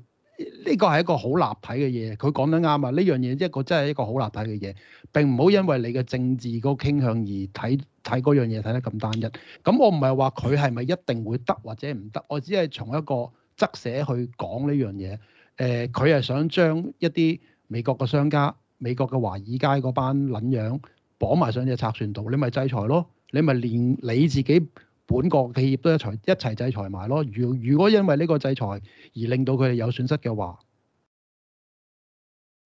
呢個係一個好立體嘅嘢。佢講得啱啊！呢樣嘢一個真係一個好立體嘅嘢。並唔好因為你嘅政治嗰個傾向而睇睇嗰樣嘢睇得咁單一。咁我唔係話佢係咪一定會得或者唔得，我只係從一個側寫去講呢樣嘢。誒、呃，佢係想將一啲美國嘅商家、美國嘅華爾街嗰班撚樣綁埋上隻賊船度，你咪制裁咯。你咪連你自己本國企業都一齊一齊制裁埋咯。如如果因為呢個制裁而令到佢哋有損失嘅話，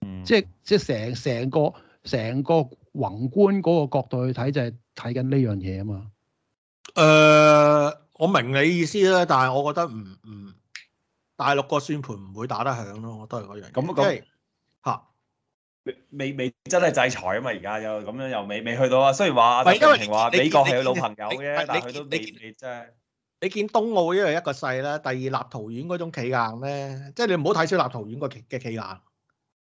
嗯、即係即係成成個成個宏觀嗰個角度去睇就係睇緊呢樣嘢啊嘛。誒、呃，我明你意思啦，但係我覺得唔唔、嗯嗯，大陸個算盤唔會打得響咯，我都係嗰樣嘅，咁講，即係。未未真係制裁啊嘛，而家又咁樣又未未，未，未，未去到啊。雖然話習近平話美國係佢老朋友嘅，你你但係佢都未真係。你見東澳因為一個細啦，第二立陶宛嗰種企硬咧，即係你唔好睇小看立陶宛個企嘅企硬。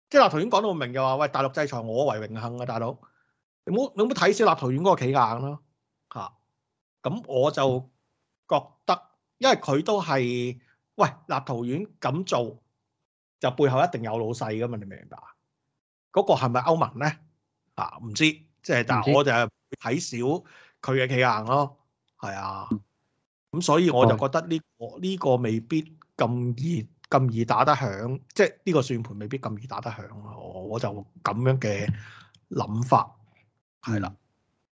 即係立陶宛講到明就話，喂，大陸制裁我為榮幸啊，大佬。你唔好你唔好睇小看立陶宛嗰個企硬咯吓。咁、啊、我就覺得，因為佢都係喂立陶宛咁做，就背後一定有老細噶嘛，你明唔明白啊？嗰個係咪歐盟呢？啊，唔知，即係但我就睇少佢嘅企硬咯，係啊，咁所以我就覺得呢、這個呢、哎這個這個未必咁易咁易打得響，即係呢個算盤未必咁易打得響，我我就咁樣嘅諗法，係啦、啊。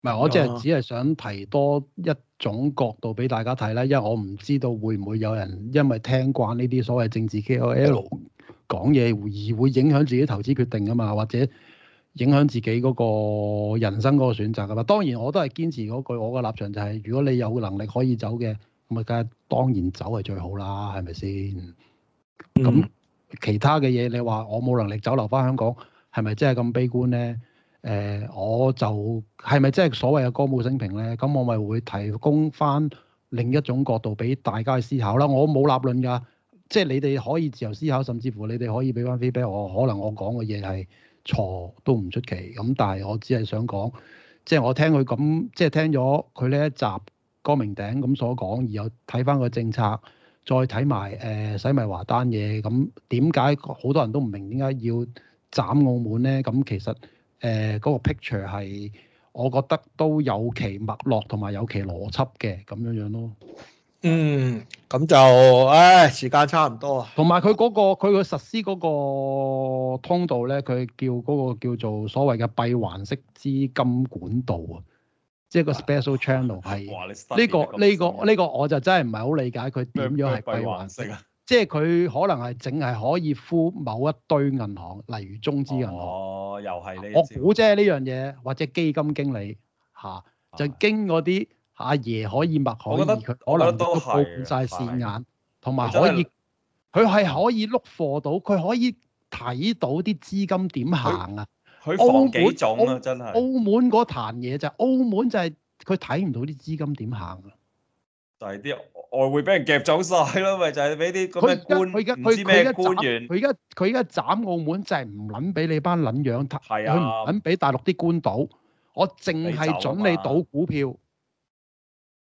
唔係、啊，我即係只係想提多一種角度俾大家睇啦，因為我唔知道會唔會有人因為聽慣呢啲所謂政治 KOL、嗯。講嘢而會影響自己投資決定㗎嘛，或者影響自己嗰個人生嗰個選擇㗎嘛。當然我都係堅持嗰句，我個立場就係、是，如果你有能力可以走嘅，咁咪梗係當然走係最好啦，係咪先？咁其他嘅嘢，你話我冇能力走留翻香港，係咪真係咁悲觀呢？誒、呃，我就係咪真係所謂嘅歌舞升平呢？咁我咪會提供翻另一種角度俾大家去思考啦。我冇立論㗎。即係你哋可以自由思考，甚至乎你哋可以俾翻 feedback 我。可能我講嘅嘢係錯都唔出奇，咁但係我只係想講，即係我聽佢咁，即係聽咗佢呢一集光明頂咁所講，然後睇翻個政策，再睇埋誒洗米華單嘢，咁點解好多人都唔明點解要斬澳門咧？咁其實誒嗰、呃嗰個 picture 係我覺得都有其脈絡同埋有其邏輯嘅咁樣樣咯。嗯，咁就，唉、哎，時間差唔多啊。同埋佢嗰個，佢個實施嗰個通道咧，佢叫嗰、嗰個叫做所謂嘅閉環式資金管道啊，即、就、係、係個 special channel 係呢、哎呢個呢、呢個呢、呢個我就真係唔係好理解佢點樣係閉環式啊，即係佢可能係淨係可以敷某一堆銀行，例如中資銀行。哦，又係呢？我估啫呢樣嘢，或者基金經理吓、啊、就經嗰啲。阿爺可以擘，可以佢可能都布晒線眼，同埋可以，佢係可以碌貨到，佢可以睇到啲資金點行啊！佢澳門啊，真係澳門嗰壇嘢就係澳門就係佢睇唔到啲資金點行啊！但係啲外匯俾人夾走晒咯，咪就係俾啲咁嘅官，佢而家佢而家佢而家佢而家斬澳門就係唔捻，俾你班捻樣，佢唔捻俾大陸啲官賭，我淨係准你賭股票。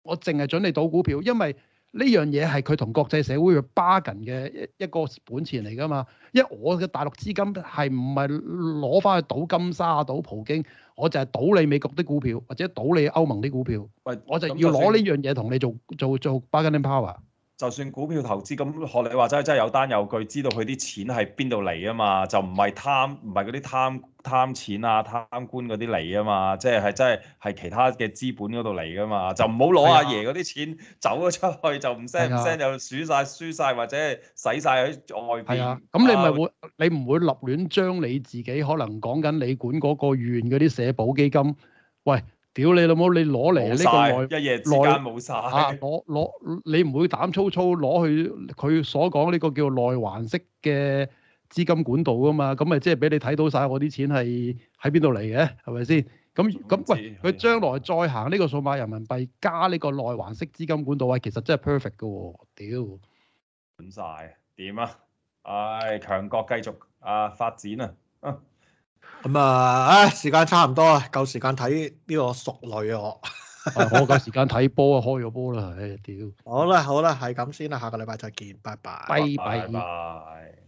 我淨係准你賭股票，因為呢樣嘢係佢同國際社會嘅 bargain 嘅一一個本錢嚟噶嘛。因為我嘅大陸資金係唔係攞翻去賭金沙，啊，賭葡京，我就係賭你美國啲股票或者賭你歐盟啲股票，喂我就要攞呢樣嘢，同你做做做 bargaining power。就算股票投資咁，學你話齋，真係有單有據，知道佢啲錢係邊度嚟啊嘛，就唔係貪，唔係嗰啲貪。貪錢啊，貪官嗰啲嚟啊嘛，即係係真係係其他嘅資本嗰度嚟噶嘛，就唔好攞阿爺嗰啲錢走咗出去、啊、就唔聲唔聲就輸晒、輸晒，或者係使晒喺外邊。咁、啊、你咪會，、啊、會，你唔會立亂將你自己可能講緊你管嗰個縣嗰啲社保基金，喂，屌你老母，你攞嚟呢個一夜之間冇晒，攞攞、啊、你唔會膽粗粗攞去佢所講呢個叫內環式嘅。資金管道噶嘛，咁咪即係俾你睇到晒我啲錢係喺邊度嚟嘅，係咪先？咁咁之喂，佢的將來再行呢個數碼人民幣加呢個內環式資金管道位，其實真係 perfect 嘅喎，屌！揾晒，點啊？唉、啊，強國繼續啊，發展啊！咁啊，唉、嗯啊，時間差唔多啊，夠時間睇呢個熟女 啊我夠時間睇波啊，開咗波啦，屌！好啦好啦，係咁先啦，下個禮拜再見，拜拜，拜拜。